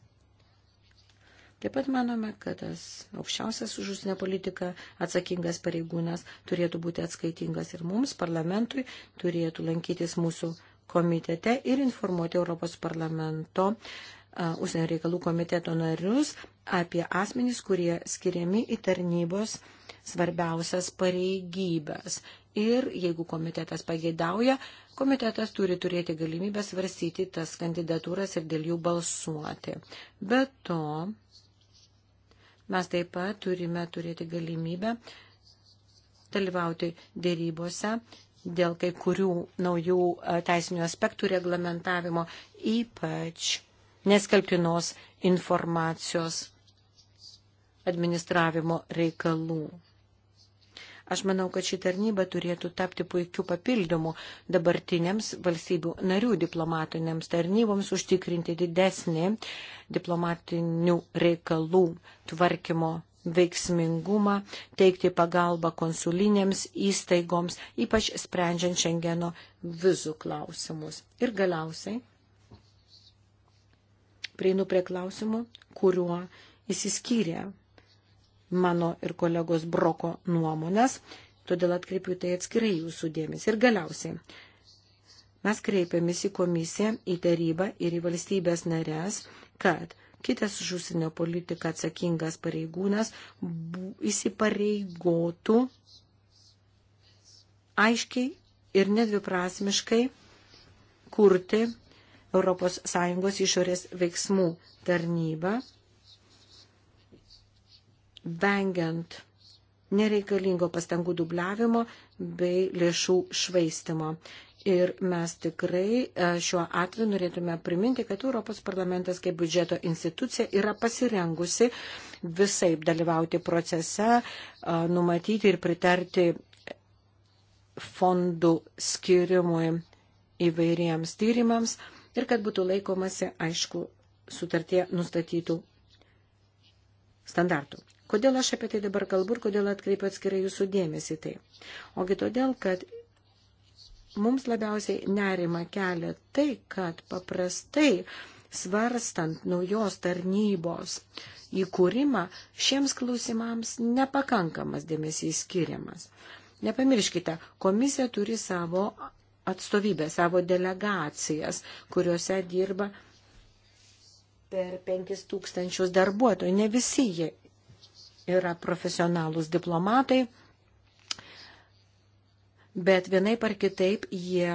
Taip pat manome, kad tas aukščiausias už užsienio politiką atsakingas pareigūnas turėtų būti atskaitingas ir mums, parlamentui, turėtų lankytis mūsų komitete ir informuoti Europos parlamento užsienio reikalų komiteto narius apie asmenys, kurie skiriami į tarnybos svarbiausias pareigybės. Ir jeigu komitetas pageidauja, komitetas turi turėti galimybę svarstyti tas kandidatūras ir dėl jų balsuoti. Be to, Mes taip pat turime turėti galimybę dalyvauti dėrybose dėl kai kurių naujų e, teisinių aspektų reglamentavimo, ypač neskelbtinos informacijos administravimo reikalų. Aš manau, kad ši tarnyba turėtų tapti puikiu papildomu dabartiniams valstybių narių diplomatiniams tarnyboms užtikrinti didesnį diplomatinių reikalų tvarkymo veiksmingumą, teikti pagalbą konsulinėms įstaigoms, ypač sprendžiant Šengeno vizų klausimus. Ir galiausiai prieinu prie klausimų, kuriuo įsiskyrė mano ir kolegos Broko nuomonės, todėl atkreipiu tai atskirai jūsų dėmesį. Ir galiausiai, mes kreipiamės į komisiją, į tarybą ir į valstybės narės, kad kitas už užsienio politiką atsakingas pareigūnas įsipareigotų aiškiai ir nedviprasmiškai kurti ES išorės veiksmų tarnybą vengiant nereikalingo pastangų dubliavimo bei lėšų švaistimo. Ir mes tikrai e, šiuo atveju norėtume priminti, kad Europos parlamentas kaip biudžeto institucija yra pasirengusi visai dalyvauti procese, e, numatyti ir pritarti fondų skirimui įvairiems tyrimams ir kad būtų laikomasi, aišku, sutartie nustatytų standartų. Kodėl aš apie tai dabar kalbu ir kodėl atkreipiu atskirai jūsų dėmesį tai? Ogi todėl, kad mums labiausiai nerima kelia tai, kad paprastai svarstant naujos tarnybos įkūrimą, šiems klausimams nepakankamas dėmesys skiriamas. Nepamirškite, komisija turi savo atstovybę, savo delegacijas, kuriuose dirba per 5000 darbuotojų. Ne visi jie yra profesionalūs diplomatai, bet vienai par kitaip jie,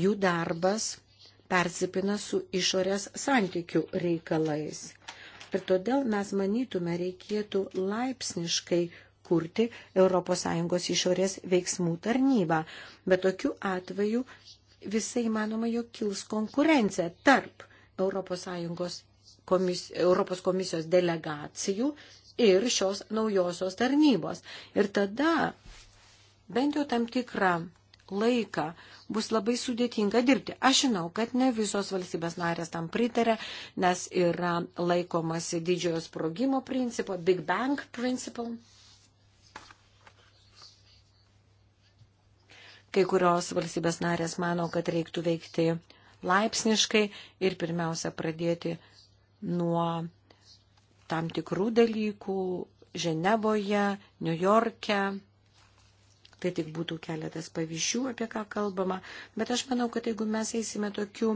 jų darbas persipina su išorės santykių reikalais. Ir todėl mes manytume reikėtų laipsniškai kurti ES išorės veiksmų tarnybą. Bet tokiu atveju visai manoma, jog kils konkurencija tarp ES komis, Europos komisijos delegacijų ir šios naujosios tarnybos. Ir tada bent jau tam tikrą laiką bus labai sudėtinga dirbti. Aš žinau, kad ne visos valstybės narės tam pritarė, nes yra laikomasi didžiojo sprogimo principo, Big Bang principle. Kai kurios valstybės narės mano, kad reiktų veikti laipsniškai ir pirmiausia pradėti nuo tam tikrų dalykų Ženevoje, Niujorke. Tai tik būtų keletas pavyzdžių, apie ką kalbama. Bet aš manau, kad jeigu mes eisime tokiu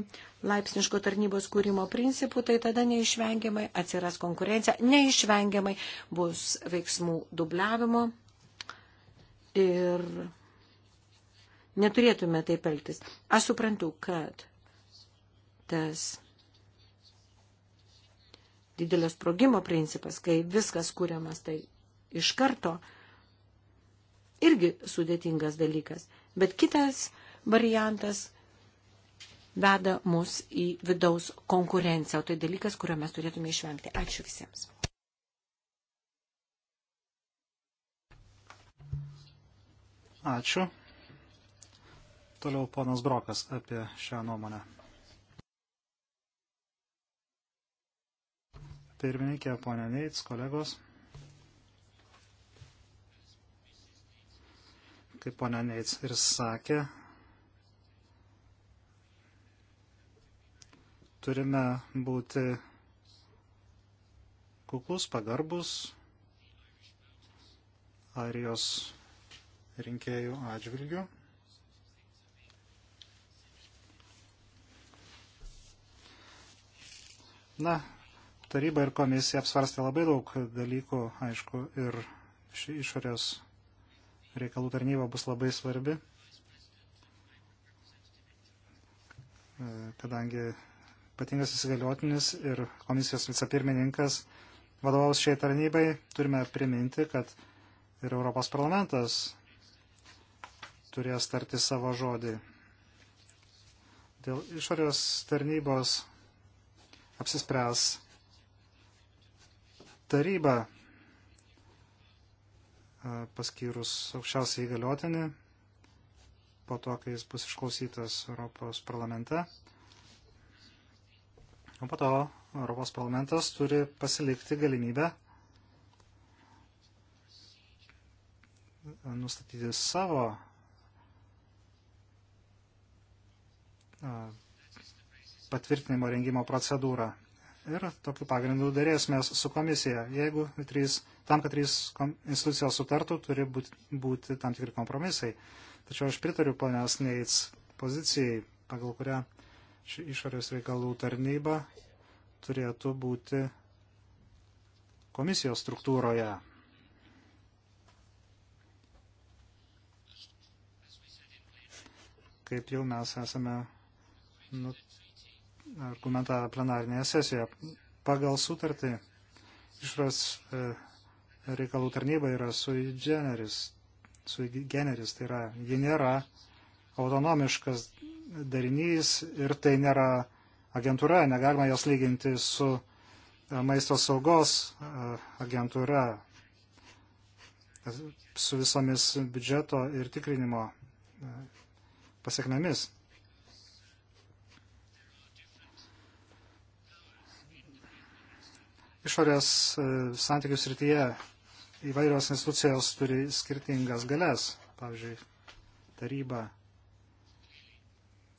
laipsniško tarnybos kūrimo principu, tai tada neišvengiamai atsiras konkurencija, neišvengiamai bus veiksmų dubliavimo. Ir neturėtume taip elgtis. Aš suprantu, kad tas didelio sprogimo principas, kai viskas kūriamas tai iš karto, irgi sudėtingas dalykas. Bet kitas variantas veda mus į vidaus konkurenciją, o tai dalykas, kurio mes turėtume išvengti. Ačiū visiems. Ačiū. Toliau ponas Brokas apie šią nuomonę. pirmininkė, ponė Neits, kolegos. Kaip ponė Neits ir sakė, turime būti kuklus, pagarbus Airijos rinkėjų atžvilgių. Na, taryba ir komisija apsvarstė labai daug dalykų, aišku, ir ši išorės reikalų tarnyba bus labai svarbi, e, kadangi patingas įsigaliotinis ir komisijos vicepirmininkas vadovaus šiai tarnybai, turime priminti, kad ir Europos parlamentas turės tarti savo žodį. Dėl išorės tarnybos apsispręs taryba paskyrus aukščiausiai įgaliotinį po to, kai jis bus išklausytas Europos parlamente. O po to Europos parlamentas turi pasilikti galimybę nustatyti savo patvirtinimo rengimo procedūrą ir tokiu pagrindu dėrėsimės su komisija. Jeigu trys, tam, kad trys institucijos sutartų, turi būti, būti tam tikri kompromisai. Tačiau aš pritariu ponios Neits pozicijai, pagal kurią ši išorės reikalų tarnyba turėtų būti komisijos struktūroje. Kaip jau mes esame nut argumentą plenarinėje sesijoje. Pagal sutartį išras e, reikalų tarnyba yra sui generis, sui generis, tai yra, ji nėra autonomiškas darinys ir tai nėra agentūra, negalima jos lyginti su e, maisto saugos e, agentūra, su visomis biudžeto ir tikrinimo pasiekmėmis. išorės e, santykių srityje įvairios institucijos turi skirtingas galias, pavyzdžiui, taryba,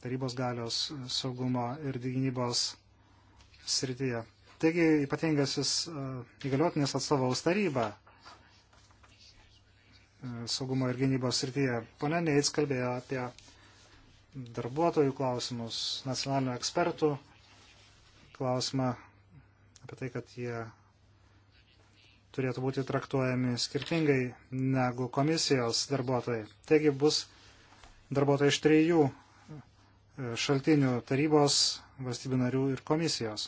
tarybos galios e, saugumo ir gynybos srityje. Taigi ypatingasis e, įgaliotinis atstovaus taryba saugumo ir gynybos srityje. Pone Neits kalbėjo apie darbuotojų klausimus, nacionalinių ekspertų klausimą, apie tai, kad jie turėtų būti traktuojami skirtingai negu komisijos darbuotojai. Taigi bus darbuotojai iš trijų e, šaltinių - tarybos, valstybių narių ir komisijos.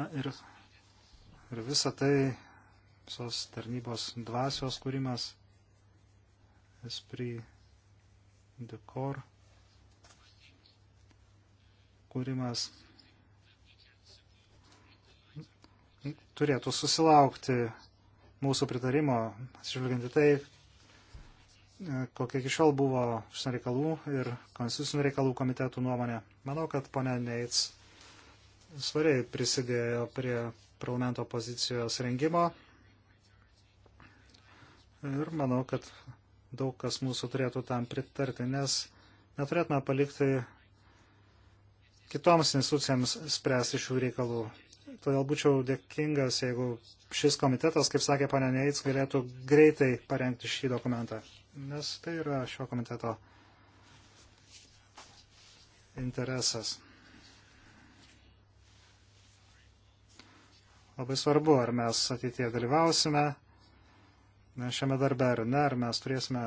Na ir, ir visa tai, visos tarnybos dvasios kūrimas, esprit de corps, kūrimas turėtų susilaukti mūsų pritarimo, atsižvelgiant į tai, kokia iki šiol buvo užsienio reikalų ir konstitucinių reikalų komitetų nuomonė. Manau, kad ponė Neits svariai prisidėjo prie parlamento pozicijos rengimo ir manau, kad daug kas mūsų turėtų tam pritarti, nes neturėtume palikti kitoms institucijams spręsti šių reikalų. Todėl būčiau dėkingas, jeigu šis komitetas, kaip sakė pane Neits, galėtų greitai parengti šį dokumentą, nes tai yra šio komiteto interesas. Labai svarbu, ar mes ateitie dalyvausime šiame darbe ar ne, ar mes turėsime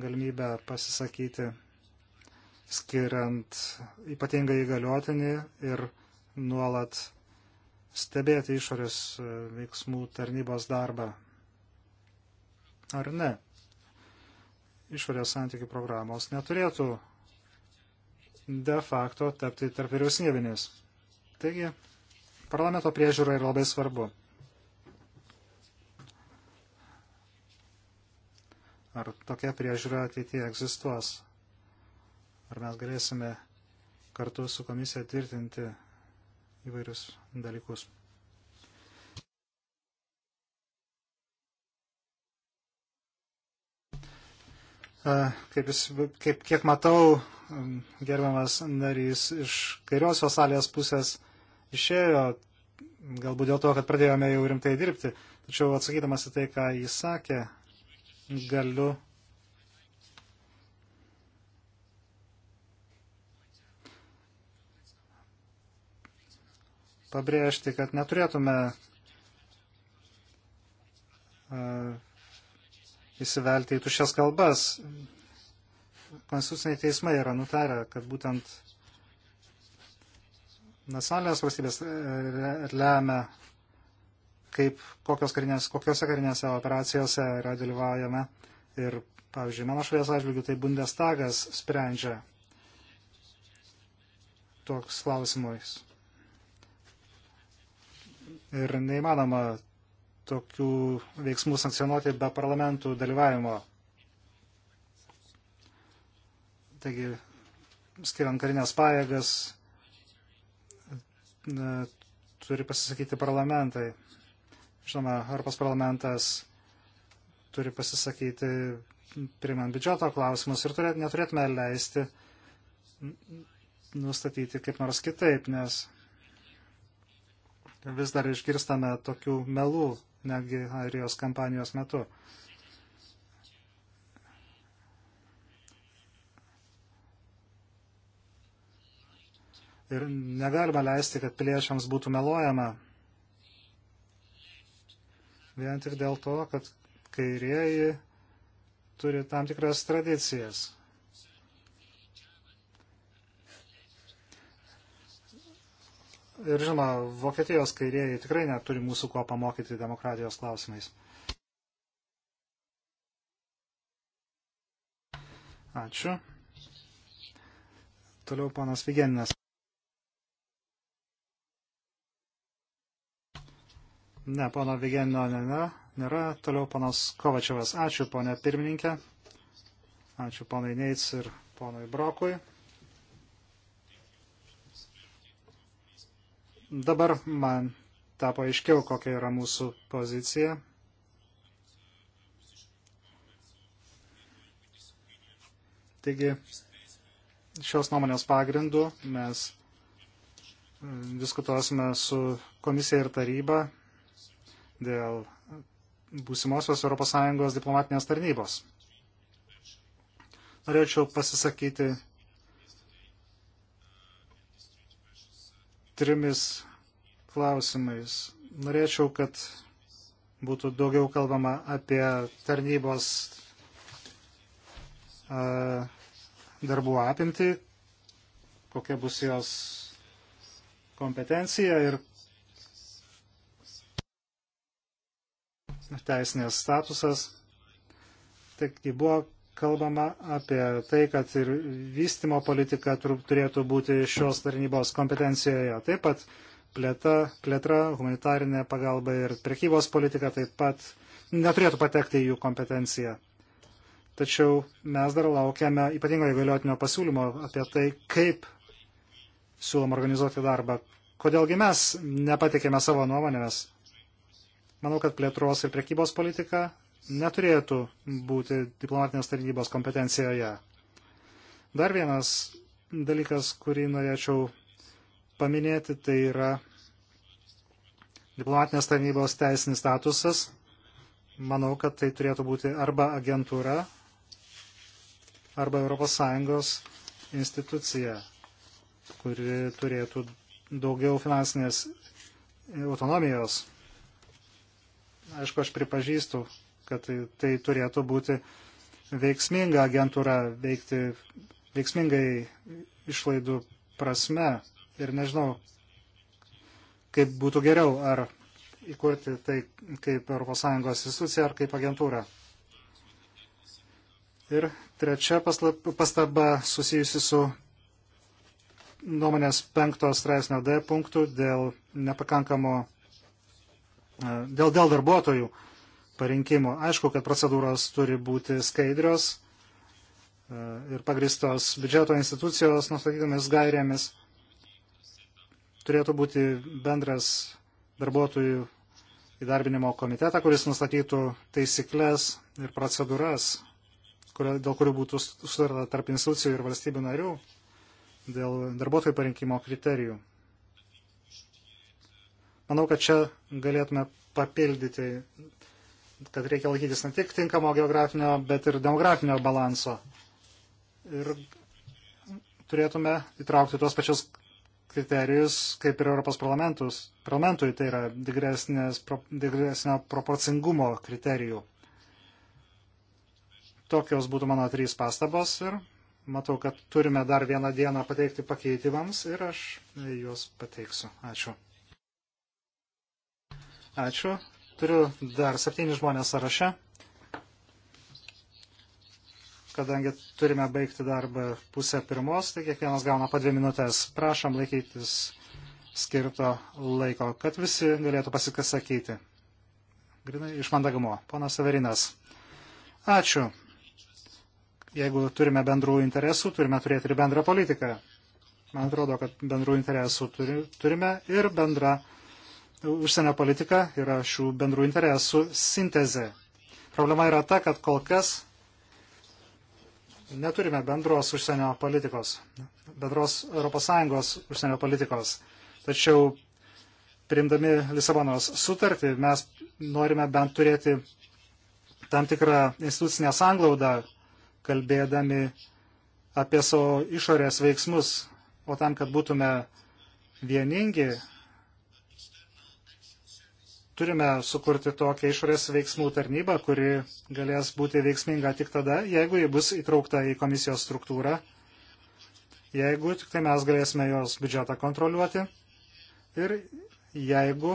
galimybę pasisakyti skiriant ypatingai įgaliotinį ir nuolat stebėti išorės e, veiksmų tarnybos darbą. Ar ne? Išorės santykių programos neturėtų de facto tapti tarp vyriausybinės. Taigi, parlamento priežiūra yra labai svarbu. Ar tokia priežiūra ateityje egzistuos? ar mes galėsime kartu su komisija tvirtinti įvairius dalykus. Kaip, jis, kaip kiek matau, gerbiamas narys iš kairiosios salės pusės išėjo, galbūt dėl to, kad pradėjome jau rimtai dirbti. Tačiau atsakydamas į tai, ką jis sakė, galiu pabrėžti, kad neturėtume e, įsivelti į tušias kalbas. Konstituciniai teismai yra nutarę, kad būtent nacionalinės valstybės lemia, e, kaip kokios karinės, kokiose karinėse operacijose yra dalyvaujama. Ir, pavyzdžiui, mano šalies atžvilgių tai Bundestagas sprendžia toks klausimais ir neįmanoma tokių veiksmų sankcionuoti be parlamentų dalyvavimo. Taigi, skiriant karinės pajėgas, turi pasisakyti parlamentai. Žinoma, Europos parlamentas turi pasisakyti, primant biudžeto klausimus ir turėt, neturėtume leisti nustatyti kaip nors kitaip, nes vis dar išgirstame tokių melų netgi airijos kampanijos metu. Ir negalima leisti, kad piliečiams būtų meluojama. Vien tik dėl to, kad kairieji turi tam tikras tradicijas. Ir žinoma, Vokietijos kairieji tikrai neturi mūsų ko pamokyti demokratijos klausimais. Ačiū. Toliau panas Vigeninas. Ne, pono Vigenino ne, ne, nėra. Toliau panas Kovačiavas. Ačiū, ponė pirmininkė. Ačiū ponai Neits ir ponui Brokui. Dabar man tapo aiškiau, kokia yra mūsų pozicija. Taigi, šios nuomonės pagrindų mes mm, diskutuosime su komisija ir taryba dėl būsimosios ES diplomatinės tarnybos. Norėčiau pasisakyti trimis klausimais. Norėčiau, kad būtų daugiau kalbama apie tarnybos darbų apimti, kokia bus jos kompetencija ir teisinės statusas. Taigi buvo kalbama apie tai, kad ir vystimo politika turėtų būti šios tarnybos kompetencijoje. Taip pat plėta, plėtra, humanitarinė pagalba ir prekybos politika taip pat neturėtų patekti į jų kompetenciją. Tačiau mes dar laukiame ypatingo įgaliotinio pasiūlymo apie tai, kaip siūlom organizuoti darbą. Kodėlgi mes nepatikėme savo nuomonėmis? Manau, kad plėtros ir prekybos politika neturėtų būti diplomatinės tarnybos kompetencijoje. Dar vienas dalykas, kurį norėčiau paminėti, tai yra diplomatinės tarnybos teisinis statusas. Manau, kad tai turėtų būti arba agentūra, arba ES institucija, kuri turėtų daugiau finansinės autonomijos. Aišku, aš pripažįstu, kad tai, tai turėtų būti veiksminga agentūra veikti veiksmingai išlaidų prasme. Ir nežinau, kaip būtų geriau, ar įkurti tai kaip ES institucija ar kaip agentūra. Ir trečia pastaba susijusi su nuomonės penktos straipsnio D punktų dėl nepakankamo, e, dėl, dėl darbuotojų parinkimo. Aišku, kad procedūros turi būti skaidrios e, ir pagristos biudžeto institucijos nustatytomis gairėmis. Turėtų būti bendras darbuotojų įdarbinimo komitetą, kuris nustatytų taisyklės ir procedūras, kurio, dėl kurių būtų sutarta tarp institucijų ir valstybių narių dėl darbuotojų parinkimo kriterijų. Manau, kad čia galėtume papildyti kad reikia laikytis ne tik tinkamo geografinio, bet ir demografinio balanso. Ir turėtume įtraukti tuos pačius kriterijus, kaip ir Europos parlamentui, tai yra digresnio proporcingumo kriterijų. Tokios būtų mano trys pastabos ir matau, kad turime dar vieną dieną pateikti pakeitimams ir aš juos pateiksiu. Ačiū. Ačiū. Turiu dar septynis žmonės sąraše, kadangi turime baigti darbą pusę pirmos, tai kiekvienas gauna po dvi minutės. Prašom laikytis skirto laiko, kad visi galėtų pasisakyti. Grinai iš mandagumo. Ponas Severinas. Ačiū. Jeigu turime bendrų interesų, turime turėti ir bendrą politiką. Man atrodo, kad bendrų interesų turi, turime ir bendrą politiką užsienio politika yra šių bendrų interesų sintezė. Problema yra ta, kad kol kas neturime bendros užsienio politikos, bendros ES užsienio politikos. Tačiau priimdami Lisabonos sutartį mes norime bent turėti tam tikrą institucinę sanglaudą, kalbėdami apie savo išorės veiksmus. O tam, kad būtume vieningi, turime sukurti tokią išorės veiksmų tarnybą, kuri galės būti veiksminga tik tada, jeigu ji bus įtraukta į komisijos struktūrą, jeigu tik tai mes galėsime jos biudžetą kontroliuoti ir jeigu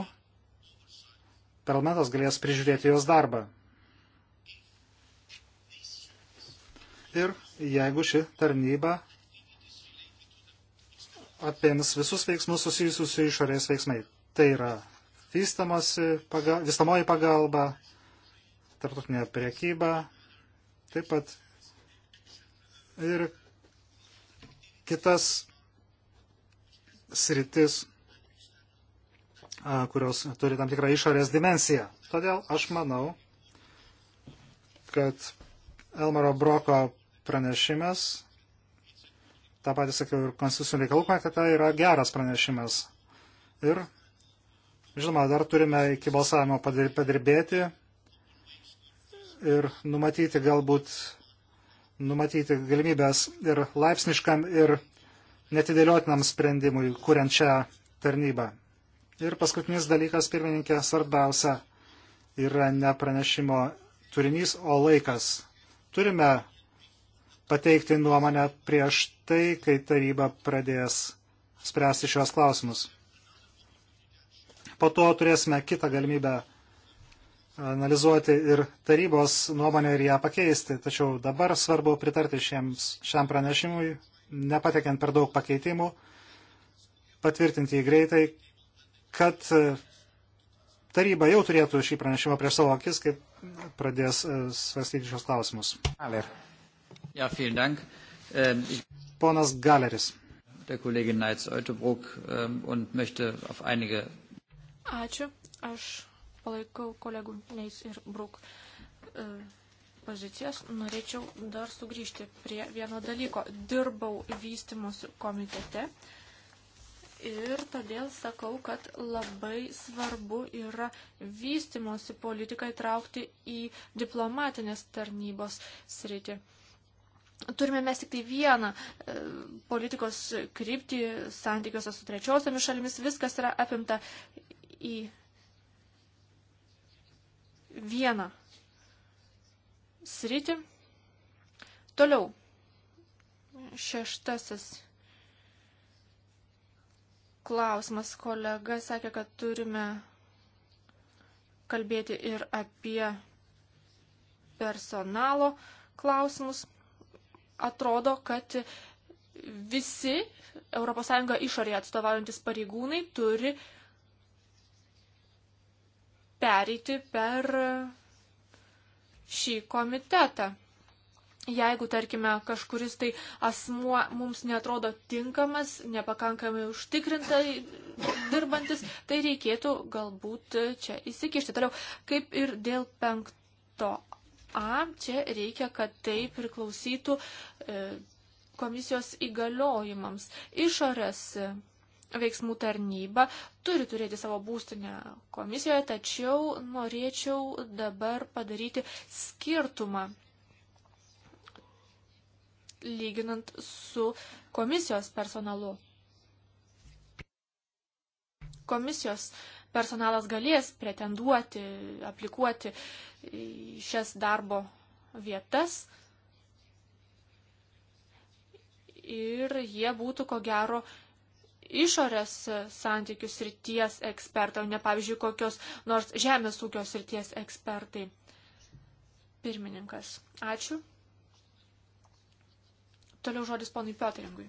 parlamentas galės prižiūrėti jos darbą. Ir jeigu ši tarnyba apims visus veiksmus susijusius su išorės veiksmai. Tai yra E, pagal, vystamoji pagalba, tarptautinė priekyba, taip pat ir kitas sritis, kurios turi tam tikrą išorės dimensiją. Todėl aš manau, kad Elmaro Broko pranešimas, tą patį sakiau ir konstitucinių reikalų komitete, yra geras pranešimas. Ir Žinoma, dar turime iki balsavimo padirbėti ir numatyti galbūt numatyti galimybės ir laipsniškam, ir netidėliotinam sprendimui, kuriant šią tarnybą. Ir paskutinis dalykas, pirmininkė, svarbiausia yra ne pranešimo turinys, o laikas. Turime pateikti nuomonę prieš tai, kai taryba pradės spręsti šios klausimus. Po to turėsime kitą galimybę analizuoti ir tarybos nuomonę ir ją pakeisti. Tačiau dabar svarbu pritarti šiems, šiam pranešimui, nepatekiant per daug pakeitimų, patvirtinti jį greitai, kad taryba jau turėtų šį pranešimą prieš savo akis, kaip pradės e, svarstyti šios klausimus. Galer. Ja, vielen Dank. Ähm, ich... Ponas Galeris. Der Kollegin Neitz-Oetebrück ähm, und möchte auf einige Ačiū. Aš palaikau kolegų Neis ir Bruk e, pozicijas. Norėčiau dar sugrįžti prie vieno dalyko. Dirbau vystimosi komitete ir todėl sakau, kad labai svarbu yra vystimosi politiką įtraukti į diplomatinės tarnybos sritį. Turime mes tik tai vieną e, politikos kryptį santykiuose su trečiosiomis šalimis, viskas yra apimta į vieną sritį. Toliau. Šeštasis klausimas. Kolega sakė, kad turime kalbėti ir apie personalo klausimus. Atrodo, kad visi ES išorėje atstovaujantis pareigūnai turi uh, pereiti per šį komitetą. Jeigu, tarkime, kažkuris tai asmuo mums netrodo tinkamas, nepakankamai užtikrintai dirbantis, tai reikėtų galbūt čia įsikišti. Toliau, kaip ir dėl penkto A, čia reikia, kad tai priklausytų e, komisijos įgaliojimams. Išorės veiksmų tarnyba turi turėti savo būstinę komisijoje, tačiau norėčiau dabar padaryti skirtumą lyginant su komisijos personalu. Komisijos personalas galės pretenduoti, aplikuoti šias darbo vietas ir jie būtų ko gero išorės santykių srities ekspertai, o ne pavyzdžiui kokios nors žemės ūkio srities ekspertai. Pirmininkas. Ačiū. Toliau žodis ponui Piotringui.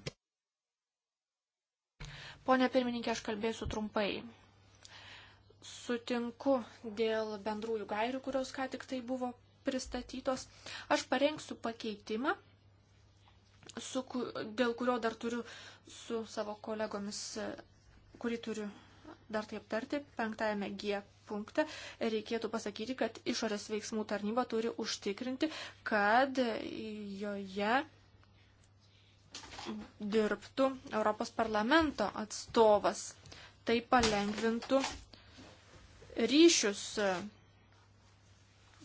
Pone pirmininkė, aš kalbėsiu trumpai. Sutinku dėl bendrųjų gairių, kurios ką tik tai buvo pristatytos. Aš parengsiu pakeitimą su, dėl kurio dar turiu su savo kolegomis, kurį turiu dar tai aptarti, penktajame G punkte reikėtų pasakyti, kad išorės veiksmų tarnyba turi užtikrinti, kad joje dirbtų Europos parlamento atstovas. Tai palengvintų ryšius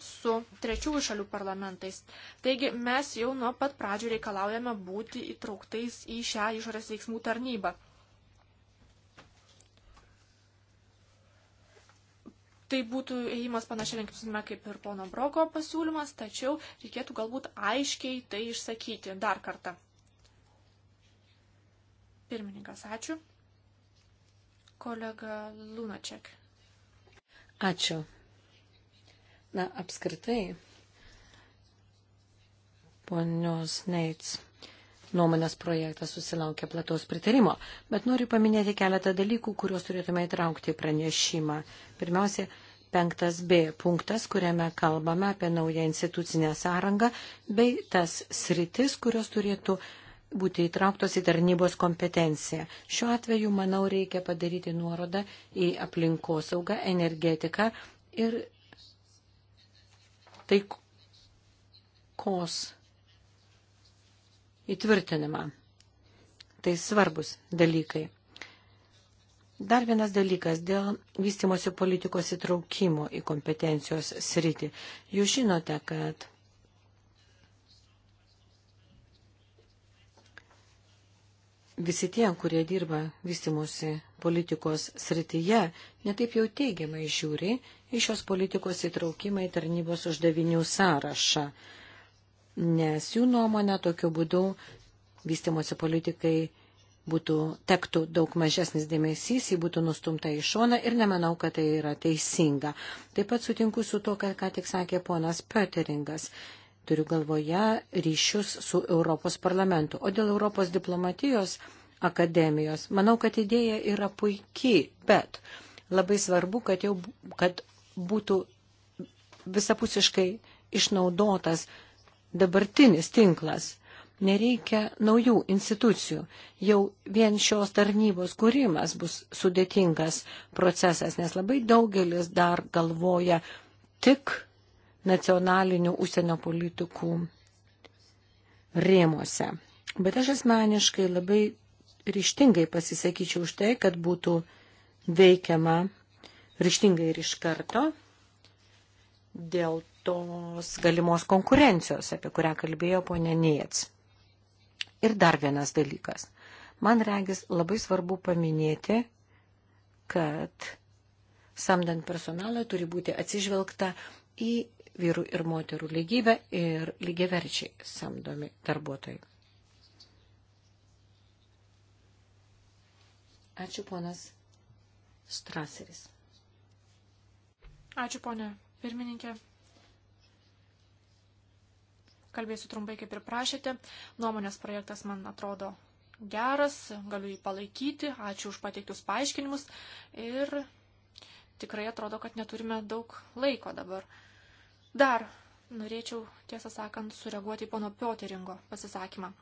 su trečiųjų šalių parlamentais. Taigi mes jau nuo pat pradžių reikalaujame būti įtrauktais į šią išorės veiksmų tarnybą. Tai būtų ėjimas panašiai linkime kaip ir pono Brogo pasiūlymas, tačiau reikėtų galbūt aiškiai tai išsakyti dar kartą. Pirmininkas, ačiū. Kolega Lunaček. Ačiū. Na, apskritai, ponios Neits nuomonės projektas susilaukė plataus pritarimo, bet noriu paminėti keletą dalykų, kuriuos turėtume įtraukti į pranešimą. Pirmiausia, penktas B punktas, kuriame kalbame apie naują institucinę sąrangą bei tas sritis, kurios turėtų būti įtrauktos į tarnybos kompetenciją. Šiuo atveju, manau, reikia padaryti nuorodą į aplinkosaugą, energetiką ir taikos įtvirtinimą. Tai svarbus dalykai. Dar vienas dalykas dėl vystimosi politikos įtraukimo į kompetencijos sritį. Jūs žinote, kad visi tie, kurie dirba vystimosi politikos srityje, netaip jau teigiamai žiūri į šios politikos įtraukimą į tarnybos uždavinių sąrašą, nes jų nuomonė tokiu būdu vystimosi politikai būtų, tektų daug mažesnis dėmesys, jį būtų nustumta į šoną ir nemanau, kad tai yra teisinga. Taip pat sutinku su to, ką, ką tik sakė ponas Pöteringas. Turiu galvoje ryšius su Europos parlamentu. O dėl Europos diplomatijos akademijos, manau, kad idėja yra puikiai, bet labai svarbu, kad, jau, kad būtų visapusiškai išnaudotas dabartinis tinklas. Nereikia naujų institucijų. Jau vien šios tarnybos kūrimas bus sudėtingas procesas, nes labai daugelis dar galvoja tik nacionalinių užsienio politikų rėmose. Bet aš asmeniškai labai ryštingai pasisakyčiau už tai, kad būtų veikiama ryštingai ir iš karto dėl tos galimos konkurencijos, apie kurią kalbėjo ponė Niec. Ir dar vienas dalykas. Man regis labai svarbu paminėti, kad samdant personalą turi būti atsižvelgta į vyrų ir moterų lygybę ir lygiaverčiai samdomi darbuotojai. Ačiū ponas Straseris. Ačiū, ponė pirmininkė. Kalbėsiu trumpai, kaip ir prašėte. Nuomonės projektas man atrodo geras, galiu jį palaikyti. Ačiū už pateiktus paaiškinimus. Ir tikrai atrodo, kad neturime daug laiko dabar. Dar norėčiau, tiesą sakant, sureaguoti į pono Pioteringo pasisakymą.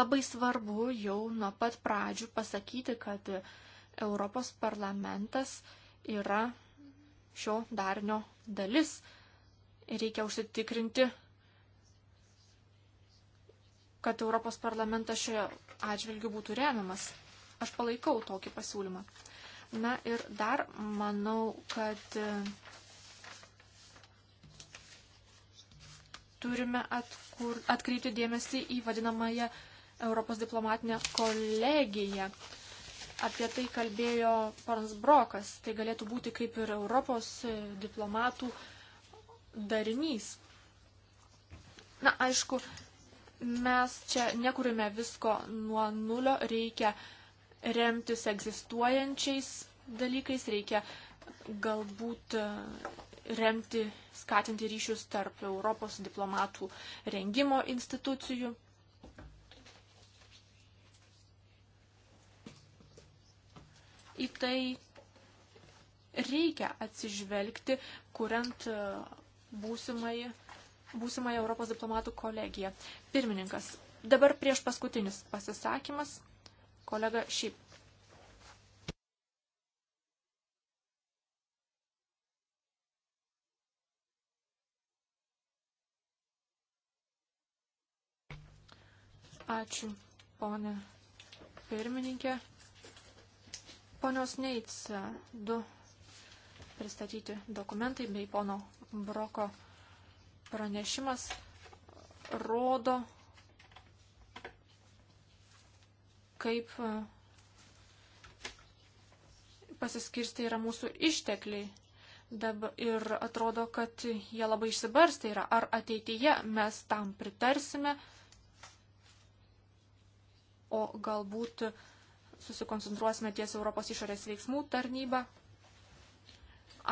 Labai svarbu jau nuo pat pradžių pasakyti, kad Europos parlamentas yra šio darinio dalis. Reikia užsitikrinti, kad Europos parlamentas šioje atžvilgiu būtų remiamas. Aš palaikau tokį pasiūlymą. Na ir dar manau, kad e, turime atkur, atkreipti dėmesį į vadinamąją Europos diplomatinę kolegiją. Apie tai kalbėjo Parns Brokas. Tai galėtų būti kaip ir Europos diplomatų darinys. Na, aišku, mes čia nekurime visko nuo nulio, reikia remtis egzistuojančiais dalykais, reikia galbūt remti, skatinti ryšius tarp Europos diplomatų rengimo institucijų. į tai reikia atsižvelgti, kuriant e, būsimai, būsimai Europos diplomatų kolegiją. Pirmininkas, dabar prieš paskutinis pasisakymas, kolega Šyp. Ačiū, ponė pirmininkė. Ponios Neits du pristatyti dokumentai bei pono Broko pranešimas rodo, kaip pasiskirsti yra mūsų ištekliai. Dabar ir atrodo, kad jie labai išsibarsti yra. Ar ateityje mes tam pritarsime, o galbūt susikoncentruosime ties Europos išorės veiksmų tarnyba.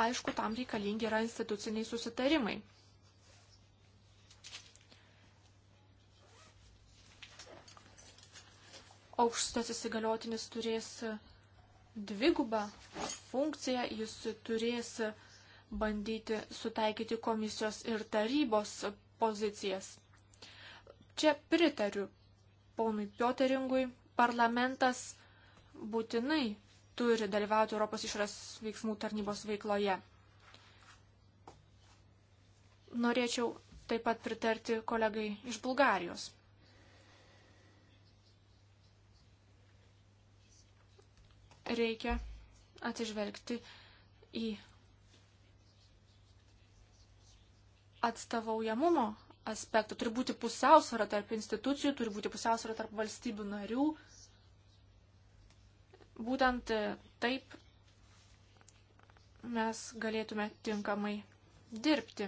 Aišku, tam reikalingi yra instituciniai susitarimai. Aukštasis įgaliotinis turės dvigubą funkciją, jis turės bandyti sutaikyti komisijos ir tarybos pozicijas. Čia pritariu ponui Pioteringui, parlamentas būtinai turi dalyvauti Europos išras veiksmų tarnybos veikloje. Norėčiau taip pat pritarti kolegai iš Bulgarijos. Reikia atsižvelgti į atstovaujamumo aspektų. Turi būti pusiausvara tarp institucijų, turi būti pusiausvara tarp valstybių narių, Būtent e, taip mes galėtume tinkamai dirbti.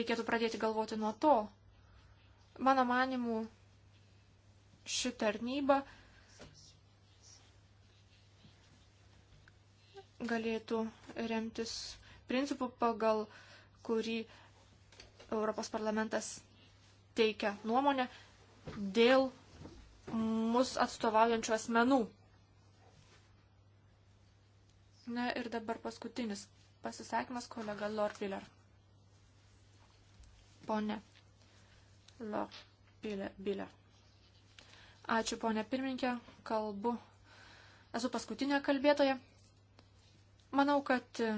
Reikėtų pradėti galvoti nuo to. Mano manimu, ši tarnyba galėtų remtis principu, pagal kurį Europos parlamentas teikia nuomonę dėl mus atstovaujančių asmenų. Na ir dabar paskutinis pasisakymas kolega Lorpiller. Pone Lorpiller. Ačiū, ponė pirmininkė, kalbu. Esu paskutinė kalbėtoja. Manau, kad e,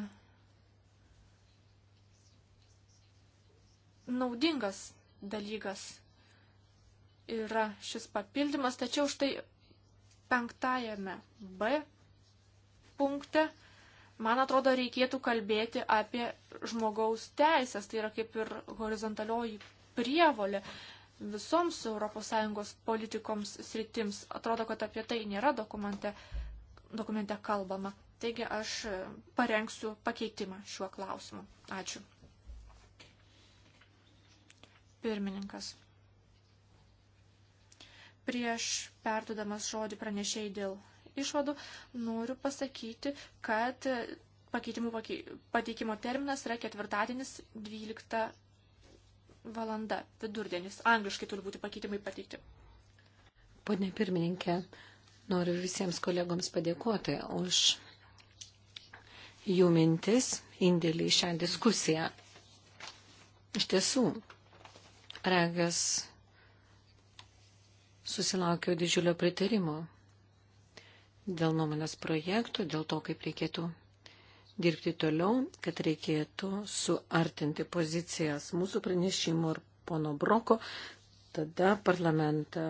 naudingas dalykas yra šis papildymas, tačiau štai penktajame B punkte, man atrodo, reikėtų kalbėti apie žmogaus teisės, tai yra kaip ir horizontalioji prievolė visoms ES politikoms sritims. Atrodo, kad apie tai nėra dokumente, dokumente kalbama. Taigi aš parengsiu pakeitimą šiuo klausimu. Ačiū. Pirmininkas. Prieš perdudamas žodį pranešėjai dėl išvadų, noriu pasakyti, kad pakeitimų pateikimo terminas yra ketvirtadienis 12 valanda, vidurdienis. Angliškai turi būti pakeitimai pateikti. Pone pirmininkė, noriu visiems kolegoms padėkoti už jų mintis, indėlį į šią diskusiją. Iš tiesų, regas susilaukiau didžiulio pritarimo dėl nuomonės projektų, dėl to, kaip reikėtų dirbti toliau, kad reikėtų suartinti pozicijas mūsų pranešimų ir pono Broko, tada parlamentą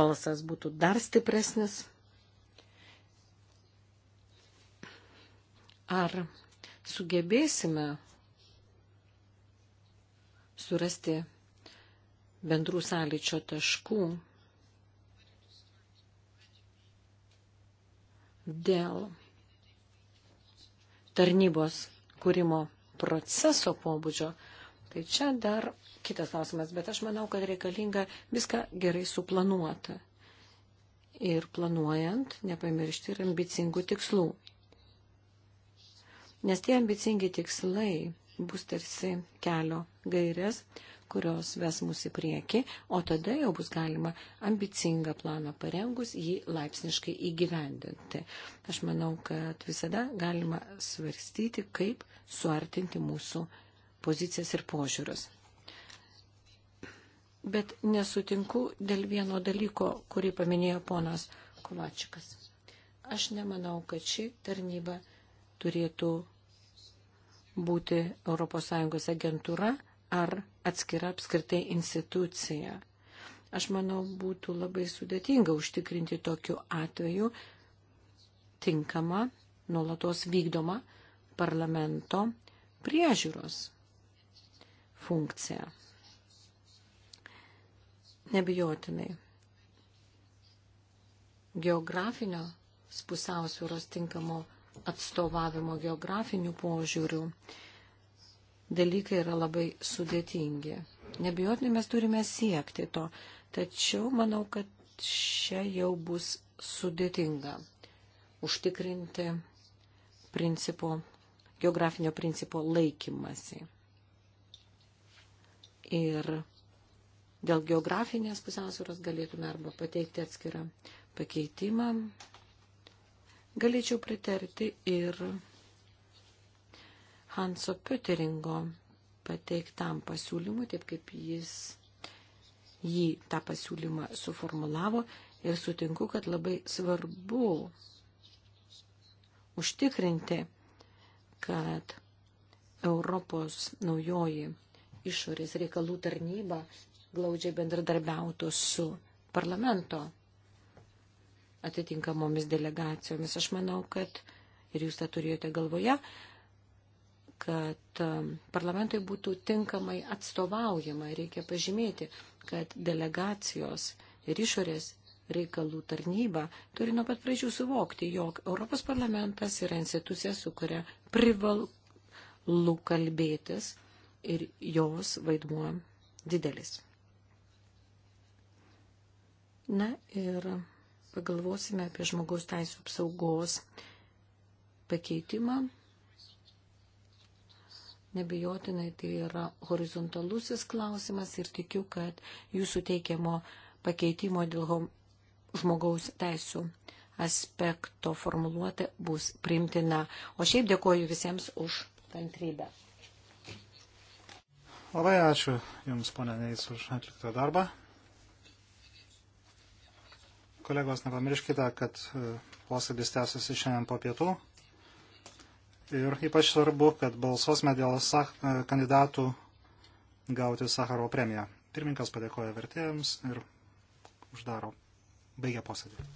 balsas būtų dar stipresnis. Ar sugebėsime surasti bendrų sąlyčio taškų dėl tarnybos kūrimo proceso pobūdžio, tai čia dar kitas klausimas, bet aš manau, kad reikalinga viską gerai suplanuoti. Ir planuojant, nepamiršti ir ambicingų tikslų. Nes tie ambicingi tikslai bus tarsi kelio gairės, kurios ves mus į priekį, o tada jau bus galima ambicingą planą parengus jį laipsniškai įgyvendinti. Aš manau, kad visada galima svarstyti, kaip suartinti mūsų pozicijas ir požiūrus. Bet nesutinku dėl vieno dalyko, kurį paminėjo ponas Kovačikas. Aš nemanau, kad ši tarnyba turėtų būti ES agentūra, ar atskira apskritai institucija. Aš manau, būtų labai sudėtinga užtikrinti tokiu atveju tinkamą, nuolatos vykdomą parlamento priežiūros funkciją. Nebijotinai. Geografinio pusiausvėros tinkamo atstovavimo geografinių požiūrių dalykai yra labai sudėtingi. Nebijotinai mes turime siekti to, tačiau manau, kad čia jau bus sudėtinga užtikrinti principo, geografinio principo laikymasi. Ir dėl geografinės pusiausvėros galėtume arba pateikti atskirą pakeitimą. Galėčiau pritarti ir Hanso Pöteringo pateiktam pasiūlymui, taip kaip jis jį tą pasiūlymą suformulavo ir sutinku, kad labai svarbu užtikrinti, kad Europos naujoji išorės reikalų tarnyba glaudžiai bendradarbiautų su parlamento atitinkamomis delegacijomis. Aš manau, kad ir jūs tą turėjote galvoje, kad um, parlamentai būtų tinkamai atstovaujama. Reikia pažymėti, kad delegacijos ir išorės reikalų tarnyba turi nuo pat pradžių suvokti, jog Europos parlamentas yra institucija, su kuria privalu kalbėtis ir jos vaidmuo didelis. Na ir pagalvosime apie žmogaus teisų apsaugos pakeitimą Nebijotinai tai yra horizontalusis klausimas ir tikiu, kad jūsų teikiamo pakeitimo dėl žmogaus teisų aspekto formuluotė bus primtina. O šiaip dėkoju visiems už kantrybę. Labai ačiū Jums, ponė Neis, už atliktą darbą. Kolegos, nepamirškite, kad e, posėdis tęsiasi šiandien po pietų. Ir ypač svarbu, kad balsuosime dėl sah, e, kandidatų gauti Sakaro premiją. Pirmininkas padėkoja vertėjams ir uždaro. Baigia posėdį.